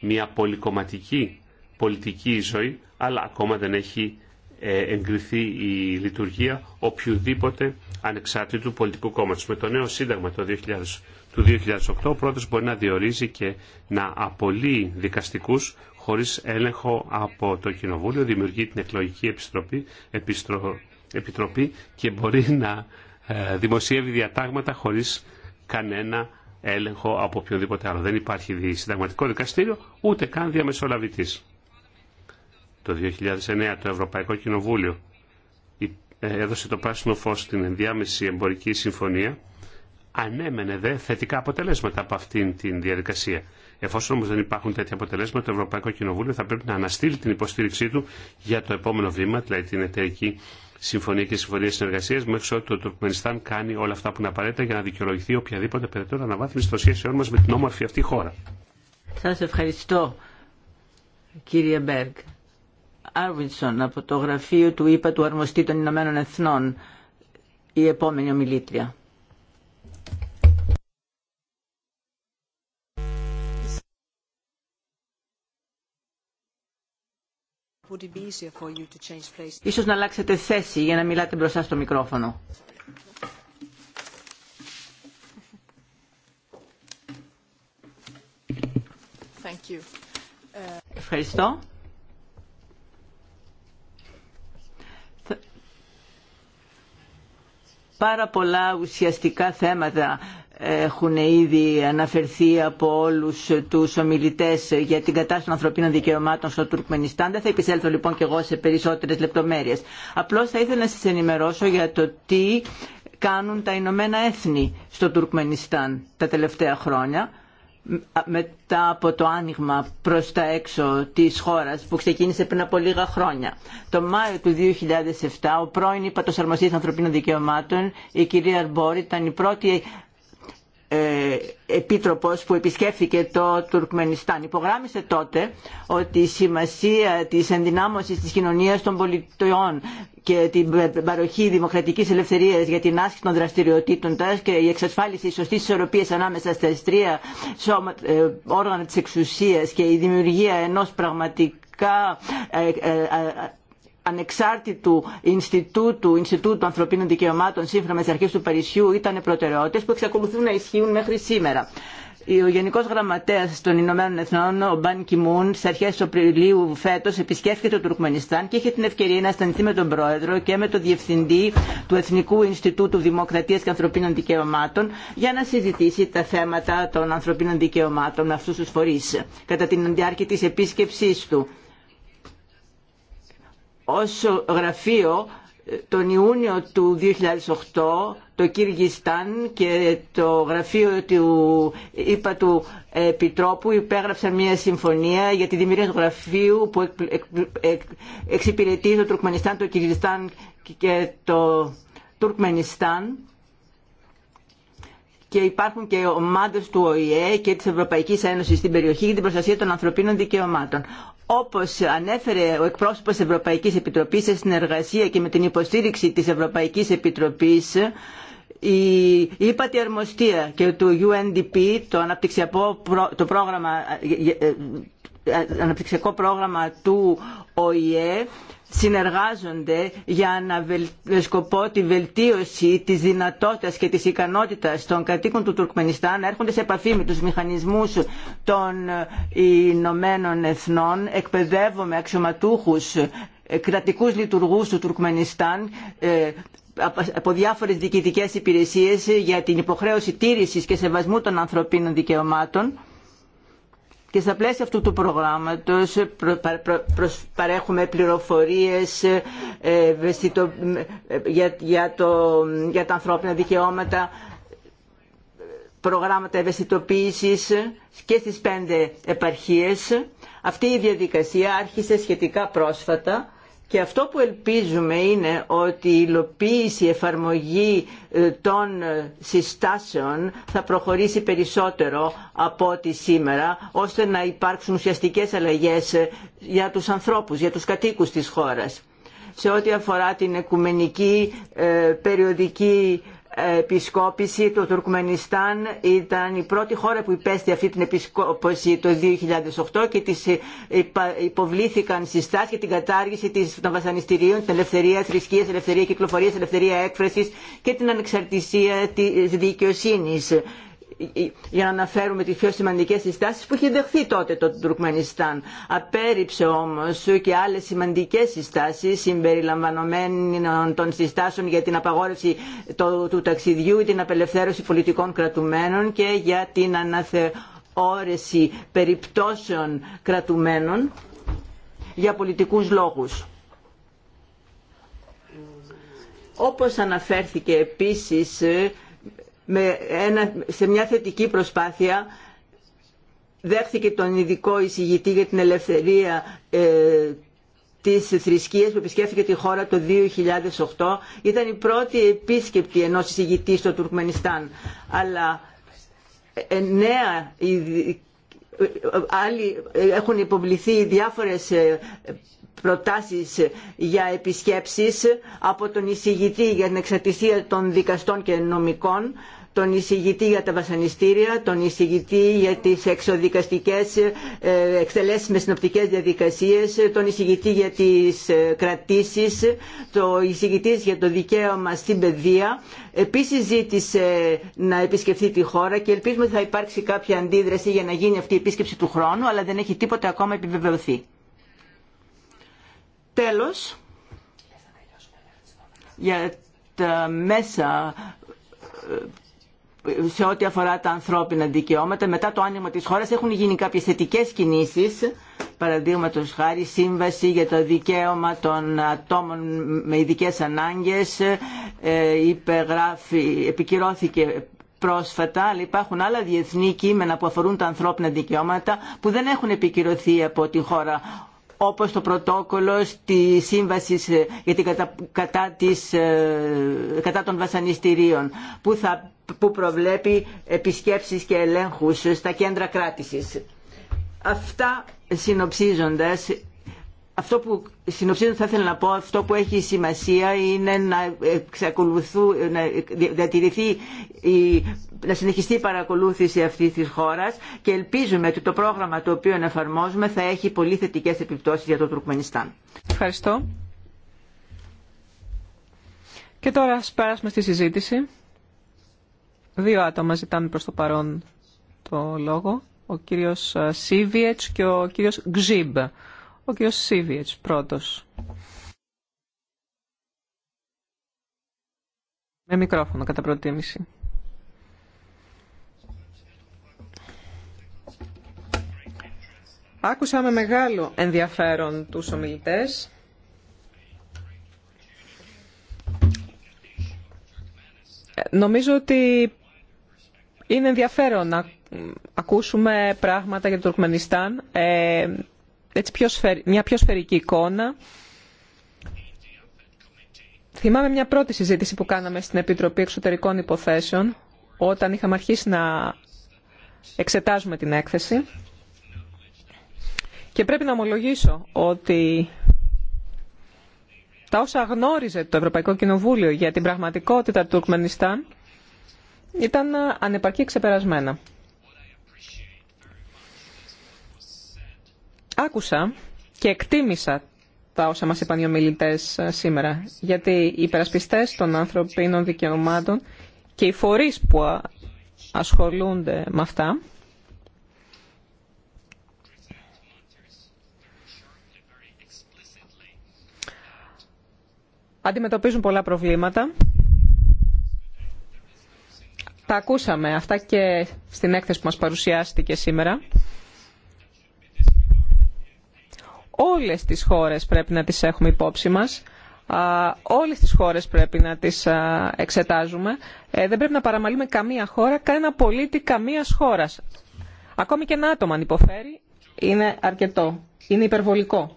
μία πολυκομματική πολιτική ζωή, αλλά ακόμα δεν έχει ε, εγκριθεί η λειτουργία οποιοδήποτε ανεξάρτητου πολιτικού κόμματος. Με το νέο σύνταγμα το 2000, του 2008 ο πρώτος μπορεί να διορίζει και να απολύει δικαστικούς χωρίς έλεγχο από το Κοινοβούλιο, δημιουργεί την εκλογική επιστροπή, επιτροπή και μπορεί να ε, δημοσιεύει διατάγματα χωρίς κανένα έλεγχο από οποιοδήποτε άλλο. Δεν υπάρχει συνταγματικό δικαστήριο, ούτε καν διαμεσολαβητής. Το 2009 το Ευρωπαϊκό Κοινοβούλιο ε, έδωσε το πράσινο φως στην ενδιάμεση εμπορική συμφωνία ανέμενε δε θετικά αποτελέσματα από αυτήν την διαδικασία. Εφόσον όμω δεν υπάρχουν τέτοια αποτελέσματα, το Ευρωπαϊκό Κοινοβούλιο θα πρέπει να αναστείλει την υποστήριξή του για το επόμενο βήμα, δηλαδή την εταιρική συμφωνία και συμφωνία συνεργασία, μέχρι ότι το Τουρκμενιστάν κάνει όλα αυτά που είναι απαραίτητα για να δικαιολογηθεί οποιαδήποτε περαιτέρω αναβάθμιση των σχέσεών μα με την όμορφη αυτή χώρα. Σα ευχαριστώ, κύριε Μπέργκ. Άρβινσον από το γραφείο του ΙΠΑ του Αρμοστή των Ηνωμένων Εθνών, η επόμενη ομιλήτρια. Ίσως να αλλάξετε θέση για να μιλάτε μπροστά στο μικρόφωνο. Thank Ευχαριστώ. Πάρα πολλά ουσιαστικά θέματα έχουν ήδη αναφερθεί από όλους τους ομιλητές για την κατάσταση των ανθρωπίνων δικαιωμάτων στο Τουρκμενιστάν. Δεν θα επισέλθω λοιπόν και εγώ σε περισσότερες λεπτομέρειες. Απλώς θα ήθελα να σας ενημερώσω για το τι κάνουν τα Ηνωμένα Έθνη στο Τουρκμενιστάν τα τελευταία χρόνια μετά από το άνοιγμα προς τα έξω της χώρας που ξεκίνησε πριν από λίγα χρόνια. Το Μάιο του 2007 ο πρώην υπατοσαρμοστής ανθρωπίνων δικαιωμάτων η κυρία Αρμπόρη ήταν η πρώτη ε, επίτροπος που επισκέφθηκε το Τουρκμενιστάν. Υπογράμμισε τότε ότι η σημασία της ενδυνάμωσης της κοινωνίας των πολιτών και την παροχή δημοκρατικής ελευθερίας για την άσκηση των δραστηριοτήτων και η εξασφάλιση σωστή σωστής ανάμεσα στα εστρία ε, όργανα της εξουσίας και η δημιουργία ενός πραγματικά ε, ανεξάρτητου Ινστιτούτου, Ινστιτούτου Ανθρωπίνων Δικαιωμάτων σύμφωνα με τι αρχέ του Παρισιού ήταν προτεραιότητε που εξακολουθούν να ισχύουν μέχρι σήμερα. Ο Γενικό Γραμματέα των Ηνωμένων Εθνών, ο Μπαν Κιμούν, στι αρχέ Απριλίου φέτο επισκέφθηκε το Τουρκμενιστάν και είχε την ευκαιρία να αισθανθεί με τον Πρόεδρο και με τον Διευθυντή του Εθνικού Ινστιτούτου Δημοκρατία και Ανθρωπίνων Δικαιωμάτων για να συζητήσει τα θέματα των ανθρωπίνων δικαιωμάτων με αυτού του φορεί κατά την διάρκεια τη επίσκεψή του ως γραφείο ε, τον Ιούνιο του 2008 το Κυργιστάν και το γραφείο του είπα του Επιτρόπου υπέγραψαν μια συμφωνία για τη δημιουργία του γραφείου που εξυπηρετεί το Τουρκμενιστάν, το Κυργιστάν και το Τουρκμενιστάν και υπάρχουν και ομάδες του ΟΗΕ και της Ευρωπαϊκής Ένωσης στην περιοχή για την προστασία των ανθρωπίνων δικαιωμάτων. Όπως ανέφερε ο εκπρόσωπος της Ευρωπαϊκής Επιτροπής σε συνεργασία και με την υποστήριξη της Ευρωπαϊκής Επιτροπής η ύπατη αρμοστία και του UNDP, το, αναπτυξιακό, το πρόγραμμα, ε, ε, ε, αναπτυξιακό πρόγραμμα του ΟΗΕ, συνεργάζονται για να σκοπό τη βελτίωση της δυνατότητας και της ικανότητας των κατοίκων του Τουρκμενιστάν να έρχονται σε επαφή με τους μηχανισμούς των Ηνωμένων Εθνών. Εκπαιδεύομαι αξιωματούχους κρατικούς λειτουργούς του Τουρκμενιστάν ε, από διάφορες διοικητικές υπηρεσίες για την υποχρέωση τήρησης και σεβασμού των ανθρωπίνων δικαιωμάτων και στα πλαίσια αυτού του προγράμματος παρέχουμε πληροφορίες ε, ε, για, το, για τα ανθρώπινα δικαιώματα, προγράμματα ευαισθητοποίησης και στις πέντε επαρχίες. Αυτή η διαδικασία άρχισε σχετικά πρόσφατα και αυτό που ελπίζουμε είναι ότι η υλοποίηση, η εφαρμογή ε, των ε, συστάσεων θα προχωρήσει περισσότερο από ό,τι σήμερα, ώστε να υπάρξουν ουσιαστικές αλλαγές ε, για τους ανθρώπους, για τους κατοίκους της χώρας. Σε ό,τι αφορά την οικουμενική περιοδική επισκόπηση του Τουρκμενιστάν ήταν η πρώτη χώρα που υπέστη αυτή την επισκόπηση το 2008 και τις υποβλήθηκαν συστάσεις για την κατάργηση των βασανιστήριων, την ελευθερία θρησκείας, ελευθερία κυκλοφορίας, ελευθερία έκφρασης και την ανεξαρτησία της δικαιοσύνης για να αναφέρουμε τις πιο σημαντικές συστάσεις που είχε δεχθεί τότε το Τουρκμενιστάν. Απέριψε όμως και άλλες σημαντικές συστάσεις συμπεριλαμβανομένων των συστάσεων για την απαγόρευση του ταξιδιού, την απελευθέρωση πολιτικών κρατουμένων και για την αναθεώρηση περιπτώσεων κρατουμένων για πολιτικούς λόγους. Όπως αναφέρθηκε επίσης με σε μια θετική προσπάθεια δέχθηκε τον ειδικό εισηγητή για την ελευθερία ε, της θρησκείας που επισκέφθηκε τη χώρα το 2008. Ήταν η πρώτη επίσκεπτη ενός εισηγητή στο Τουρκμενιστάν. Αλλά ε, νέα άλλοι έχουν υποβληθεί διάφορες ε, προτάσεις για επισκέψεις από τον εισηγητή για την εξαρτησία των δικαστών και νομικών τον εισηγητή για τα βασανιστήρια, τον εισηγητή για τις εξοδικαστικές εξελέσεις με συνοπτικές διαδικασίες, τον εισηγητή για τις ε, κρατήσεις, το εισηγητή για το δικαίωμα στην παιδεία. Επίσης ζήτησε να επισκεφθεί τη χώρα και ελπίζουμε ότι θα υπάρξει κάποια αντίδραση για να γίνει αυτή η επίσκεψη του χρόνου, αλλά δεν έχει τίποτα ακόμα επιβεβαιωθεί. Τέλος, για τα μέσα ε, σε ό,τι αφορά τα ανθρώπινα δικαιώματα. Μετά το άνοιγμα της χώρας έχουν γίνει κάποιες θετικέ κινήσεις, παραδείγματο χάρη σύμβαση για το δικαίωμα των ατόμων με ειδικέ ανάγκες, ε, υπεγράφει, επικυρώθηκε πρόσφατα, αλλά υπάρχουν άλλα διεθνή κείμενα που αφορούν τα ανθρώπινα δικαιώματα που δεν έχουν επικυρωθεί από τη χώρα όπως το πρωτόκολλο στη σύμβαση κατα, ε, των βασανιστήριων που, θα, που προβλέπει επισκέψεις και ελέγχους στα κέντρα κράτησης. Αυτά συνοψίζοντας αυτό που συνοψίζω θα ήθελα να πω, αυτό που έχει σημασία είναι να, να να συνεχιστεί η παρακολούθηση αυτής της χώρας και ελπίζουμε ότι το πρόγραμμα το οποίο εφαρμόζουμε θα έχει πολύ θετικέ επιπτώσεις για το Τουρκμενιστάν. Ευχαριστώ. Και τώρα ας πέρασουμε στη συζήτηση. Δύο άτομα ζητάνε προς το παρόν το λόγο. Ο κύριος ε, Σίβιετς και ο κύριος Γκζίμπ. Ο κ. πρώτος. Με μικρόφωνο κατά προτίμηση. Άκουσα με μεγάλο ενδιαφέρον τους ομιλητές. Νομίζω ότι είναι ενδιαφέρον να ακούσουμε πράγματα για το Τουρκμενιστάν ε, έτσι μια πιο σφαιρική εικόνα. Θυμάμαι μια πρώτη συζήτηση που κάναμε στην Επιτροπή Εξωτερικών Υποθέσεων, όταν είχαμε αρχίσει να εξετάζουμε την έκθεση. Και πρέπει να ομολογήσω ότι τα όσα γνώριζε το Ευρωπαϊκό Κοινοβούλιο για την πραγματικότητα του Τουρκμενιστάν ήταν ανεπαρκή ξεπερασμένα. Άκουσα και εκτίμησα τα όσα μας είπαν οι ομιλητές ε, σήμερα, γιατί οι υπερασπιστές των ανθρωπίνων δικαιωμάτων και οι φορείς που ασχολούνται με αυτά, αντιμετωπίζουν πολλά προβλήματα. Τα ακούσαμε αυτά και στην έκθεση που μας παρουσιάστηκε σήμερα όλες τις χώρες πρέπει να τις έχουμε υπόψη μας. Όλες τις χώρες πρέπει να τις εξετάζουμε. Ε, δεν πρέπει να παραμαλούμε καμία χώρα, κανένα πολίτη καμίας χώρας. Ακόμη και ένα άτομο αν υποφέρει είναι αρκετό, είναι υπερβολικό.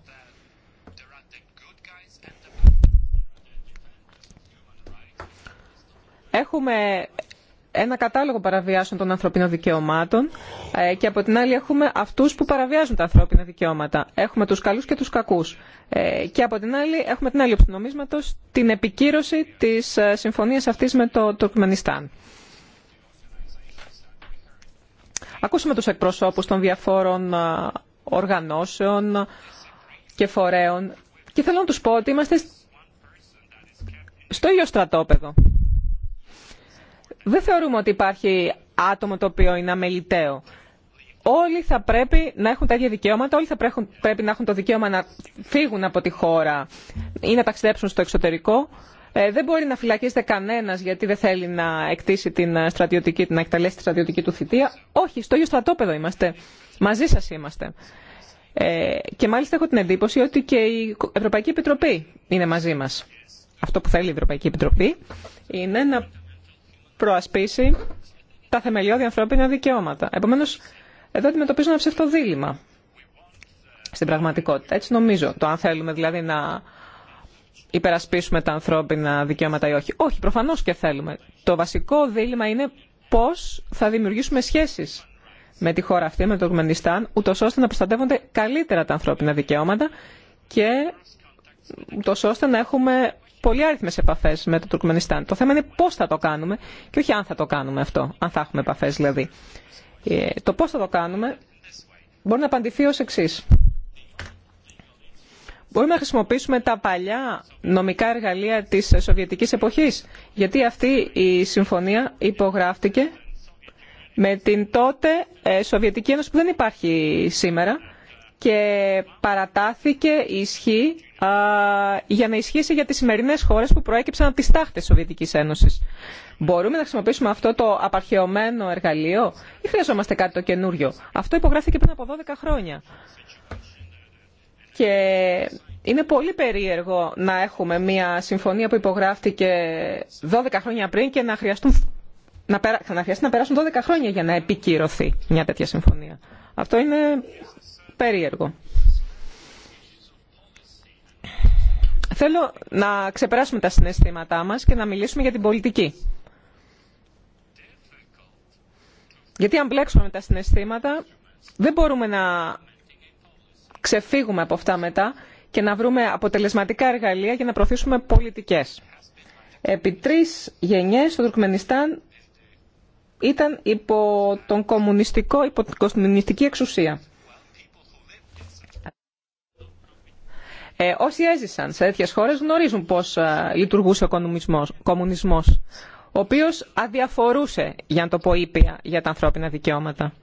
Έχουμε ένα κατάλογο παραβιάσεων των ανθρωπίνων δικαιωμάτων ε, και από την άλλη έχουμε αυτούς που παραβιάζουν τα ανθρώπινα δικαιώματα. Έχουμε τους καλούς και τους κακούς. Ε, και από την άλλη έχουμε την άλλη νομίσματος την επικύρωση της ε, συμφωνίας αυτής με το Τουρκμενιστάν. Ακούσαμε τους εκπροσώπους των διαφόρων οργανώσεων και φορέων και θέλω να τους πω ότι είμαστε στο ίδιο στρατόπεδο δεν θεωρούμε ότι υπάρχει άτομο το οποίο είναι αμεληταίο. Όλοι θα πρέπει να έχουν τα ίδια δικαιώματα, όλοι θα πρέπει να έχουν το δικαίωμα να φύγουν από τη χώρα ή να ταξιδέψουν στο εξωτερικό. Ε, δεν μπορεί να φυλακίζεται κανένα γιατί δεν θέλει να εκτίσει την ε, στρατιωτική, να εκτελέσει τη στρατιωτική του θητεία. Όχι, στο ίδιο στρατόπεδο είμαστε. Μαζί σα είμαστε. Ε, και μάλιστα έχω την εντύπωση ότι και η Ευρωπαϊκή Επιτροπή είναι μαζί μα. Αυτό που θέλει η Ευρωπαϊκή Επιτροπή είναι να προασπίσει τα θεμελιώδη ανθρώπινα δικαιώματα. Επομένω, εδώ αντιμετωπίζω ένα ψεύτο δίλημα στην πραγματικότητα. Έτσι νομίζω. Το αν θέλουμε δηλαδή να υπερασπίσουμε τα ανθρώπινα δικαιώματα ή όχι. Όχι, προφανώ και θέλουμε. Το βασικό δίλημα είναι πώ θα δημιουργήσουμε σχέσει με τη χώρα αυτή, με το Τουρκμενιστάν, ούτω ώστε να προστατεύονται καλύτερα τα ανθρώπινα δικαιώματα και ούτω ώστε να έχουμε πολύ άριθμε επαφές με το Τουρκμενιστάν. Το θέμα είναι πώς θα το κάνουμε και όχι αν θα το κάνουμε αυτό, αν θα έχουμε επαφές δηλαδή. Ε, το πώς θα το κάνουμε μπορεί να απαντηθεί ως εξή. Μπορούμε να χρησιμοποιήσουμε τα παλιά νομικά εργαλεία της Σοβιετικής εποχής, γιατί αυτή η συμφωνία υπογράφτηκε με την τότε ε, Σοβιετική Ένωση που δεν υπάρχει σήμερα και παρατάθηκε η ισχύ για να ισχύσει για τις σημερινές χώρες που προέκυψαν από τις τάχτες της Σοβιετικής Ένωσης. Μπορούμε να χρησιμοποιήσουμε αυτό το απαρχαιωμένο εργαλείο ή χρειαζόμαστε κάτι το καινούριο. Αυτό υπογράφηκε πριν από 12 χρόνια. Και είναι πολύ περίεργο να έχουμε μια συμφωνία που υπογράφτηκε 12 χρόνια πριν και να, χρειαστούν, να, να χρειαστεί να περάσουν 12 χρόνια για να επικυρωθεί μια τέτοια συμφωνία. Αυτό είναι περίεργο. Θέλω να ξεπεράσουμε τα συναισθήματά μας και να μιλήσουμε για την πολιτική. Γιατί αν μπλέξουμε με τα συναισθήματα δεν μπορούμε να ξεφύγουμε από αυτά μετά και να βρούμε αποτελεσματικά εργαλεία για να προωθήσουμε πολιτικές. Επί τρεις γενιές στο Τουρκμενιστάν ήταν υπό, τον κομμουνιστικό, υπό την κομμουνιστική εξουσία. Ε, όσοι έζησαν σε τέτοιε χώρε γνωρίζουν πώ ε, λειτουργούσε ο κομμουνισμό, ο οποίο αδιαφορούσε, για να το πω ήπια, για τα ανθρώπινα δικαιώματα.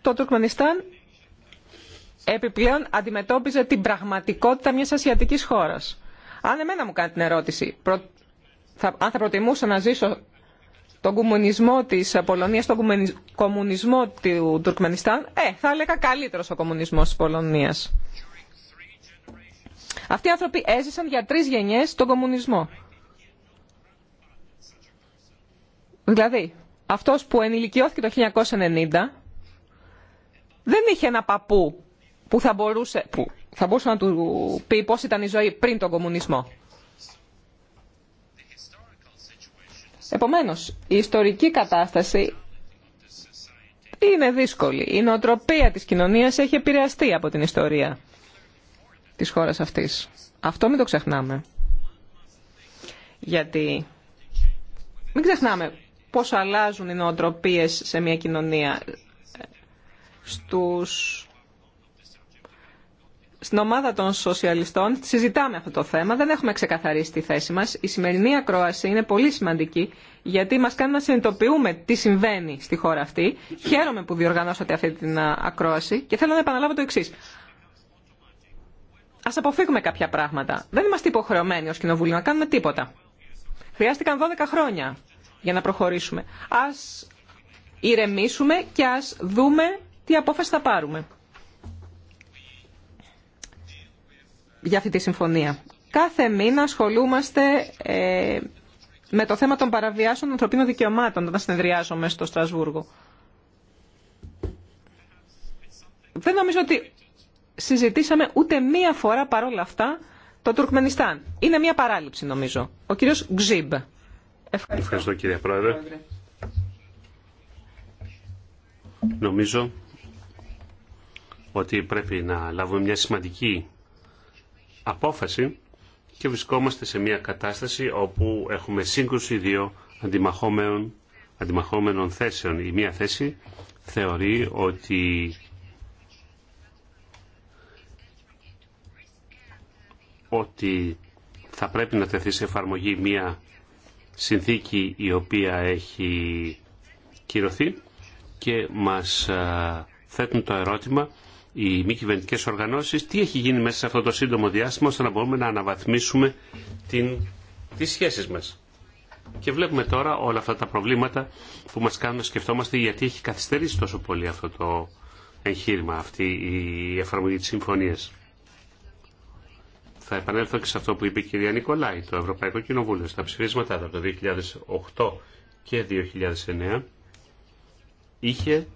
Το Τουρκμενιστάν επιπλέον αντιμετώπιζε την πραγματικότητα μιας ασιατικής χώρας. Αν εμένα μου κάνει την ερώτηση, αν θα προτιμούσα να ζήσω τον κομμουνισμό τη Πολωνία, τον κομμουνισμό του Τουρκμενιστάν, ε, θα έλεγα καλύτερο ο κομμουνισμός τη Πολωνία. Αυτοί οι άνθρωποι έζησαν για τρει γενιέ τον κομμουνισμό. Δηλαδή, αυτό που ενηλικιώθηκε το 1990 δεν είχε ένα παππού που θα μπορούσε, που θα μπορούσε να του πει πώ ήταν η ζωή πριν τον κομμουνισμό. Επομένως, η ιστορική κατάσταση είναι δύσκολη. Η νοοτροπία της κοινωνίας έχει επηρεαστεί από την ιστορία της χώρας αυτής. Αυτό μην το ξεχνάμε. Γιατί μην ξεχνάμε πώς αλλάζουν οι νοοτροπίες σε μια κοινωνία στους στην ομάδα των σοσιαλιστών συζητάμε αυτό το θέμα, δεν έχουμε ξεκαθαρίσει τη θέση μας. Η σημερινή ακρόαση είναι πολύ σημαντική γιατί μας κάνει να συνειδητοποιούμε τι συμβαίνει στη χώρα αυτή. Χαίρομαι που διοργανώσατε αυτή την ακρόαση και θέλω να επαναλάβω το εξή. Ας αποφύγουμε κάποια πράγματα. Δεν είμαστε υποχρεωμένοι ως Κοινοβούλιο να κάνουμε τίποτα. Χρειάστηκαν 12 χρόνια για να προχωρήσουμε. Ας ηρεμήσουμε και ας δούμε τι απόφαση θα πάρουμε. για αυτή τη συμφωνία. Κάθε μήνα ασχολούμαστε ε, με το θέμα των παραβιάσεων των ανθρωπίνων δικαιωμάτων όταν συνεδριάζομαι στο Στρασβούργο. Δεν νομίζω ότι συζητήσαμε ούτε μία φορά παρόλα αυτά το Τουρκμενιστάν. Είναι μία παράληψη νομίζω. Ο κύριος Γκζίμπ. Ευχαριστώ, Ευχαριστώ κύριε Πρόεδρε. Πρόεδρε. Νομίζω ότι πρέπει να λάβουμε μια σημαντική απόφαση και βρισκόμαστε σε μια κατάσταση όπου έχουμε σύγκρουση δύο αντιμαχόμενων, αντιμαχόμενων θέσεων. Η μία θέση θεωρεί ότι ότι θα πρέπει να τεθεί σε εφαρμογή μια συνθήκη η οποία έχει κυρωθεί και μας ε, θέτουν το ερώτημα οι μη κυβερνητικέ οργανώσει, τι έχει γίνει μέσα σε αυτό το σύντομο διάστημα ώστε να μπορούμε να αναβαθμίσουμε τι τις σχέσεις μας. Και βλέπουμε τώρα όλα αυτά τα προβλήματα που μας κάνουν να σκεφτόμαστε γιατί έχει καθυστερήσει τόσο πολύ αυτό το εγχείρημα, αυτή η εφαρμογή της συμφωνίας. Θα επανέλθω και σε αυτό που είπε η κυρία Νικολάη, το Ευρωπαϊκό Κοινοβούλιο, στα ψηφίσματά από το 2008 και 2009, είχε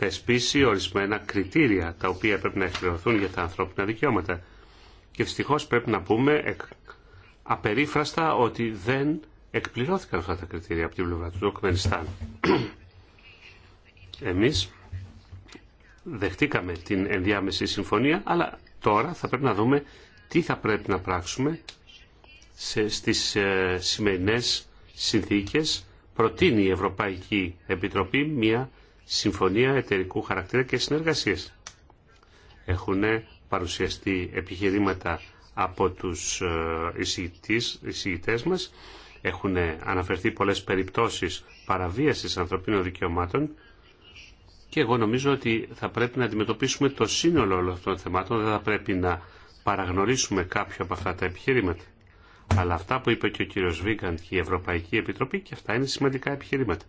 θεσπίσει ορισμένα κριτήρια τα οποία πρέπει να εκπληρωθούν για τα ανθρώπινα δικαιώματα. Και δυστυχώ πρέπει να πούμε απερίφραστα ότι δεν εκπληρώθηκαν αυτά τα κριτήρια από την πλευρά του Τουρκμενιστάν. Εμεί δεχτήκαμε την ενδιάμεση συμφωνία, αλλά τώρα θα πρέπει να δούμε τι θα πρέπει να πράξουμε σε, στις ε, σημερινές Προτείνει η Ευρωπαϊκή Επιτροπή μια συμφωνία εταιρικού χαρακτήρα και συνεργασίες. Έχουν παρουσιαστεί επιχειρήματα από τους ε, εισηγητές μας. Έχουν αναφερθεί πολλές περιπτώσεις παραβίασης ανθρωπίνων δικαιωμάτων και εγώ νομίζω ότι θα πρέπει να αντιμετωπίσουμε το σύνολο όλων αυτών των θεμάτων, δεν θα πρέπει να παραγνωρίσουμε κάποιο από αυτά τα επιχειρήματα. Αλλά αυτά που είπε και ο κύριο Βίγκαντ και η Ευρωπαϊκή Επιτροπή και αυτά είναι σημαντικά επιχειρήματα.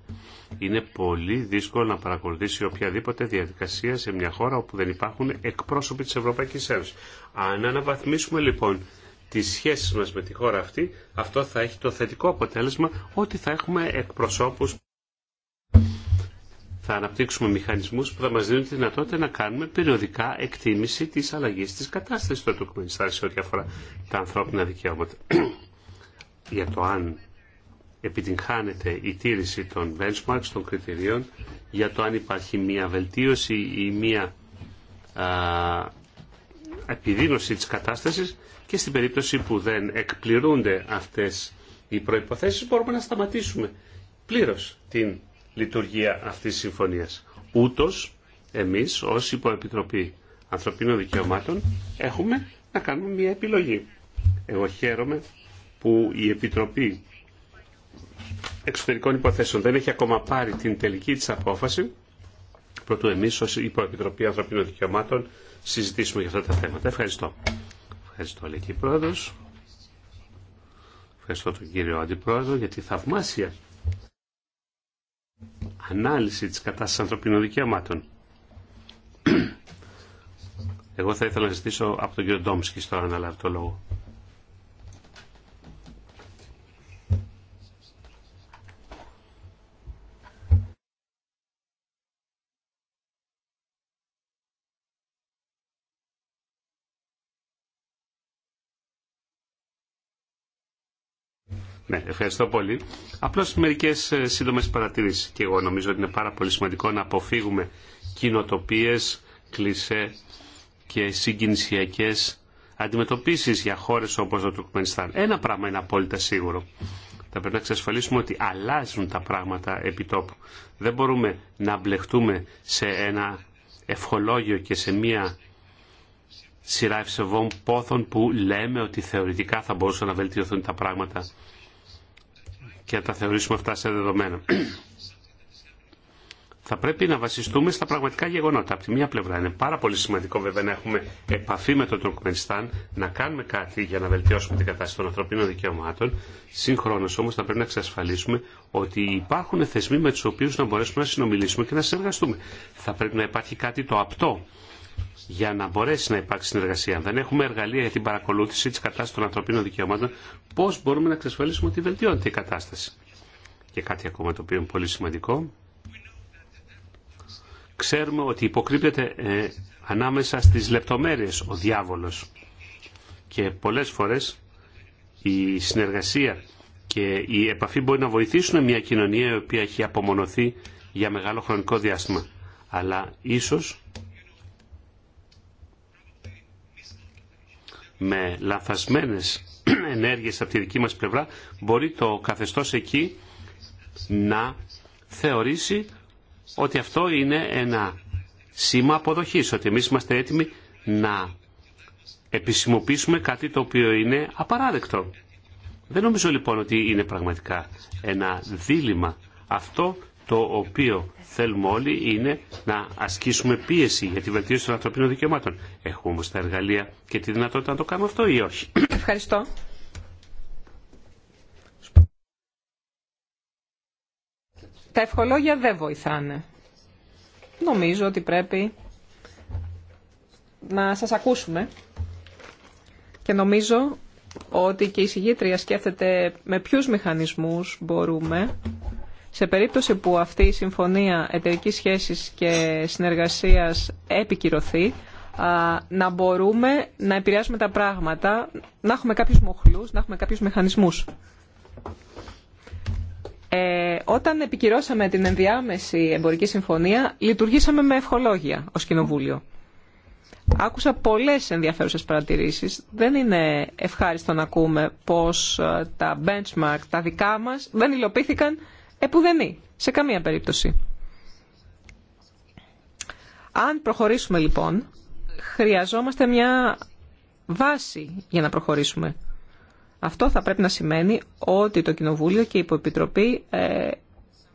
Είναι πολύ δύσκολο να παρακολουθήσει οποιαδήποτε διαδικασία σε μια χώρα όπου δεν υπάρχουν εκπρόσωποι τη Ευρωπαϊκή Ένωση. Αν αναβαθμίσουμε λοιπόν τις σχέσεις μας με τη χώρα αυτή, αυτό θα έχει το θετικό αποτέλεσμα ότι θα έχουμε εκπροσώπους θα αναπτύξουμε μηχανισμούς που θα μας δίνουν τη δυνατότητα να κάνουμε περιοδικά εκτίμηση της αλλαγής της κατάστασης του Τουρκμενιστάν σε ό,τι αφορά τα ανθρώπινα δικαιώματα. Για το αν επιτυγχάνεται η τήρηση των benchmarks, των κριτηρίων, για το αν υπάρχει μία βελτίωση ή μία επιδείνωση της κατάστασης και στην περίπτωση που δεν εκπληρούνται αυτές οι προϋποθέσεις μπορούμε να σταματήσουμε πλήρως την λειτουργία αυτής της συμφωνίας. Ούτως εμείς ως Υποεπιτροπή Ανθρωπίνων Δικαιωμάτων έχουμε να κάνουμε μια επιλογή. Εγώ χαίρομαι που η Επιτροπή Εξωτερικών Υποθέσεων δεν έχει ακόμα πάρει την τελική της απόφαση πρωτού εμείς ως Υποεπιτροπή Ανθρωπίνων Δικαιωμάτων συζητήσουμε για αυτά τα θέματα. Ευχαριστώ. Ευχαριστώ λέει και η Ευχαριστώ τον κύριο Αντιπρόεδρο για τη θαυμάσια ανάλυση της κατάστασης ανθρωπίνων δικαιωμάτων. Εγώ θα ήθελα να ζητήσω από τον κύριο Ντόμσκι τώρα να λάβει το λόγο. Ναι, ευχαριστώ πολύ. Απλώ μερικέ ε, σύντομε παρατηρήσει. Και εγώ νομίζω ότι είναι πάρα πολύ σημαντικό να αποφύγουμε κοινοτοπίε, κλισέ και συγκινησιακέ αντιμετωπίσει για χώρε όπω το Τουρκμενιστάν. Ένα πράγμα είναι απόλυτα σίγουρο. Θα πρέπει να εξασφαλίσουμε ότι αλλάζουν τα πράγματα επί τόπου. Δεν μπορούμε να μπλεχτούμε σε ένα ευχολόγιο και σε μία σειρά ευσεβών πόθων που λέμε ότι θεωρητικά θα μπορούσαν να βελτιωθούν τα πράγματα και να τα θεωρήσουμε αυτά σε δεδομένα. Θα πρέπει να βασιστούμε στα πραγματικά γεγονότα. Από τη μία πλευρά είναι πάρα πολύ σημαντικό βέβαια να έχουμε επαφή με το Τουρκμενιστάν, να κάνουμε κάτι για να βελτιώσουμε την κατάσταση των ανθρωπίνων δικαιωμάτων. Συγχρόνω όμω θα πρέπει να εξασφαλίσουμε ότι υπάρχουν θεσμοί με του οποίου να μπορέσουμε να συνομιλήσουμε και να συνεργαστούμε. Θα πρέπει να υπάρχει κάτι το απτό για να μπορέσει να υπάρξει συνεργασία. Αν δεν έχουμε εργαλεία για την παρακολούθηση τη κατάσταση των ανθρωπίνων δικαιωμάτων, πώ μπορούμε να εξασφαλίσουμε ότι βελτιώνεται η κατάσταση. Και κάτι ακόμα το οποίο είναι πολύ σημαντικό. Ξέρουμε ότι υποκρύπτεται ε, ανάμεσα στις λεπτομέρειες ο διάβολος και πολλές φορές η συνεργασία και η επαφή μπορεί να βοηθήσουν μια κοινωνία η οποία έχει απομονωθεί για μεγάλο χρονικό διάστημα. Αλλά ίσως με λανθασμένες ενέργειες από τη δική μας πλευρά μπορεί το καθεστώς εκεί να θεωρήσει ότι αυτό είναι ένα σήμα αποδοχής, ότι εμείς είμαστε έτοιμοι να επισημοποιήσουμε κάτι το οποίο είναι απαράδεκτο. Δεν νομίζω λοιπόν ότι είναι πραγματικά ένα δίλημα. Αυτό το οποίο θέλουμε όλοι είναι να ασκήσουμε πίεση για τη βελτίωση των ανθρωπίνων δικαιωμάτων. Έχουμε όμως τα εργαλεία και τη δυνατότητα να το κάνουμε αυτό ή όχι. Ευχαριστώ. Τα ευχολόγια δεν βοηθάνε. Νομίζω ότι πρέπει να σας ακούσουμε και νομίζω ότι και η συγγήτρια σκέφτεται με ποιους μηχανισμούς μπορούμε σε περίπτωση που αυτή η συμφωνία εταιρικής σχέσης και συνεργασίας επικυρωθεί, να μπορούμε να επηρεάσουμε τα πράγματα, να έχουμε κάποιους μοχλούς, να έχουμε κάποιους μηχανισμούς. Ε, όταν επικυρώσαμε την ενδιάμεση εμπορική συμφωνία, λειτουργήσαμε με ευχολόγια ως Κοινοβούλιο. Άκουσα πολλές ενδιαφέρουσες παρατηρήσεις. Δεν είναι ευχάριστο να ακούμε πως ε, τα benchmark, τα δικά μας, δεν υλοποιήθηκαν Επουδενή, σε καμία περίπτωση. Αν προχωρήσουμε λοιπόν, χρειαζόμαστε μια βάση για να προχωρήσουμε. Αυτό θα πρέπει να σημαίνει ότι το Κοινοβούλιο και η Υποεπιτροπή ε,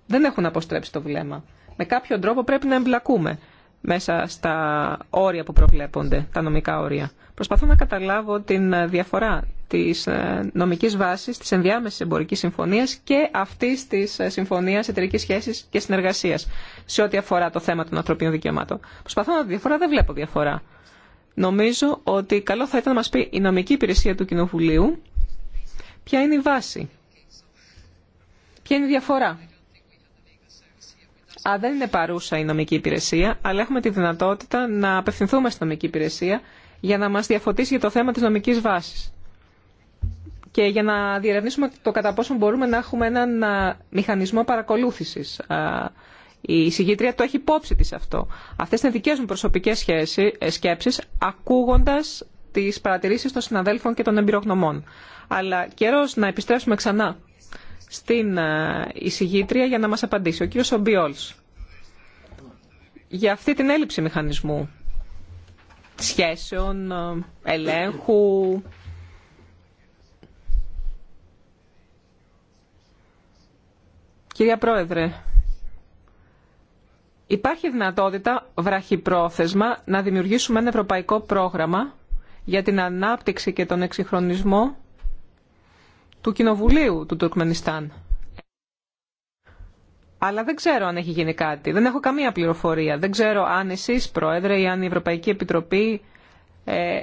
δεν έχουν αποστρέψει το βλέμμα. Με κάποιο τρόπο πρέπει να εμπλακούμε μέσα στα όρια που προβλέπονται, τα νομικά όρια. Προσπαθώ να καταλάβω την ε, διαφορά της ε, νομικής βάσης, της ενδιάμεσης εμπορικής συμφωνίας και αυτής της ε, συμφωνίας εταιρικής σχέσης και συνεργασίας σε ό,τι αφορά το θέμα των ανθρωπίνων δικαιωμάτων. Προσπαθώ να δω διαφορά, δεν βλέπω διαφορά. Νομίζω ότι καλό θα ήταν να μας πει η νομική υπηρεσία του Κοινοβουλίου ποια είναι η βάση, ποια είναι η διαφορά. Α, δεν είναι παρούσα η νομική υπηρεσία, αλλά έχουμε τη δυνατότητα να απευθυνθούμε στην νομική υπηρεσία για να μας διαφωτίσει για το θέμα της νομικής βάσης και για να διερευνήσουμε το κατά πόσο μπορούμε να έχουμε έναν μηχανισμό παρακολούθησης. Η συγγήτρια το έχει υπόψη της αυτό. Αυτές είναι δικές μου προσωπικές ε, σκέψεις, ακούγοντας τις παρατηρήσεις των συναδέλφων και των εμπειρογνωμών. Αλλά καιρός να επιστρέψουμε ξανά στην εισηγήτρια για να μας απαντήσει. Ο κύριος Ομπιόλς. Για αυτή την έλλειψη μηχανισμού σχέσεων, ε, ελέγχου. Κυρία Πρόεδρε, υπάρχει δυνατότητα βραχυπρόθεσμα να δημιουργήσουμε ένα ευρωπαϊκό πρόγραμμα για την ανάπτυξη και τον εξυγχρονισμό του Κοινοβουλίου του Τουρκμενιστάν. Αλλά δεν ξέρω αν έχει γίνει κάτι. Δεν έχω καμία πληροφορία. Δεν ξέρω αν εσεί, Πρόεδρε, ή αν η Ευρωπαϊκή Επιτροπή ε,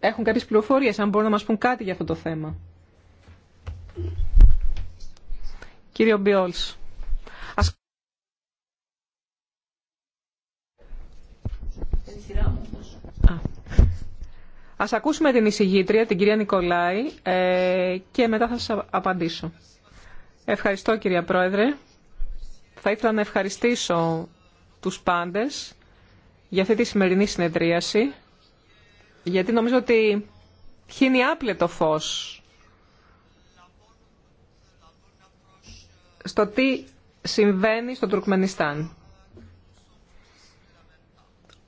έχουν κάποιε πληροφορίες, αν μπορούν να μας πούν κάτι για αυτό το θέμα. Κύριο Μπιόλς. Ας ακούσουμε την εισηγήτρια, την κυρία Νικολάη, ε, και μετά θα σας απαντήσω. Ευχαριστώ κυρία Πρόεδρε. Θα ήθελα να ευχαριστήσω τους πάντες για αυτή τη σημερινή συνεδρίαση, γιατί νομίζω ότι χύνει το φως στο τι συμβαίνει στο Τουρκμενιστάν.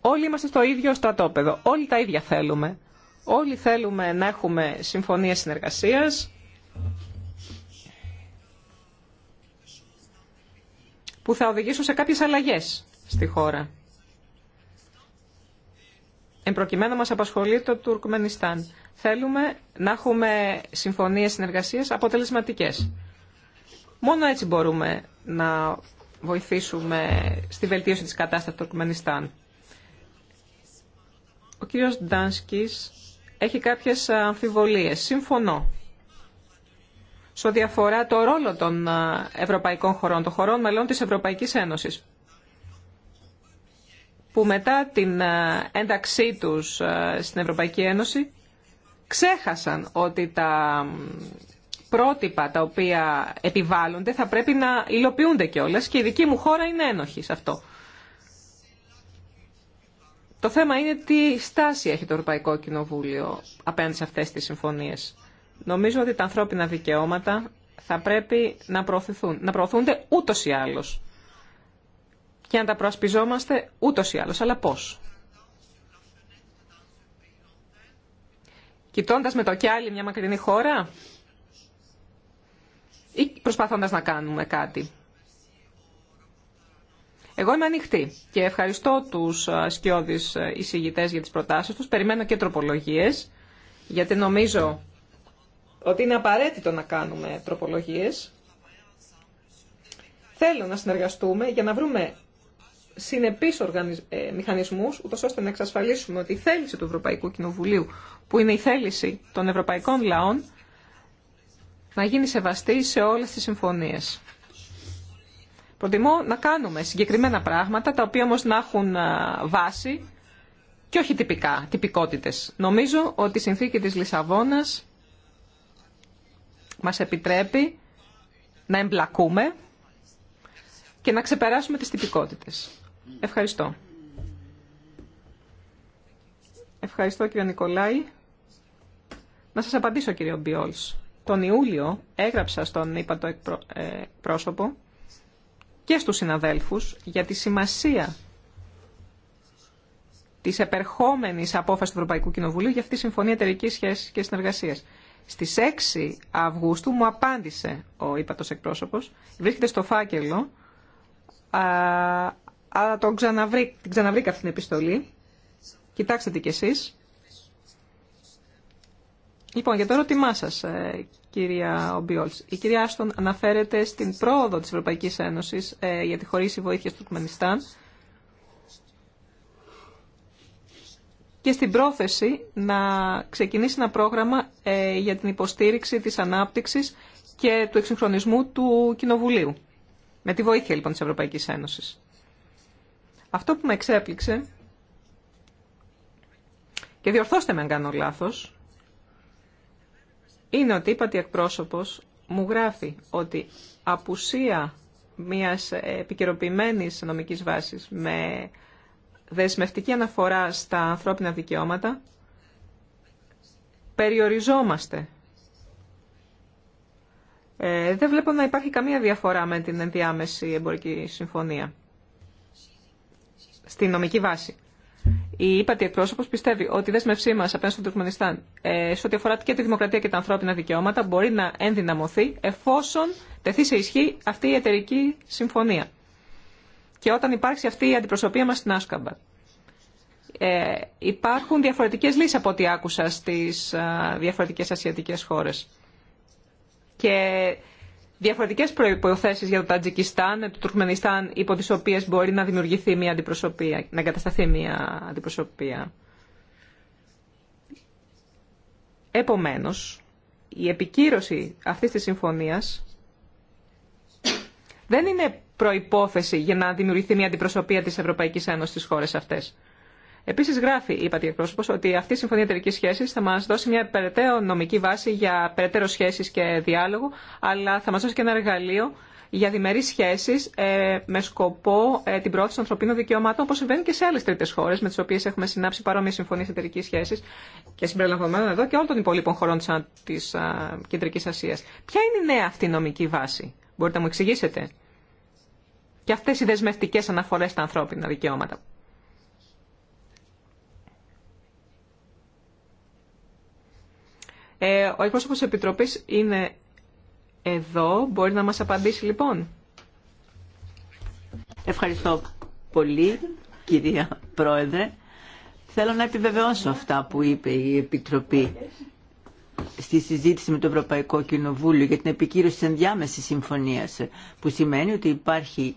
Όλοι είμαστε στο ίδιο στρατόπεδο, όλοι τα ίδια θέλουμε. Όλοι θέλουμε να έχουμε συμφωνίες συνεργασίας, που θα οδηγήσουν σε κάποιες αλλαγές στη χώρα. Εν προκειμένου μας απασχολεί το Τουρκμενιστάν. Θέλουμε να έχουμε συμφωνίες συνεργασίες, αποτελεσματικές. Μόνο έτσι μπορούμε να βοηθήσουμε στη βελτίωση της κατάστασης του Τουρκμενιστάν. Ο κύριος Ντάνσκης έχει κάποιες αμφιβολίες. Συμφωνώ σε ό,τι αφορά το ρόλο των ε, ευρωπαϊκών χωρών, των χωρών μελών της Ευρωπαϊκής Ένωσης, που μετά την ε, ένταξή τους ε, στην Ευρωπαϊκή Ένωση ξέχασαν ότι τα πρότυπα τα οποία επιβάλλονται θα πρέπει να υλοποιούνται κιόλας και η δική μου χώρα είναι ένοχη σε αυτό. Το θέμα είναι τι στάση έχει το Ευρωπαϊκό Κοινοβούλιο απέναντι σε αυτές τις συμφωνίες. Νομίζω ότι τα ανθρώπινα δικαιώματα θα πρέπει να, προωθηθούν, να προωθούνται ούτω ή άλλω. και να τα προασπιζόμαστε ούτω ή άλλω. Αλλά πώς. Κοιτώντα με το κι άλλη μια μακρινή χώρα ή προσπαθώντας να κάνουμε κάτι. Εγώ είμαι ανοιχτή και ευχαριστώ τους ε, σκιώδεις ε, εισηγητές για τις προτάσεις τους. Περιμένω και τροπολογίες γιατί νομίζω ότι είναι απαραίτητο να κάνουμε τροπολογίες. Θέλω να συνεργαστούμε για να βρούμε συνεπείς ε, μηχανισμούς, ούτως ώστε να εξασφαλίσουμε ότι η θέληση του Ευρωπαϊκού Κοινοβουλίου, που είναι η θέληση των ευρωπαϊκών λαών, να γίνει σεβαστή σε όλες τις συμφωνίες. Προτιμώ να κάνουμε συγκεκριμένα πράγματα, τα οποία όμως να έχουν βάση και όχι τυπικά, τυπικότητες. Νομίζω ότι η συνθήκη της Λισαβόνας μας επιτρέπει να εμπλακούμε και να ξεπεράσουμε τις τυπικότητες. Ευχαριστώ. Ευχαριστώ κύριε Νικολάη. Να σας απαντήσω κύριο Μπιόλς. Τον Ιούλιο έγραψα στον το ε, πρόσωπο και στους συναδέλφους για τη σημασία της επερχόμενης απόφασης του Ευρωπαϊκού Κοινοβουλίου για αυτή τη Συμφωνία Εταιρικής Σχέσης και Συνεργασίας. Στις 6 Αυγούστου μου απάντησε ο ύπατος εκπρόσωπος. Βρίσκεται στο φάκελο, αλλά τον ξαναβρή, την ξαναβρήκα αυτήν την επιστολή. Κοιτάξτε τι κι εσείς. Λοιπόν, για το ερώτημά σας, ε, κυρία Ομπιόλς. Η κυρία Άστον αναφέρεται στην πρόοδο της Ευρωπαϊκής Ένωσης ε, για τη χωρίση βοήθεια του Τουρκμενιστάν και στην πρόθεση να ξεκινήσει ένα πρόγραμμα ε, για την υποστήριξη της ανάπτυξης και του εξυγχρονισμού του Κοινοβουλίου. Με τη βοήθεια λοιπόν της Ευρωπαϊκής Ένωσης. Αυτό που με εξέπληξε, και διορθώστε με αν κάνω λάθος, είναι ότι είπα εκπρόσωπος μου γράφει ότι απουσία μιας ε, επικαιροποιημένης νομικής βάσης με δεσμευτική αναφορά στα ανθρώπινα δικαιώματα, περιοριζόμαστε. Ε, δεν βλέπω να υπάρχει καμία διαφορά με την ενδιάμεση εμπορική συμφωνία στη νομική βάση. Η ύπατη εκπρόσωπο πιστεύει ότι η δέσμευσή μα απέναντι στο Τουρκμενιστάν ε, σε ό,τι αφορά και τη δημοκρατία και τα ανθρώπινα δικαιώματα μπορεί να ενδυναμωθεί εφόσον τεθεί σε ισχύ αυτή η εταιρική συμφωνία και όταν υπάρξει αυτή η αντιπροσωπεία μας στην Άσκαμπα. Ε, υπάρχουν διαφορετικές λύσεις από ό,τι άκουσα στις α, ε, διαφορετικές ασιατικές χώρες. Και διαφορετικές προϋποθέσεις για το Τατζικιστάν, ε, το Τουρκμενιστάν, υπό τις οποίες μπορεί να δημιουργηθεί μια αντιπροσωπεία, να εγκατασταθεί μια αντιπροσωπεία. Επομένως, η επικύρωση αυτής της συμφωνίας δεν είναι προϋπόθεση για να δημιουργηθεί μια αντιπροσωπεία της Ευρωπαϊκής Ένωσης στις χώρες αυτές. Επίσης γράφει, είπα την εκπρόσωπος, ότι αυτή η Συμφωνία Εταιρικής Σχέσης θα μας δώσει μια περαιτέρω νομική βάση για περαιτέρω σχέσεις και διάλογο, αλλά θα μας δώσει και ένα εργαλείο για διμερείς σχέσεις ε, με σκοπό ε, την πρόθεση των ανθρωπίνων δικαιωμάτων, όπως συμβαίνει και σε άλλες τρίτες χώρες με τις οποίες έχουμε συνάψει παρόμοιες συμφωνίες εταιρικής σχέσης και συμπεριλαμβανομένων εδώ και όλων των υπολείπων χωρών της, της α, Κεντρικής Ασίας. Ποια είναι η νέα αυτή νομική βάση, μπορείτε να μου εξηγήσετε και αυτές οι δεσμευτικές αναφορές στα ανθρώπινα δικαιώματα. Ε, ο εκπρόσωπος της Επιτροπής είναι εδώ. Μπορεί να μας απαντήσει λοιπόν. Ευχαριστώ πολύ κυρία Πρόεδρε. Θέλω να επιβεβαιώσω αυτά που είπε η Επιτροπή στη συζήτηση με το Ευρωπαϊκό Κοινοβούλιο για την επικύρωση της ενδιάμεσης συμφωνίας που σημαίνει ότι υπάρχει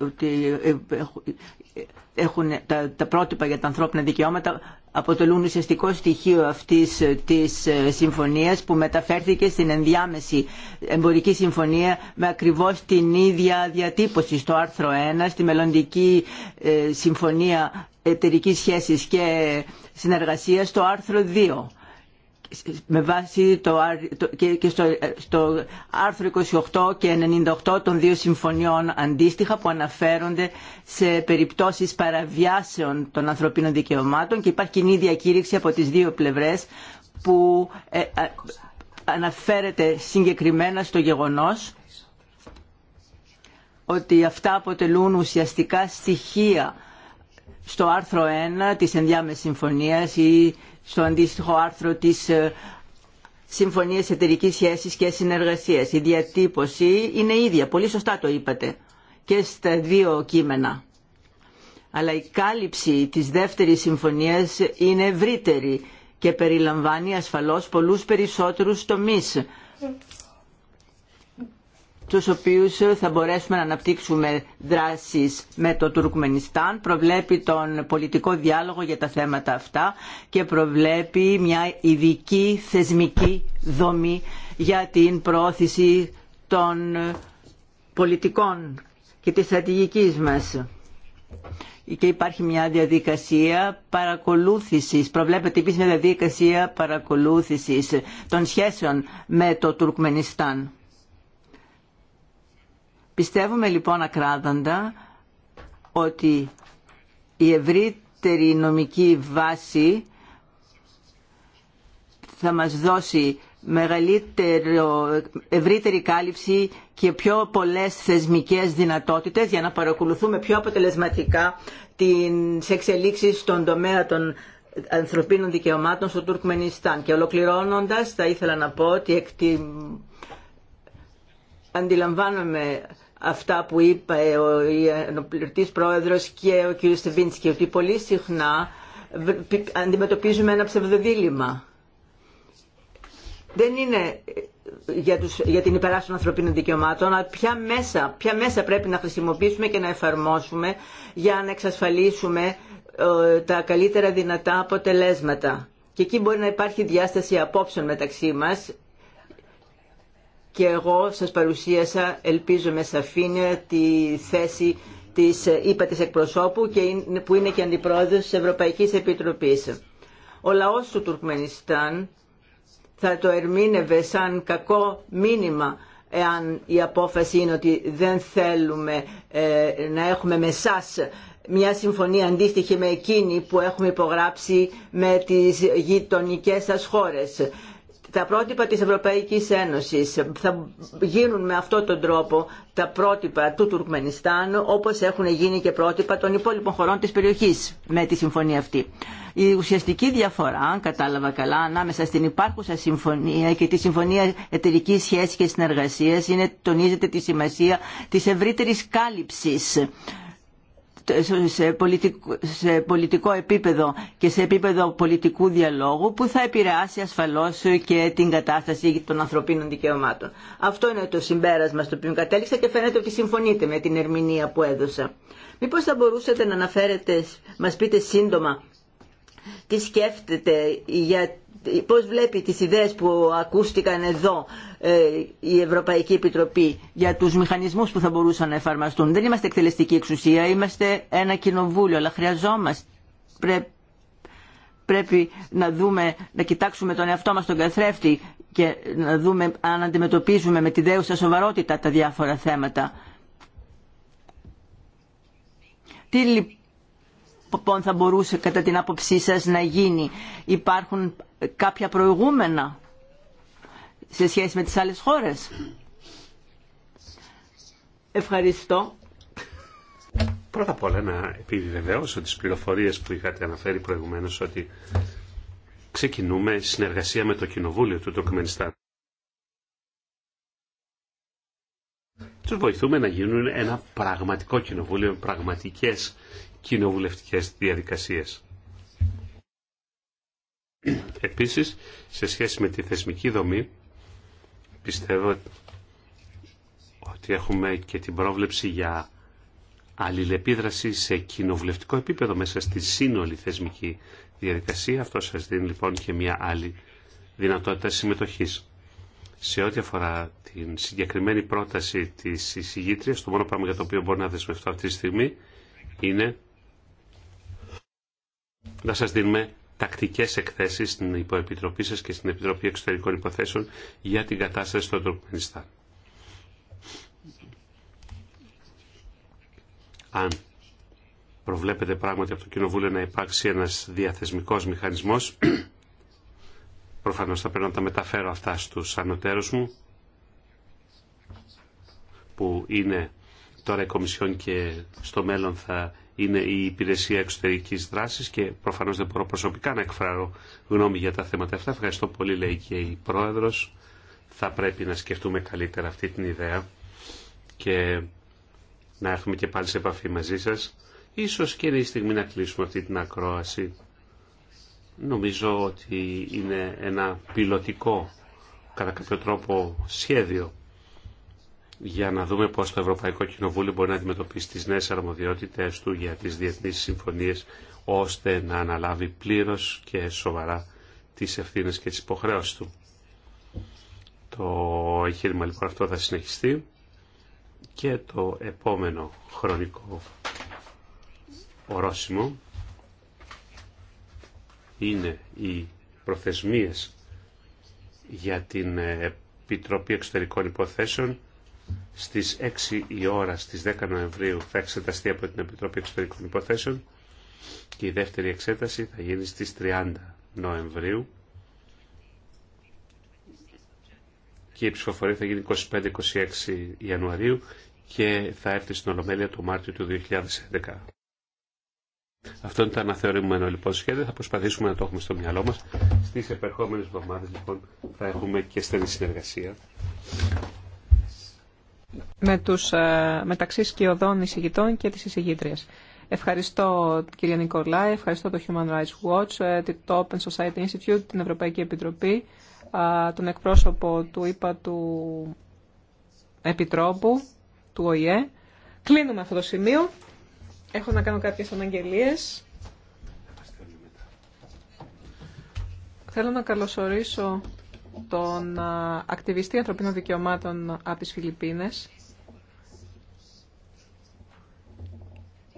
ότι έχουν τα, τα πρότυπα για τα ανθρώπινα δικαιώματα αποτελούν ουσιαστικό στοιχείο αυτής της ε, συμφωνίας που μεταφέρθηκε στην ενδιάμεση εμπορική συμφωνία με ακριβώς την ίδια διατύπωση στο άρθρο 1 στη μελλοντική ε, συμφωνία εταιρικής σχέσης και συνεργασίας στο άρθρο 2 με βάση το, και στο, ε, στο άρθρο 28 και 98 των δύο συμφωνιών αντίστοιχα που αναφέρονται σε περιπτώσεις παραβιάσεων των ανθρωπίνων δικαιωμάτων και υπάρχει κοινή διακήρυξη από τις δύο πλευρές που ε, ε, αναφέρεται συγκεκριμένα στο γεγονός ότι αυτά αποτελούν ουσιαστικά στοιχεία στο άρθρο 1 της ενδιάμεσης συμφωνίας ή στο αντίστοιχο άρθρο της ε, Συμφωνίας Εταιρικής Σχέσης και Συνεργασίας. Η διατύπωση της συμφωνιας εταιρικη σχεση και συνεργασιας πολύ σωστά το είπατε, και στα δύο κείμενα. Αλλά η κάλυψη της δεύτερης συμφωνίας είναι ευρύτερη και περιλαμβάνει ασφαλώς πολλούς περισσότερους τομείς τους οποίους θα μπορέσουμε να αναπτύξουμε δράσεις με το Τουρκμενιστάν, προβλέπει τον πολιτικό διάλογο για τα θέματα αυτά και προβλέπει μια ειδική θεσμική δομή για την πρόθεση των πολιτικών και της στρατηγικής μας. Και υπάρχει μια διαδικασία παρακολούθησης, προβλέπεται επίσης μια διαδικασία παρακολούθησης των σχέσεων με το Τουρκμενιστάν. Πιστεύουμε λοιπόν ακράδαντα ότι η ευρύτερη νομική βάση θα μας δώσει μεγαλύτερο, ευρύτερη κάλυψη και πιο πολλές θεσμικές δυνατότητες για να παρακολουθούμε πιο αποτελεσματικά τις εξελίξει στον τομέα των ανθρωπίνων δικαιωμάτων στο Τουρκμενιστάν. Και ολοκληρώνοντας θα ήθελα να πω ότι εκτι... αντιλαμβάνομαι αυτά που είπε ο ενοπληρωτής πρόεδρος και ο κ. Στεβίνσκι, ότι πολύ συχνά αντιμετωπίζουμε ένα ψευδοδήλημα. Δεν είναι ε, για, τους, για την υπεράσπιση των ανθρωπίνων δικαιωμάτων, αλλά ποια μέσα, ποια μέσα πρέπει να χρησιμοποιήσουμε και να εφαρμόσουμε για να εξασφαλίσουμε ε, τα καλύτερα δυνατά αποτελέσματα. Και εκεί μπορεί να υπάρχει διάσταση απόψεων μεταξύ μας και εγώ σας παρουσίασα, ελπίζω με σαφήνεια, τη θέση της ΥΠΑ της εκπροσώπου και που είναι και αντιπρόεδρος της Ευρωπαϊκής Επιτροπής. Ο λαός του Τουρκμενιστάν θα το ερμήνευε σαν κακό μήνυμα εάν η απόφαση είναι ότι δεν θέλουμε ε, να έχουμε με σας μια συμφωνία αντίστοιχη με εκείνη που έχουμε υπογράψει με τις γειτονικές σας χώρες τα πρότυπα της Ευρωπαϊκής Ένωσης θα γίνουν με αυτόν τον τρόπο τα πρότυπα του Τουρκμενιστάν όπως έχουν γίνει και πρότυπα των υπόλοιπων χωρών της περιοχής με τη συμφωνία αυτή. Η ουσιαστική διαφορά, αν κατάλαβα καλά, ανάμεσα στην υπάρχουσα συμφωνία και τη συμφωνία εταιρική σχέση και συνεργασία είναι τονίζεται τη σημασία τη ευρύτερη κάλυψης σε πολιτικό, σε πολιτικό επίπεδο και σε επίπεδο πολιτικού διαλόγου που θα επηρεάσει ασφαλώς και την κατάσταση των ανθρωπίνων δικαιωμάτων. Αυτό είναι το συμπέρασμα στο οποίο κατέληξα και φαίνεται ότι συμφωνείτε με την ερμηνεία που έδωσα. Μήπως θα μπορούσατε να αναφέρετε, μας πείτε σύντομα τι σκέφτεται για πώς βλέπει τις ιδέες που ακούστηκαν εδώ ε, η Ευρωπαϊκή Επιτροπή για τους μηχανισμούς που θα μπορούσαν να εφαρμοστούν. Δεν είμαστε εκτελεστική εξουσία, είμαστε ένα κοινοβούλιο, αλλά χρειαζόμαστε, πρέπει να δούμε, να κοιτάξουμε τον εαυτό μας τον καθρέφτη και να δούμε αν αντιμετωπίζουμε με τη δέουσα σοβαρότητα τα διάφορα θέματα. Τι λοιπόν θα μπορούσε κατά την άποψή σας να γίνει. Υπάρχουν κάποια προηγούμενα σε σχέση με τις άλλες χώρες. Ευχαριστώ. Πρώτα απ' όλα να επιβεβαιώσω τις πληροφορίες που είχατε αναφέρει προηγουμένως ότι ξεκινούμε συνεργασία με το Κοινοβούλιο του Τουρκμενιστάν. Τους βοηθούμε να γίνουν ένα πραγματικό κοινοβούλιο, πραγματικές κοινοβουλευτικές διαδικασίες. Επίσης, σε σχέση με τη θεσμική δομή, πιστεύω ότι έχουμε και την πρόβλεψη για αλληλεπίδραση σε κοινοβουλευτικό επίπεδο μέσα στη σύνολη θεσμική διαδικασία. Αυτό σας δίνει λοιπόν και μια άλλη δυνατότητα συμμετοχής. Σε ό,τι αφορά την συγκεκριμένη πρόταση της εισηγήτριας, το μόνο πράγμα για το οποίο μπορώ να δεσμευτώ αυτή τη στιγμή είναι να σας δίνουμε τακτικές εκθέσεις στην Υποεπιτροπή σας και στην Επιτροπή Εξωτερικών Υποθέσεων για την κατάσταση στο Τουρκμενιστάν. Αν προβλέπετε πράγματι από το Κοινοβούλιο να υπάρξει ένας διαθεσμικός μηχανισμός, προφανώς θα πρέπει να τα μεταφέρω αυτά στους ανωτέρους μου, που είναι τώρα η Κομισιόν και στο μέλλον θα είναι η Υπηρεσία Εξωτερικής Δράσης και προφανώς δεν μπορώ προσωπικά να εκφράρω γνώμη για τα θέματα αυτά. Ευχαριστώ πολύ λέει και η Πρόεδρος. Θα πρέπει να σκεφτούμε καλύτερα αυτή την ιδέα και να έρθουμε και πάλι σε επαφή μαζί σα. Ίσως και είναι η στιγμή να κλείσουμε αυτή την ακρόαση. Νομίζω ότι είναι ένα πιλωτικό κατά κάποιο τρόπο σχέδιο για να δούμε πώς το Ευρωπαϊκό Κοινοβούλιο μπορεί να αντιμετωπίσει τις νέες αρμοδιότητες του για τις διεθνείς συμφωνίες ώστε να αναλάβει πλήρως και σοβαρά τις ευθύνες και τις υποχρέωσεις του. Το εγχείρημα λοιπόν αυτό θα συνεχιστεί και το επόμενο χρονικό ορόσημο είναι οι προθεσμίες για την Επιτροπή Εξωτερικών Υποθέσεων στις 6 η ώρα στις 10 Νοεμβρίου θα εξεταστεί από την Επιτροπή Εξωτερικών Υποθέσεων και η δεύτερη εξέταση θα γίνει στις 30 Νοεμβρίου και η ψηφοφορία θα γίνει 25-26 Ιανουαρίου και θα έρθει στην Ολομέλεια το Μάρτιο του 2011. Αυτό είναι το αναθεωρημένο λοιπόν σχέδιο. Θα προσπαθήσουμε να το έχουμε στο μυαλό μας. Στις επερχόμενες εβδομάδες λοιπόν θα έχουμε και στενή συνεργασία με τους, ε, μεταξύ σκιωδών εισηγητών και της εισηγήτριας. Ευχαριστώ κυρία Νικολάη, ευχαριστώ το Human Rights Watch, ε, το Open Society Institute, την Ευρωπαϊκή Επιτροπή, ε, τον εκπρόσωπο του ΙΠΑ του Επιτρόπου, του ΟΗΕ. Κλείνουμε αυτό το σημείο. Έχω να κάνω κάποιες αναγγελίες. Θέλω να καλωσορίσω τον ακτιβιστή ανθρωπίνων δικαιωμάτων από τις Φιλιππίνες,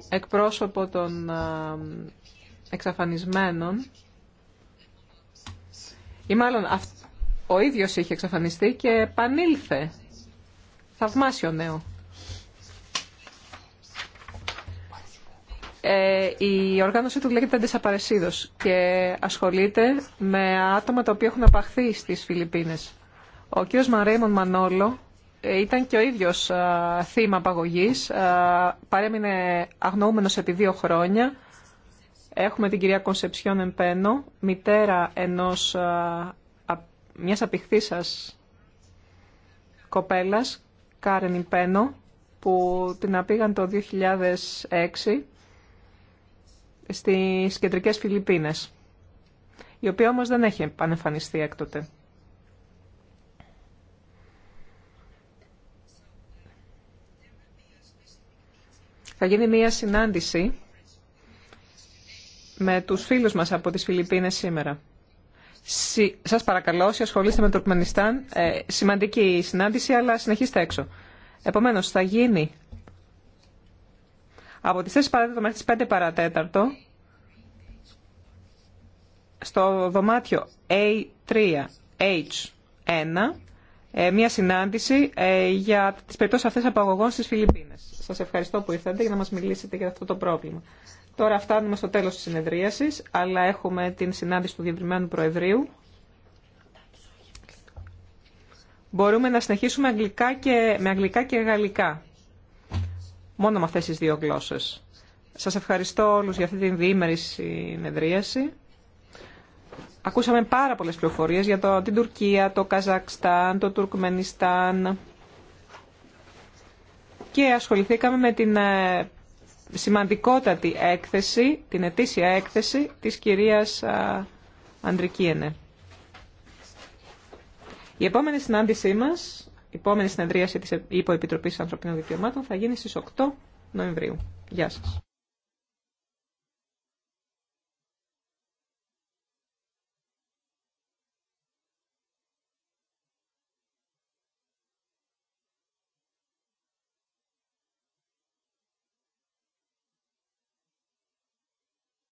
εκπρόσωπο των εξαφανισμένων ή μάλλον ο ίδιος είχε εξαφανιστεί και επανήλθε. Θαυμάσιο νέο. Ε, η οργάνωσή του λέγεται Αντισαπαρεσίδο και ασχολείται με άτομα τα οποία έχουν απαχθεί στι Φιλιππίνες. Ο κ. Μαρέιμον Μανόλο ε, ήταν και ο ίδιο θύμα απαγωγή. παρέμεινε αγνοούμενο επί δύο χρόνια. Έχουμε την κυρία Κονσεψιόν Εμπένο, μητέρα ενός, μιας απειχθήσας κοπέλας, Κάρεν Εμπένο, που την απήγαν το 2006 στις κεντρικές Φιλιππίνες, η οποία όμως δεν έχει επανεμφανιστεί έκτοτε. Θα γίνει μία συνάντηση με τους φίλους μας από τις Φιλιππίνες σήμερα. Σας παρακαλώ, όσοι ασχολείστε με το Τουρκμενιστάν, ε, σημαντική συνάντηση, αλλά συνεχίστε έξω. Επομένως, θα γίνει από τις 4 παρατέταρτο μέχρι τις 5 παρατέταρτο στο δωμάτιο A3H1 ε, μια συνάντηση ε, για τις περιπτώσεις αυτές απαγωγών στις Φιλιππίνες. Σας ευχαριστώ που ήρθατε για να μας μιλήσετε για αυτό το πρόβλημα. Τώρα φτάνουμε στο τέλος της συνεδρίασης, αλλά έχουμε την συνάντηση του Διευρυμένου Προεδρίου. Μπορούμε να συνεχίσουμε αγγλικά και, με αγγλικά και γαλλικά μόνο με αυτές τις δύο γλώσσες. Σας ευχαριστώ όλους για αυτή την διήμερη συνεδρίαση. Ακούσαμε πάρα πολλές πληροφορίες για το, την Τουρκία, το Καζακστάν, το Τουρκμενιστάν και ασχοληθήκαμε με την ε, σημαντικότατη έκθεση, την ετήσια έκθεση της κυρίας Αντρικίενε. Η επόμενη συνάντησή μας η επόμενη συνεδρίαση της Υποεπιτροπής Ανθρωπίνων Δικαιωμάτων θα γίνει στις 8 Νοεμβρίου. Γεια σας.